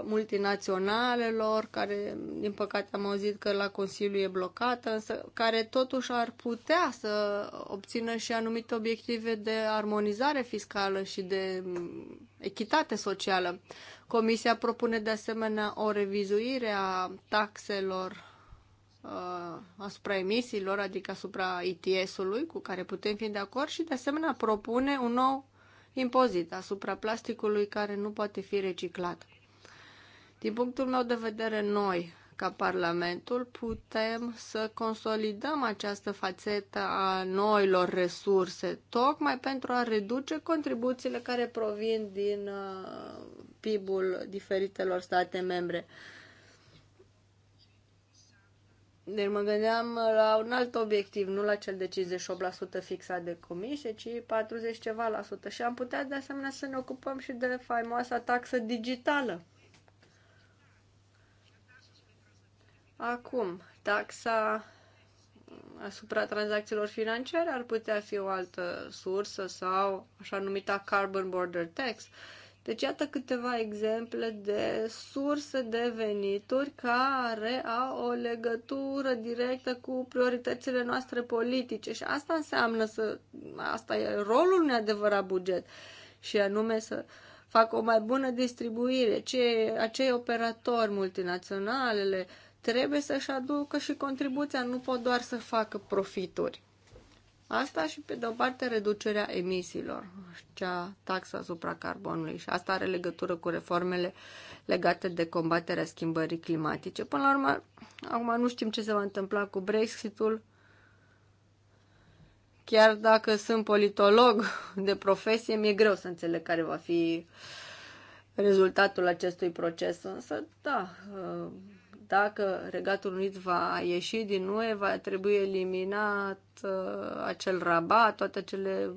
multinaționalelor, care, din păcate, am auzit că la Consiliu e blocată, însă care totuși ar putea să obțină și anumite obiective de armonizare fiscală și de mm, echitate socială. Comisia propune de asemenea o revizuire a taxelor uh, asupra emisiilor, adică asupra ETS-ului, cu care putem fi de acord și de asemenea propune un nou impozit asupra plasticului care nu poate fi reciclat. Din punctul meu de vedere, noi, ca Parlamentul, putem să consolidăm această fațetă a noilor resurse, tocmai pentru a reduce contribuțiile care provin din uh, PIB-ul diferitelor state membre. Deci mă gândeam la un alt obiectiv, nu la cel de 58% fixat de comisie, ci 40 ceva la sută. Și am putea de asemenea să ne ocupăm și de faimoasa taxă digitală. Acum, taxa asupra tranzacțiilor financiare ar putea fi o altă sursă sau așa numita carbon border tax. Uh, deci iată câteva exemple de surse de venituri care au o legătură directă cu prioritățile noastre politice și asta înseamnă să, asta e rolul unui adevărat buget și anume să fac o mai bună distribuire. Ce, acei operatori multinaționalele trebuie să-și aducă și contribuția, nu pot doar să facă profituri. Asta și, pe de o parte, reducerea emisiilor, cea taxa asupra carbonului. Și asta are legătură cu reformele legate de combaterea schimbării climatice. Până la urmă, acum nu știm ce se va întâmpla cu Brexitul. Chiar dacă sunt politolog de profesie, mi-e greu să înțeleg care va fi rezultatul acestui proces. Însă, da, dacă Regatul Unit va ieși din UE, va trebui eliminat uh, acel rabat, toate acele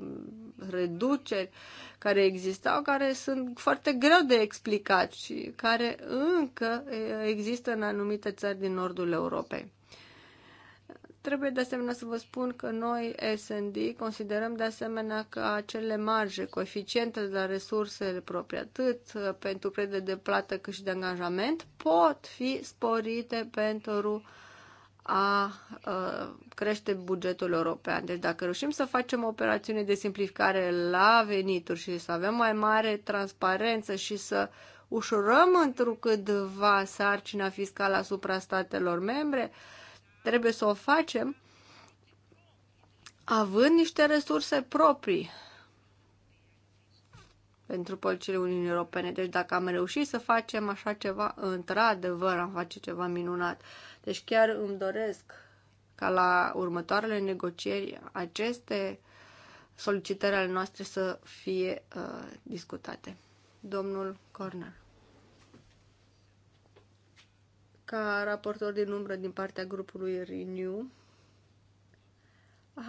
reduceri care existau, care sunt foarte greu de explicat și care încă uh, există în anumite țări din nordul Europei. Trebuie de asemenea să vă spun că noi, S&D, considerăm de asemenea că acele marje, coeficientele de la resursele proprie atât uh, pentru credite de plată cât și de angajament, pot fi sporite pentru a, a uh, crește bugetul european. Deci dacă reușim să facem operațiune de simplificare la venituri și să avem mai mare transparență și să ușurăm întrucâtva sarcina fiscală asupra statelor membre, Trebuie să o facem având niște resurse proprii pentru politicile Uniunii Europene. Deci dacă am reușit să facem așa ceva, într-adevăr am face ceva minunat. Deci chiar îmi doresc ca la următoarele negocieri aceste solicitări ale noastre să fie uh, discutate. Domnul Corner ca raportor din umbră din partea grupului Renew,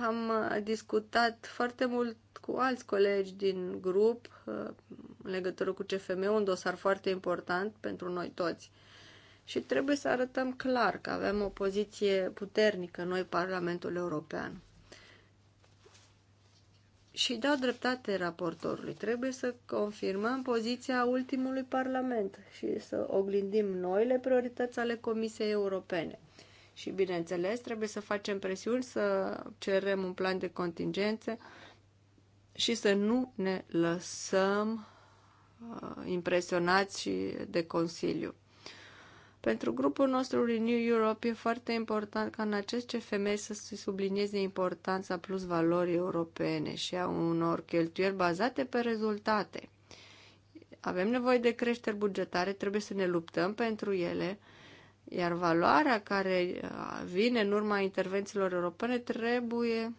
am uh, discutat foarte mult cu alți colegi din grup uh, în legătură cu CFM, un dosar foarte important pentru noi toți. Și trebuie să arătăm clar că avem o poziție puternică noi, Parlamentul European. Și dau dreptate raportorului. Trebuie să confirmăm poziția ultimului Parlament și să oglindim noile priorități ale Comisiei Europene. Și, bineînțeles, trebuie să facem presiuni, să cerem un plan de contingențe și să nu ne lăsăm uh, impresionați de Consiliu. Pentru grupul nostru Renew Europe e foarte important ca în acest CFM să se sublinieze importanța plus valorii europene și a unor cheltuieli bazate pe rezultate. Avem nevoie de creșteri bugetare, trebuie să ne luptăm pentru ele, iar valoarea care uh, vine în urma intervențiilor europene trebuie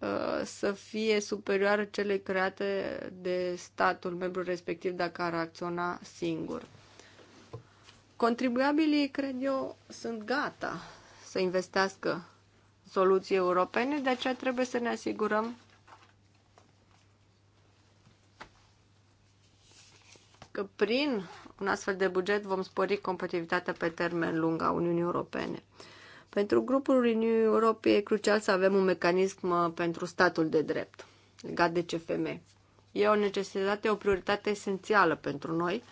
uh, să fie superioară celei create de statul membru respectiv dacă ar acționa singur. Contribuabilii, cred eu, sunt gata să investească soluții europene, de aceea trebuie să ne asigurăm că prin un astfel de buget vom spori competitivitatea pe termen lung a Uniunii Europene. Pentru grupul Uniunii Europei e crucial să avem un mecanism uh, pentru statul de drept legat de CFM. E o necesitate, o prioritate esențială pentru noi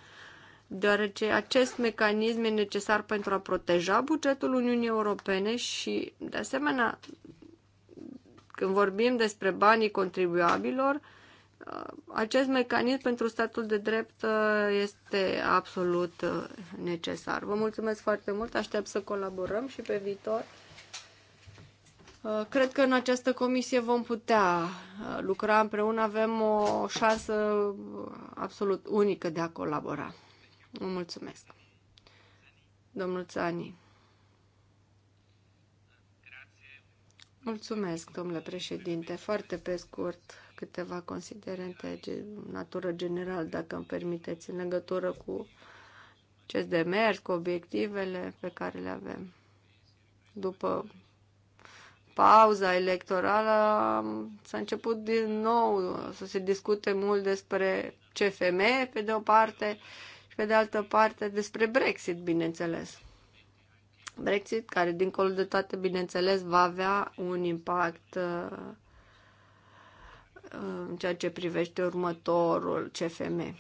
deoarece acest mecanism e necesar pentru a proteja bugetul Uniunii Europene și, de asemenea, când vorbim despre banii contribuabilor, acest mecanism pentru statul de drept uh, este absolut uh, necesar. Vă mulțumesc foarte mult, aștept să colaborăm și pe viitor. Uh, cred că în această comisie vom putea lucra împreună, avem o șansă absolut unică de a colabora. Vă mulțumesc. Domnul Țani. Mulțumesc, domnule președinte. Foarte pe scurt, câteva considerente de natură general, dacă îmi permiteți, în legătură cu de mers, cu obiectivele pe care le avem. După pauza electorală s-a început din nou să se discute mult despre CFM, pe de o parte, pe de altă parte despre Brexit, bineînțeles. Brexit, care dincolo de toate, bineînțeles, va avea un impact uh, în ceea ce privește următorul CFM.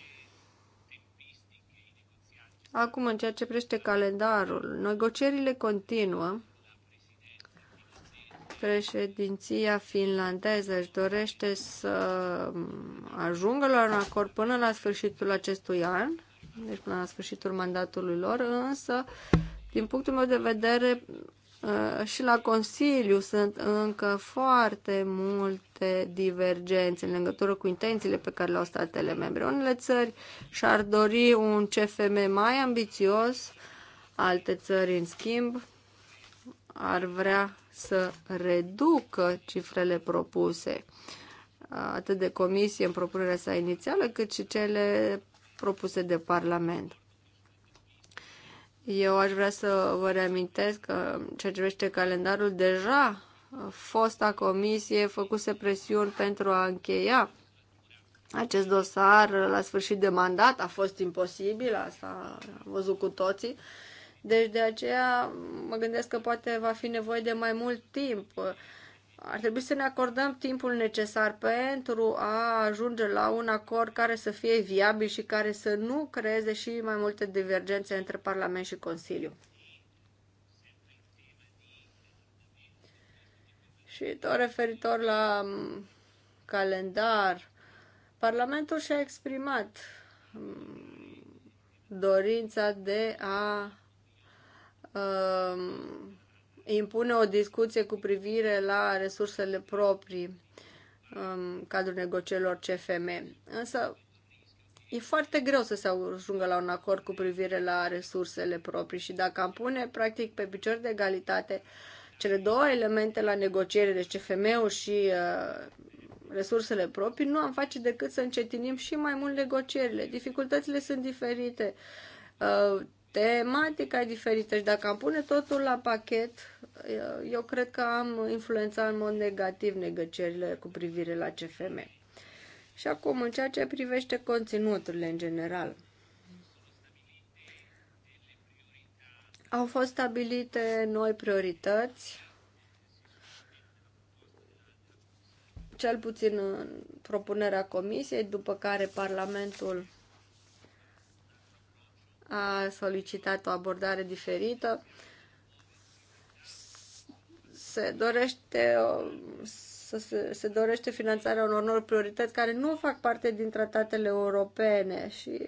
Acum, în ceea ce privește calendarul, negocierile continuă. Președinția finlandeză își dorește să ajungă la un acord până la sfârșitul acestui an deci până la sfârșitul mandatului lor, însă, din punctul meu de vedere, uh, și la Consiliu sunt încă foarte multe divergențe în legătură cu intențiile pe care le-au statele membre. Unele țări și-ar dori un CFM mai ambițios, alte țări, în schimb, ar vrea să reducă cifrele propuse uh, atât de comisie în propunerea sa inițială, cât și cele propuse de Parlament. Eu aș vrea să vă reamintesc că ce privește calendarul, deja fosta comisie făcuse presiuni pentru a încheia acest dosar la sfârșit de mandat. A fost imposibil, asta am văzut cu toții. Deci de aceea mă gândesc că poate va fi nevoie de mai mult timp ar trebui să ne acordăm timpul necesar pentru a ajunge la un acord care să fie viabil și care să nu creeze și mai multe divergențe între Parlament și Consiliu. Și tot referitor la mm, calendar, Parlamentul și-a exprimat mm, dorința de a Uh, impune o discuție cu privire la resursele proprii um, în cadrul negocierilor CFM. Însă e foarte greu să se ajungă la un acord cu privire la resursele proprii și dacă am pune practic pe picior de egalitate cele două elemente la negociere, deci CFM-ul și uh, resursele proprii, nu am face decât să încetinim și mai mult negocierile. Dificultățile sunt diferite. Uh, tematica e diferită și dacă am pune totul la pachet, eu cred că am influențat în mod negativ negăcerile cu privire la CFM. Și acum, în ceea ce privește conținuturile în general, au fost stabilite noi priorități, cel puțin în propunerea comisiei, după care Parlamentul a solicitat o abordare diferită. Se dorește, să se, se dorește finanțarea unor noi priorități care nu fac parte din tratatele europene și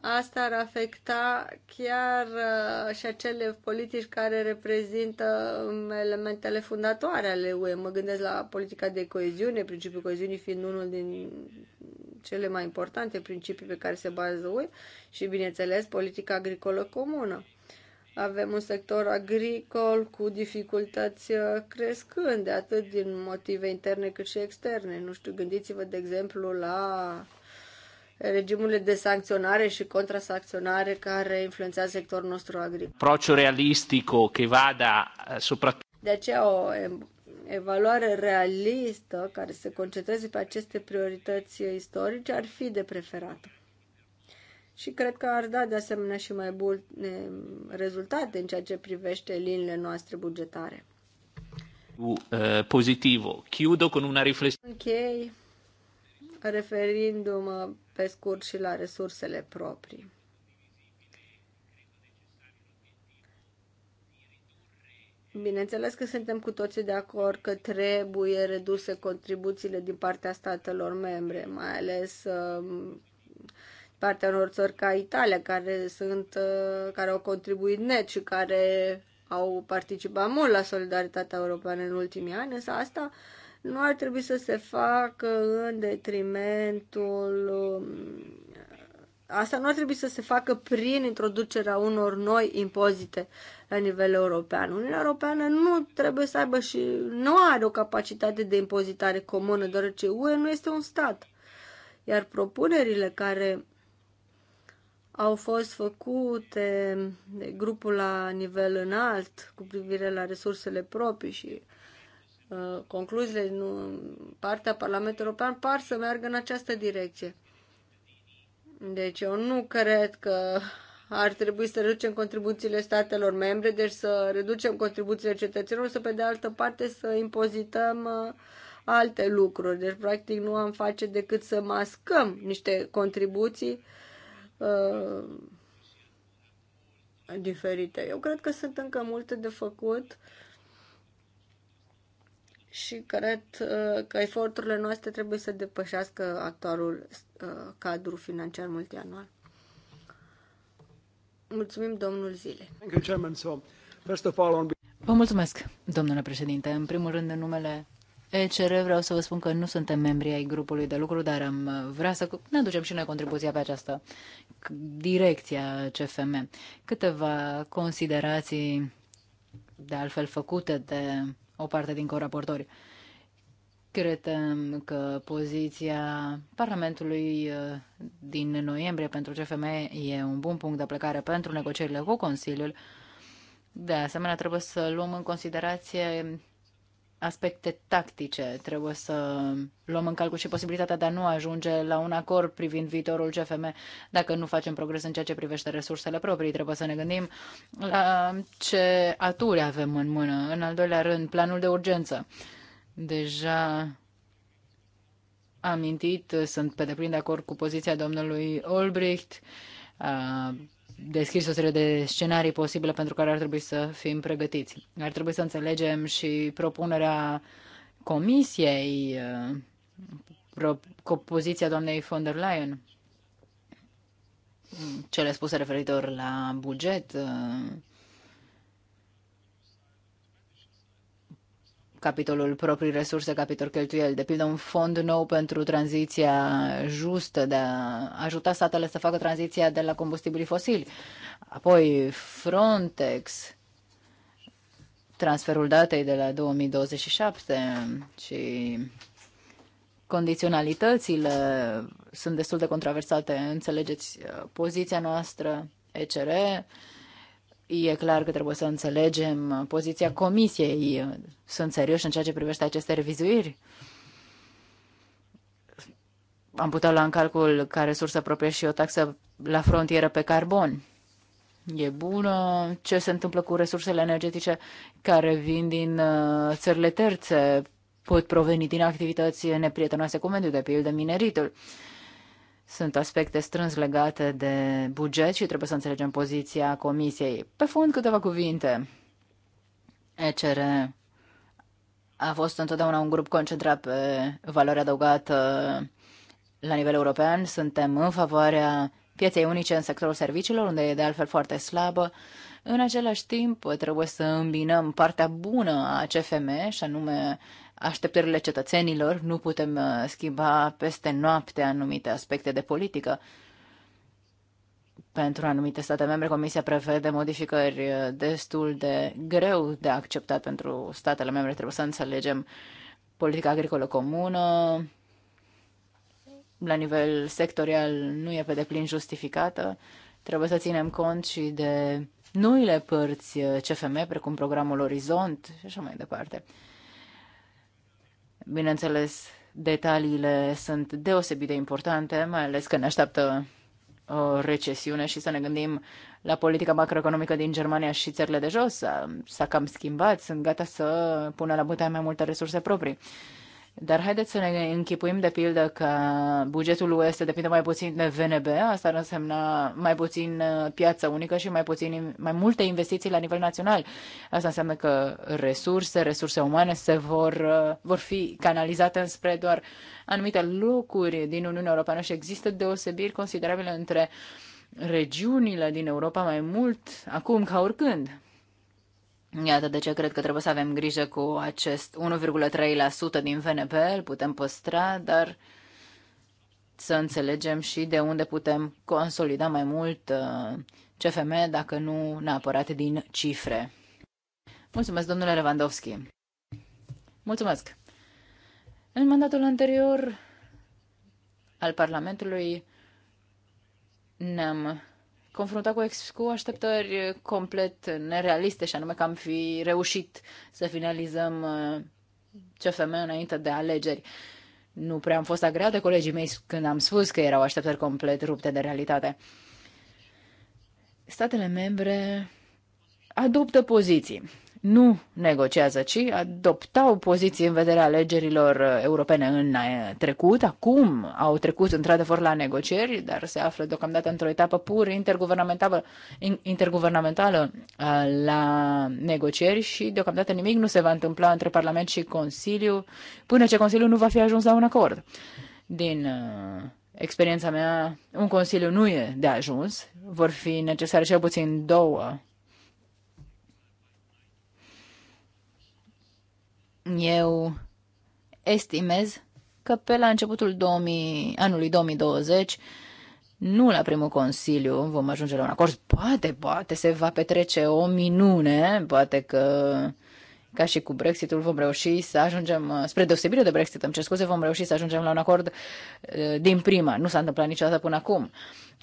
asta ar afecta chiar uh, și acele politici care reprezintă um, elementele fundatoare ale UE. Mă gândesc la politica de coeziune, principiul coeziunii fiind unul din cele mai importante principii pe care se bazează UE și, bineînțeles, politica agricolă comună. Avem un sector agricol cu dificultăți uh, de atât din motive interne cât și externe. Nu știu, gândiți-vă, de exemplu, la regimurile de sancționare și contrasancționare care influențează sectorul nostru agricol. Procio realistico che vada eh, soprattutto de aceea o evaluare realistă care se concentreze pe aceste priorități istorice ar fi de preferat. Și cred că ar da de asemenea și mai bune rezultate în ceea ce privește liniile noastre bugetare. Uh, pozitivo. Chiudo cu una riflessione. Închei referindu-mă pe scurt și la resursele proprii. Bineînțeles că suntem cu toții de acord că trebuie reduse contribuțiile din partea statelor membre, mai ales uh, partea unor țări ca Italia, care, sunt, uh, care au contribuit net și care au participat mult la solidaritatea europeană în ultimii ani, însă asta nu ar trebui să se facă în detrimentul um, Asta nu ar trebui să se facă prin introducerea unor noi impozite la nivel european. Uniunea Europeană nu trebuie să aibă și nu are o capacitate de impozitare comună, deoarece UE nu este un stat. Iar propunerile care au fost făcute de grupul la nivel înalt cu privire la resursele proprii și uh, concluziile din partea Parlamentului European par să meargă în această direcție. Deci eu nu cred că ar trebui să reducem contribuțiile statelor membre, deci să reducem contribuțiile cetățenilor, să pe de altă parte să impozităm uh, alte lucruri. Deci, practic, nu am face decât să mascăm niște contribuții uh, diferite. Eu cred că sunt încă multe de făcut. Uh, și cred uh, că eforturile noastre trebuie să depășească actualul uh, cadru financiar multianual. Mulțumim, domnul Zile. Vă mulțumesc, domnule președinte. În primul rând, în numele ECR vreau să vă spun că nu suntem membri ai grupului de lucru, dar am vrea să ne aducem și noi contribuția pe această direcție a CFM. Câteva considerații de altfel făcute de o parte din coraportori. Credem că poziția Parlamentului uh, din noiembrie pentru CFM e un bun punct de plecare pentru negocierile cu Consiliul. De asemenea, trebuie să luăm în considerație aspecte tactice. Trebuie să luăm în calcul și posibilitatea de a nu ajunge la un acord privind viitorul CFM dacă nu facem progres în ceea ce privește resursele proprii. Trebuie să ne gândim la ce aturi avem în mână. În al doilea rând, planul de urgență. Deja amintit, sunt pe deplin de acord cu poziția domnului Olbricht deschis o serie de scenarii posibile pentru care ar trebui să fim pregătiți. Ar trebui să înțelegem și propunerea comisiei, uh, poziția doamnei von der Leyen, cele spuse referitor la buget, uh, capitolul proprii resurse, capitol cheltuiel, de pildă un fond nou pentru tranziția justă, de a ajuta statele să facă tranziția de la combustibili fosili, apoi Frontex, transferul datei de la 2027 și condiționalitățile sunt destul de controversate. Înțelegeți uh, poziția noastră ECR E clar că trebuie să înțelegem poziția comisiei. Sunt serios în ceea ce privește aceste revizuiri? Am putea lua în calcul ca resursă proprie și o taxă la frontieră pe carbon. E bună? Ce se întâmplă cu resursele energetice care vin din uh, țările terțe? Pot proveni din activități neprietenoase cu mediul, de pildă mineritul. Uh, sunt aspecte strâns legate de buget și trebuie să înțelegem poziția Comisiei. Pe fond, câteva cuvinte. ECR a fost întotdeauna un grup concentrat pe valoarea adăugată la nivel european. Suntem în favoarea pieței unice în sectorul serviciilor, unde e de altfel foarte slabă. În același timp, trebuie să îmbinăm partea bună a CFM, și anume așteptările cetățenilor, nu putem uh, schimba peste noapte anumite aspecte de politică. Pentru anumite state membre, Comisia prevede modificări uh, destul de greu de acceptat pentru statele membre. Trebuie să înțelegem politica agricolă comună, la nivel sectorial nu e pe deplin justificată. Trebuie să ținem cont și de noile părți uh, CFM, precum programul Orizont și așa mai departe. Bineînțeles, detaliile sunt deosebit de importante, mai ales că ne așteaptă o recesiune și să ne gândim la politica macroeconomică din Germania și țările de jos. S-a cam schimbat, sunt gata să pună la bătaie mai multe resurse proprii. Dar haideți să ne închipuim de pildă că bugetul UE este depinde mai puțin de VNB, asta ar însemna mai puțin uh, piață unică și mai, puțin, mai multe investiții la nivel național. Asta înseamnă că resurse, resurse umane se vor, uh, vor fi canalizate spre doar anumite locuri din Uniunea Europeană și există deosebiri considerabile între regiunile din Europa mai mult acum ca oricând. Iată de ce cred că trebuie să avem grijă cu acest 1,3% din VNP, îl putem păstra, dar să înțelegem și de unde putem consolida mai mult uh, CFM, dacă nu neapărat din cifre. Mulțumesc, domnule Lewandowski. Mulțumesc. În mandatul anterior al Parlamentului ne-am confruntat cu, cu așteptări complet nerealiste și anume că am fi reușit să finalizăm uh, CFM înainte de alegeri. Nu prea am fost agreat de colegii mei când am spus că erau așteptări complet rupte de realitate. Statele membre adoptă poziții nu negociază, ci adoptau poziții în vederea alegerilor uh, europene în uh, trecut. Acum au trecut într-adevăr la negocieri, dar se află deocamdată într-o etapă pur interguvernamentală, interguvernamentală uh, la negocieri și deocamdată nimic nu se va întâmpla între Parlament și Consiliu până ce Consiliul nu va fi ajuns la un acord. Din experiența mea, un Consiliu nu e de ajuns, vor fi necesare cel puțin două Eu estimez că pe la începutul 2000, anului 2020, nu la primul consiliu vom ajunge la un acord. Poate, poate se va petrece o minune, poate că ca și cu Brexitul vom reuși să ajungem, spre deosebire de Brexit, îmi cer scuze, vom reuși să ajungem la un acord eh, din prima. Nu s-a întâmplat niciodată până acum.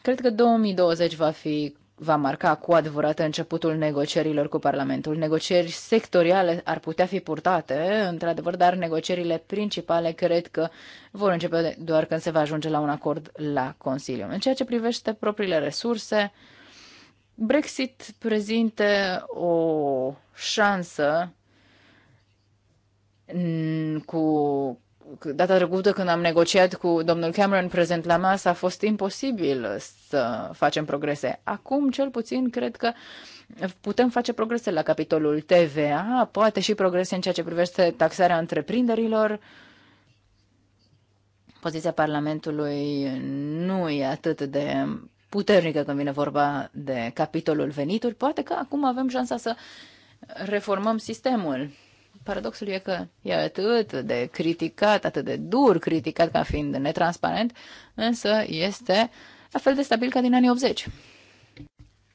Cred că 2020 va fi va marca cu adevărat începutul negocierilor cu Parlamentul. Negocieri sectoriale ar putea fi purtate, într-adevăr, dar negocierile principale cred că vor începe doar când se va ajunge la un acord la Consiliu. În ceea ce privește propriile resurse, Brexit prezintă o șansă cu data trecută când am negociat cu domnul Cameron prezent la masă, a fost imposibil să facem progrese. Acum, cel puțin, cred că putem face progrese la capitolul TVA, poate și progrese în ceea ce privește taxarea întreprinderilor. Poziția Parlamentului nu e atât de puternică când vine vorba de capitolul venituri. Poate că acum avem șansa să reformăm sistemul paradoxul e că e atât de criticat, atât de dur criticat ca fiind netransparent, însă este la fel de stabil ca din anii 80.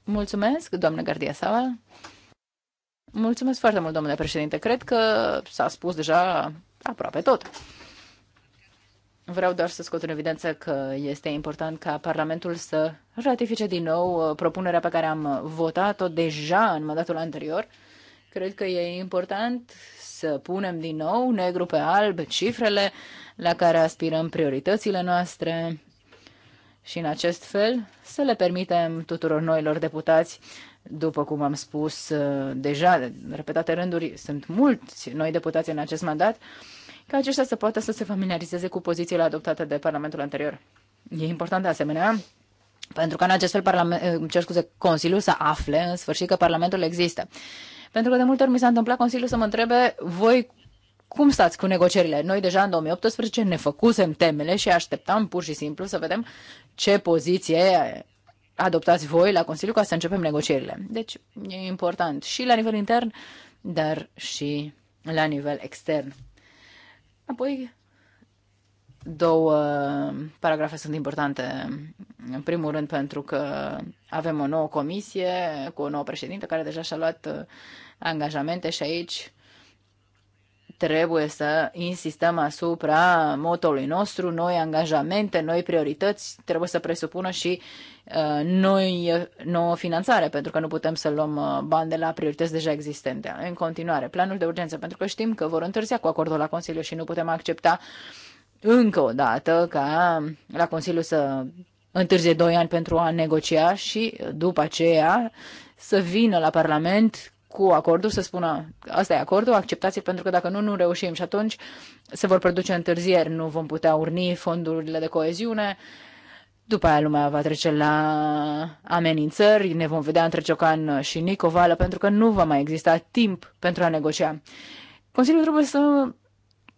Mulțumesc, doamnă Gardia Saval. Mulțumesc foarte mult, domnule președinte. Cred că s-a spus deja aproape tot. Vreau doar să scot în evidență că este important ca Parlamentul să ratifice din nou uh, propunerea pe care am votat-o deja în mandatul anterior. Cred că e important să punem din nou negru pe alb cifrele la care aspirăm prioritățile noastre și în acest fel să le permitem tuturor noilor deputați după cum am spus uh, deja, în repetate rânduri, sunt mulți noi deputați în acest mandat, ca aceștia să poată să se familiarizeze cu pozițiile adoptate de Parlamentul anterior. E important de asemenea pentru că în acest fel, uh, cer scuze, Consiliul să afle în sfârșit că Parlamentul există. Pentru că de multe ori mi s-a întâmplat Consiliul să mă întrebe voi cum stați cu negocierile? Noi deja în 2018 ne făcusem temele și așteptam pur și simplu să vedem ce poziție adoptați voi la Consiliu ca să începem negocierile. Deci e important și la nivel intern, dar și la nivel extern. Apoi, două paragrafe sunt importante. În primul rând pentru că avem o nouă comisie cu o nouă președintă care deja și-a luat uh, angajamente și aici trebuie să insistăm asupra motului nostru, noi angajamente, noi priorități, trebuie să presupună și uh, noi, nouă finanțare, pentru că nu putem să luăm uh, bani de la priorități deja existente. În continuare, planul de urgență, pentru că știm că vor întârzia cu acordul la Consiliu și nu putem accepta încă o dată ca la Consiliu să întârzie doi ani pentru a negocia și după aceea să vină la Parlament cu acordul, să spună asta e acordul, acceptați pentru că dacă nu, nu reușim și atunci se vor produce întârzieri, nu vom putea urni fondurile de coeziune, după aia lumea va trece la amenințări, ne vom vedea între Ciocan și Nicovală pentru că nu va mai exista timp pentru a negocia. Consiliul trebuie să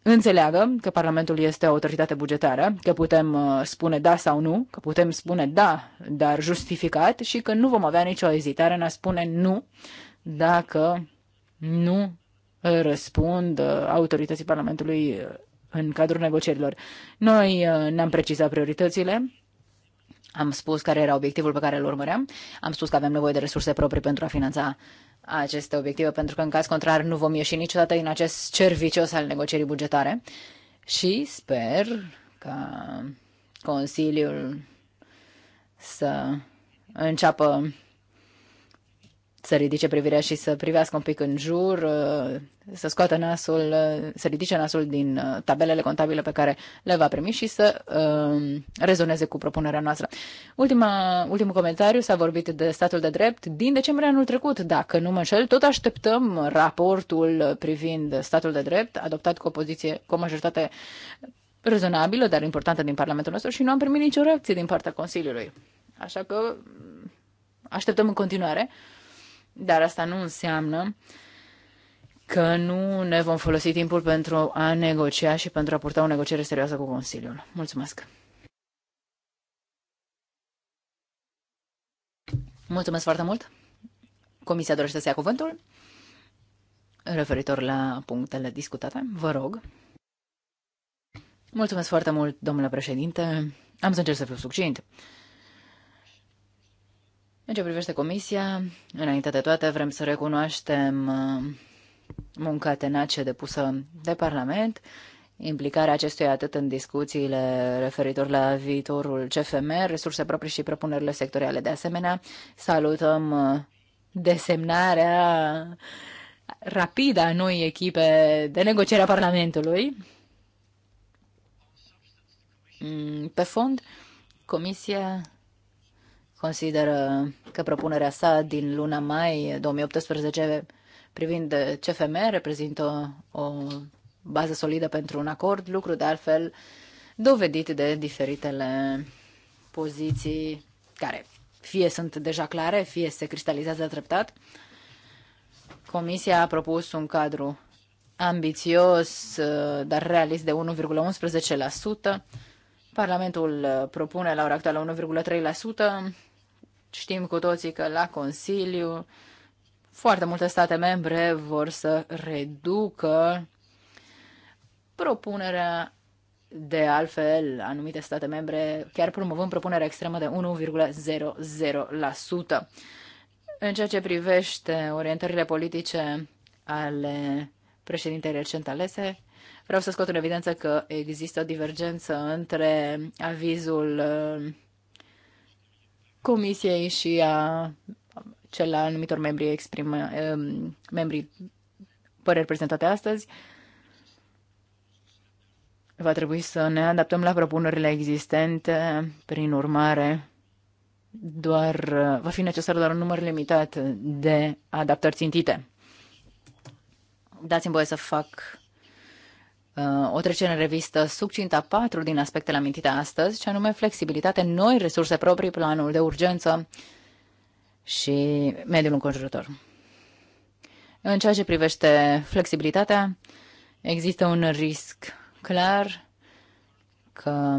înțeleagă că Parlamentul este o autoritate bugetară, că putem uh, spune da sau nu, că putem spune da, dar justificat și că nu vom avea nicio ezitare în a spune nu dacă nu uh, răspund uh, autorității Parlamentului în cadrul negocierilor. Noi ne-am precizat prioritățile, am spus care era obiectivul pe care îl urmăream, am spus că avem nevoie de resurse proprii pentru a finanța aceste obiective, pentru că în caz contrar nu vom ieși niciodată din acest cer vicios al negocierii bugetare. Și sper ca Consiliul să înceapă să ridice privirea și să privească un pic în jur, uh, să scoată nasul, uh, să ridice nasul din uh, tabelele contabile pe care le va primi și să rezoneze cu propunerea noastră. Ultima, ultimul comentariu s-a vorbit de statul de drept. Din decembrie anul trecut, dacă nu mă înșel, tot așteptăm raportul privind statul de drept, adoptat cu o poziție, cu o majoritate rezonabilă, dar importantă din Parlamentul nostru și nu am primit nicio reacție din partea Consiliului. Așa că mm, așteptăm în continuare. Dar asta nu înseamnă că nu ne vom folosi timpul pentru a negocia și pentru a purta o negociere serioasă cu Consiliul. Mulțumesc! Mulțumesc foarte mult! Comisia dorește să ia cuvântul referitor la punctele discutate. Vă rog! Mulțumesc foarte mult, domnule președinte! Am să încerc să fiu succint. În ce privește comisia, înainte de toate vrem să recunoaștem uh, munca tenace depusă de Parlament, implicarea acestuia atât în discuțiile referitor la viitorul CFM, resurse proprii și propunerile sectoriale. De asemenea, salutăm uh, desemnarea rapidă a noi echipe de negociere a Parlamentului. Mm, pe fond, Comisia consideră că propunerea sa din luna mai 2018 privind CFM reprezintă o, o bază solidă pentru un acord, lucru de altfel dovedit de diferitele poziții care fie sunt deja clare, fie se cristalizează treptat. Comisia a propus un cadru ambițios, dar realist de 1,11%. Parlamentul propune la ora actuală 1,3%, Știm cu toții că la Consiliu foarte multe state membre vor să reducă propunerea de altfel, anumite state membre chiar promovând propunerea extremă de 1,00%. În ceea ce privește orientările politice ale președintei recent alese, vreau să scot în evidență că există o divergență între avizul uh, Comisiei și a cel a anumitor membri, exprimă, um, membrii păreri prezentate astăzi. Va trebui să ne adaptăm la propunerile existente, prin urmare, doar, uh, va fi necesar doar un număr limitat de adaptări țintite. Dați-mi voie să fac Uh, o trecere în revistă succintă patru din aspectele amintite astăzi, ce anume flexibilitate, noi resurse proprii, planul de urgență și mediul înconjurător. În ceea ce privește flexibilitatea, există un risc clar că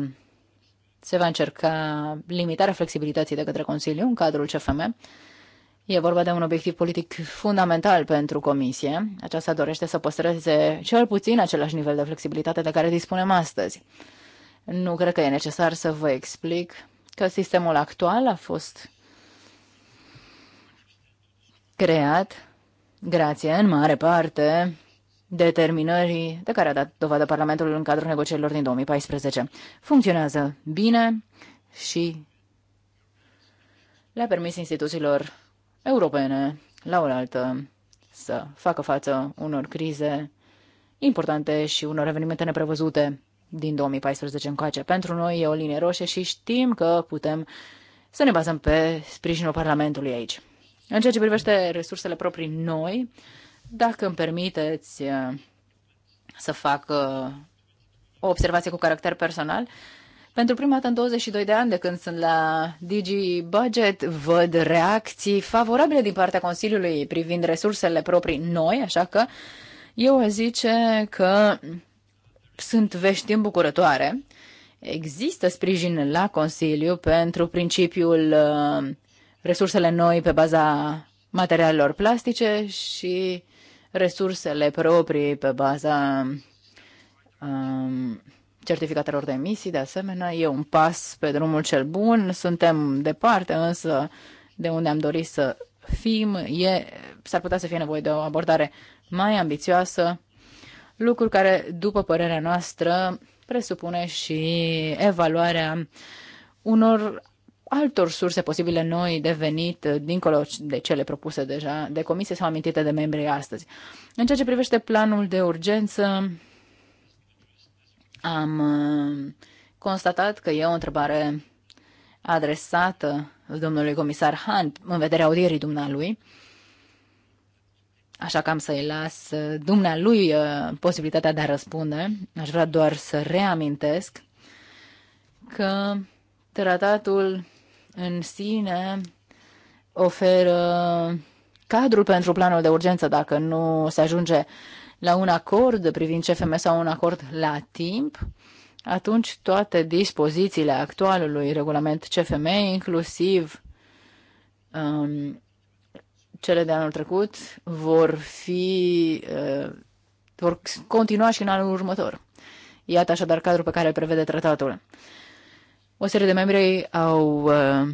se va încerca limitarea flexibilității de către Consiliu în cadrul CFM, E vorba de un obiectiv politic fundamental pentru Comisie. Aceasta dorește să păstreze cel puțin același nivel de flexibilitate de care dispunem astăzi. Nu cred că e necesar să vă explic că sistemul actual a fost creat grație în mare parte determinării de care a dat dovadă Parlamentul în cadrul negocierilor din 2014. Funcționează bine și le-a permis instituțiilor europene la oaltă să facă față unor crize importante și unor evenimente neprevăzute din 2014 încoace. Pentru noi e o linie roșie și știm că putem să ne bazăm pe sprijinul Parlamentului aici. În ceea ce privește resursele proprii noi, dacă îmi permiteți eh, să fac eh, o observație cu caracter personal, pentru prima dată în 22 de ani de când sunt la Digi Budget, văd reacții favorabile din partea Consiliului privind resursele proprii noi, așa că eu aș zice că sunt vești îmbucurătoare. Există sprijin la Consiliu pentru principiul uh, resursele noi pe baza materialelor plastice și resursele proprii pe baza um, certificatelor de emisii, de asemenea, e un pas pe drumul cel bun. Suntem departe, însă, de unde am dorit să fim, e, s-ar putea să fie nevoie de o abordare mai ambițioasă, lucru care, după părerea noastră, presupune și evaluarea unor altor surse posibile noi de venit, dincolo de cele propuse deja de comisie sau amintite de membrii astăzi. În ceea ce privește planul de urgență, am uh, constatat că e o întrebare adresată domnului comisar Hunt în vederea audierii dumnealui, așa că am să-i las uh, dumnealui uh, posibilitatea de a răspunde. Aș vrea doar să reamintesc că tratatul în sine oferă cadrul pentru planul de urgență dacă nu se ajunge la un acord privind CFM sau un acord la timp, atunci toate dispozițiile actualului regulament CFM, inclusiv um, cele de anul trecut, vor fi uh, vor continua și în anul următor. Iată așadar cadrul pe care îl prevede tratatul. O serie de membri au uh,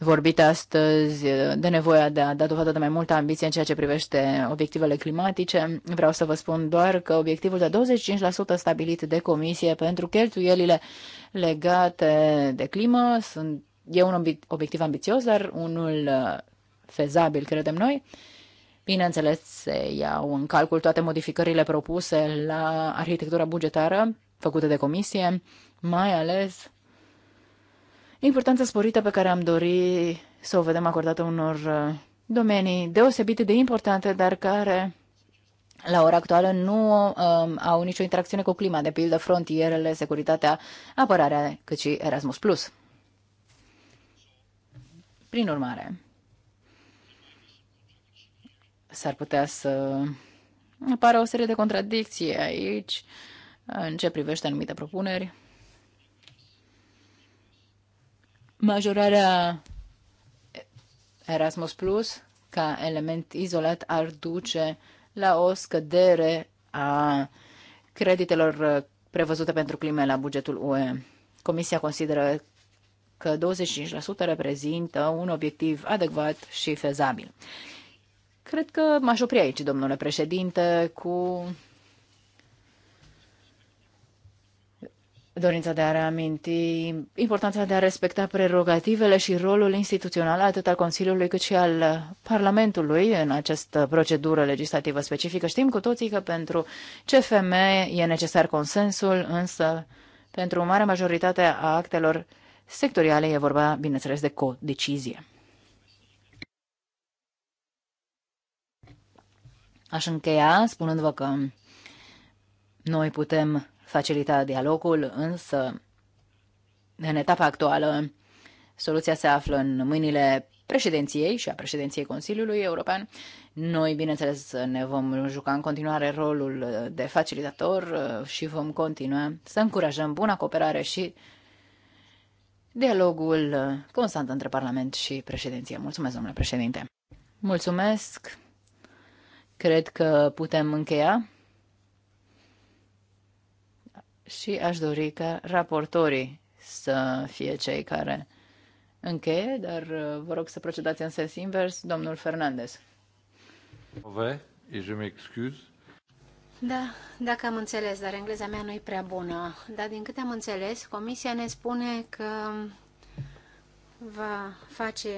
vorbit astăzi de nevoia de a da dovadă de mai multă ambiție în ceea ce privește obiectivele climatice. Vreau să vă spun doar că obiectivul de 25% stabilit de comisie pentru cheltuielile legate de climă sunt, e un obiectiv ambițios, dar unul fezabil, credem noi. Bineînțeles, se iau în calcul toate modificările propuse la arhitectura bugetară făcută de comisie, mai ales importanța sporită pe care am dori să o vedem acordată unor uh, domenii deosebite de importante, dar care la ora actuală nu um, au nicio interacțiune cu clima, de pildă frontierele, securitatea, apărarea, cât și Erasmus+. Prin urmare, s-ar putea să apară o serie de contradicții aici în ce privește anumite propuneri. Majorarea Erasmus Plus ca element izolat ar duce la o scădere a creditelor uh, prevăzute pentru clime la bugetul UE. Comisia consideră că 25% reprezintă un obiectiv adecvat și fezabil. Cred că m-aș opri aici, domnule președinte, cu dorința de a reaminti importanța de a respecta prerogativele și rolul instituțional atât al Consiliului cât și al Parlamentului în această procedură legislativă specifică. Știm cu toții că pentru CFM e necesar consensul, însă pentru o mare majoritate a actelor sectoriale e vorba, bineînțeles, de codecizie. Aș încheia spunându-vă că noi putem facilita dialogul, însă în etapa actuală soluția se află în mâinile președinției și a președinției Consiliului European. Noi, bineînțeles, ne vom juca în continuare rolul de facilitator uh, și vom continua să încurajăm buna cooperare și dialogul uh, constant între Parlament și președinție. Mulțumesc, domnule președinte! Mulțumesc! Cred că putem încheia și aș dori ca raportorii să fie cei care încheie, dar uh, vă rog să procedați în sens invers, domnul Fernandez. Da, dacă am înțeles, dar engleza mea nu e prea bună. Dar din câte am înțeles, comisia ne spune că va face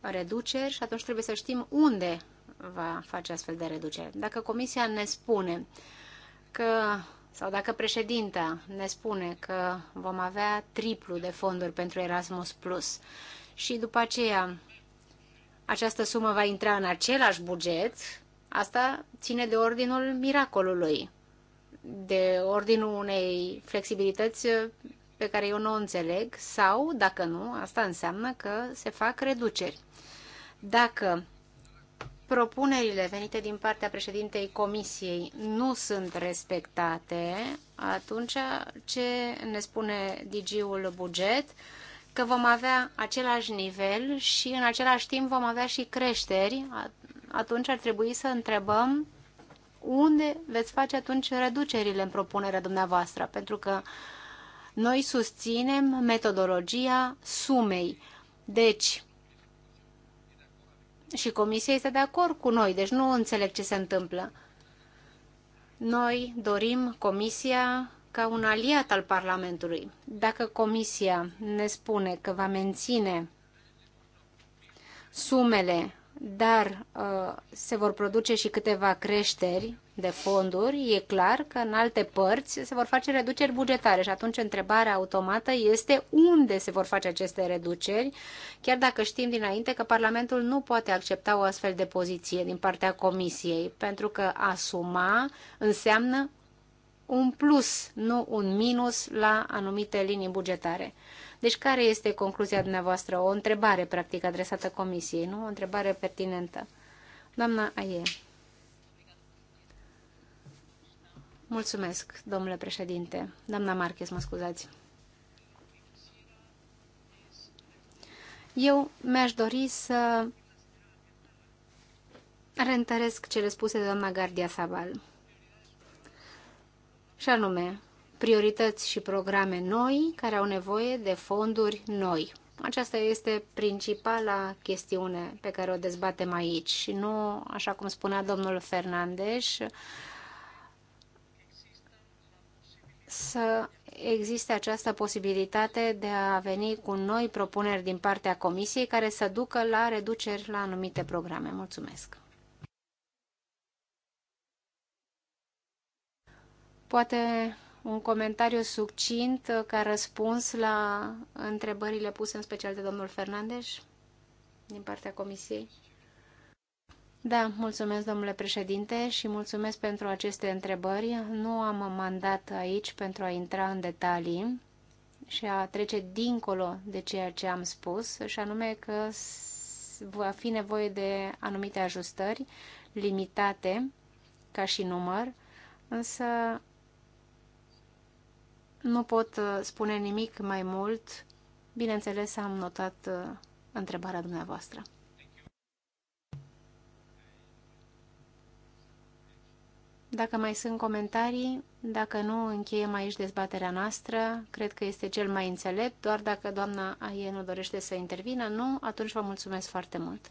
reduceri și atunci trebuie să știm unde va face astfel de reduceri. Dacă comisia ne spune că sau dacă președinta ne spune că vom avea triplu de fonduri pentru Erasmus Plus și după aceea această sumă va intra în același buget, asta ține de ordinul miracolului, de ordinul unei flexibilități pe care eu nu o înțeleg, sau, dacă nu, asta înseamnă că se fac reduceri. Dacă propunerile venite din partea președintei comisiei nu sunt respectate, atunci ce ne spune DG-ul buget? Că vom avea același nivel și în același timp vom avea și creșteri. Atunci ar trebui să întrebăm unde veți face atunci reducerile în propunerea dumneavoastră, pentru că noi susținem metodologia sumei. Deci, și Comisia este de acord cu noi, deci nu înțeleg ce se întâmplă. Noi dorim Comisia ca un aliat al Parlamentului. Dacă Comisia ne spune că va menține sumele dar uh, se vor produce și câteva creșteri de fonduri, e clar că în alte părți se vor face reduceri bugetare și atunci întrebarea automată este unde se vor face aceste reduceri, chiar dacă știm dinainte că Parlamentul nu poate accepta o astfel de poziție din partea Comisiei, pentru că asuma înseamnă un plus, nu un minus la anumite linii bugetare. Deci care este concluzia dumneavoastră? O întrebare, practic, adresată Comisiei, nu? O întrebare pertinentă. Doamna Aie. Mulțumesc, domnule președinte. Doamna Marches, mă scuzați. Eu mi-aș dori să reîntăresc cele spuse de doamna Gardia Sabal. Și anume, priorități și programe noi care au nevoie de fonduri noi. Aceasta este principala chestiune pe care o dezbatem aici și nu, așa cum spunea domnul Fernandez, să existe această posibilitate de a veni cu noi propuneri din partea Comisiei care să ducă la reduceri la anumite programe. Mulțumesc! Poate un comentariu succint uh, ca răspuns la întrebările puse în special de domnul Fernandez din partea Comisiei? Da, mulțumesc, domnule președinte, și mulțumesc pentru aceste întrebări. Nu am mandat aici pentru a intra în detalii și a trece dincolo de ceea ce am spus, și anume că va fi nevoie de anumite ajustări limitate ca și număr, însă nu pot uh, spune nimic mai mult. Bineînțeles, am notat uh, întrebarea dumneavoastră. Dacă mai sunt comentarii, dacă nu, încheiem aici dezbaterea noastră. Cred că este cel mai înțelept, doar dacă doamna Aie nu dorește să intervină, nu, atunci vă mulțumesc foarte mult.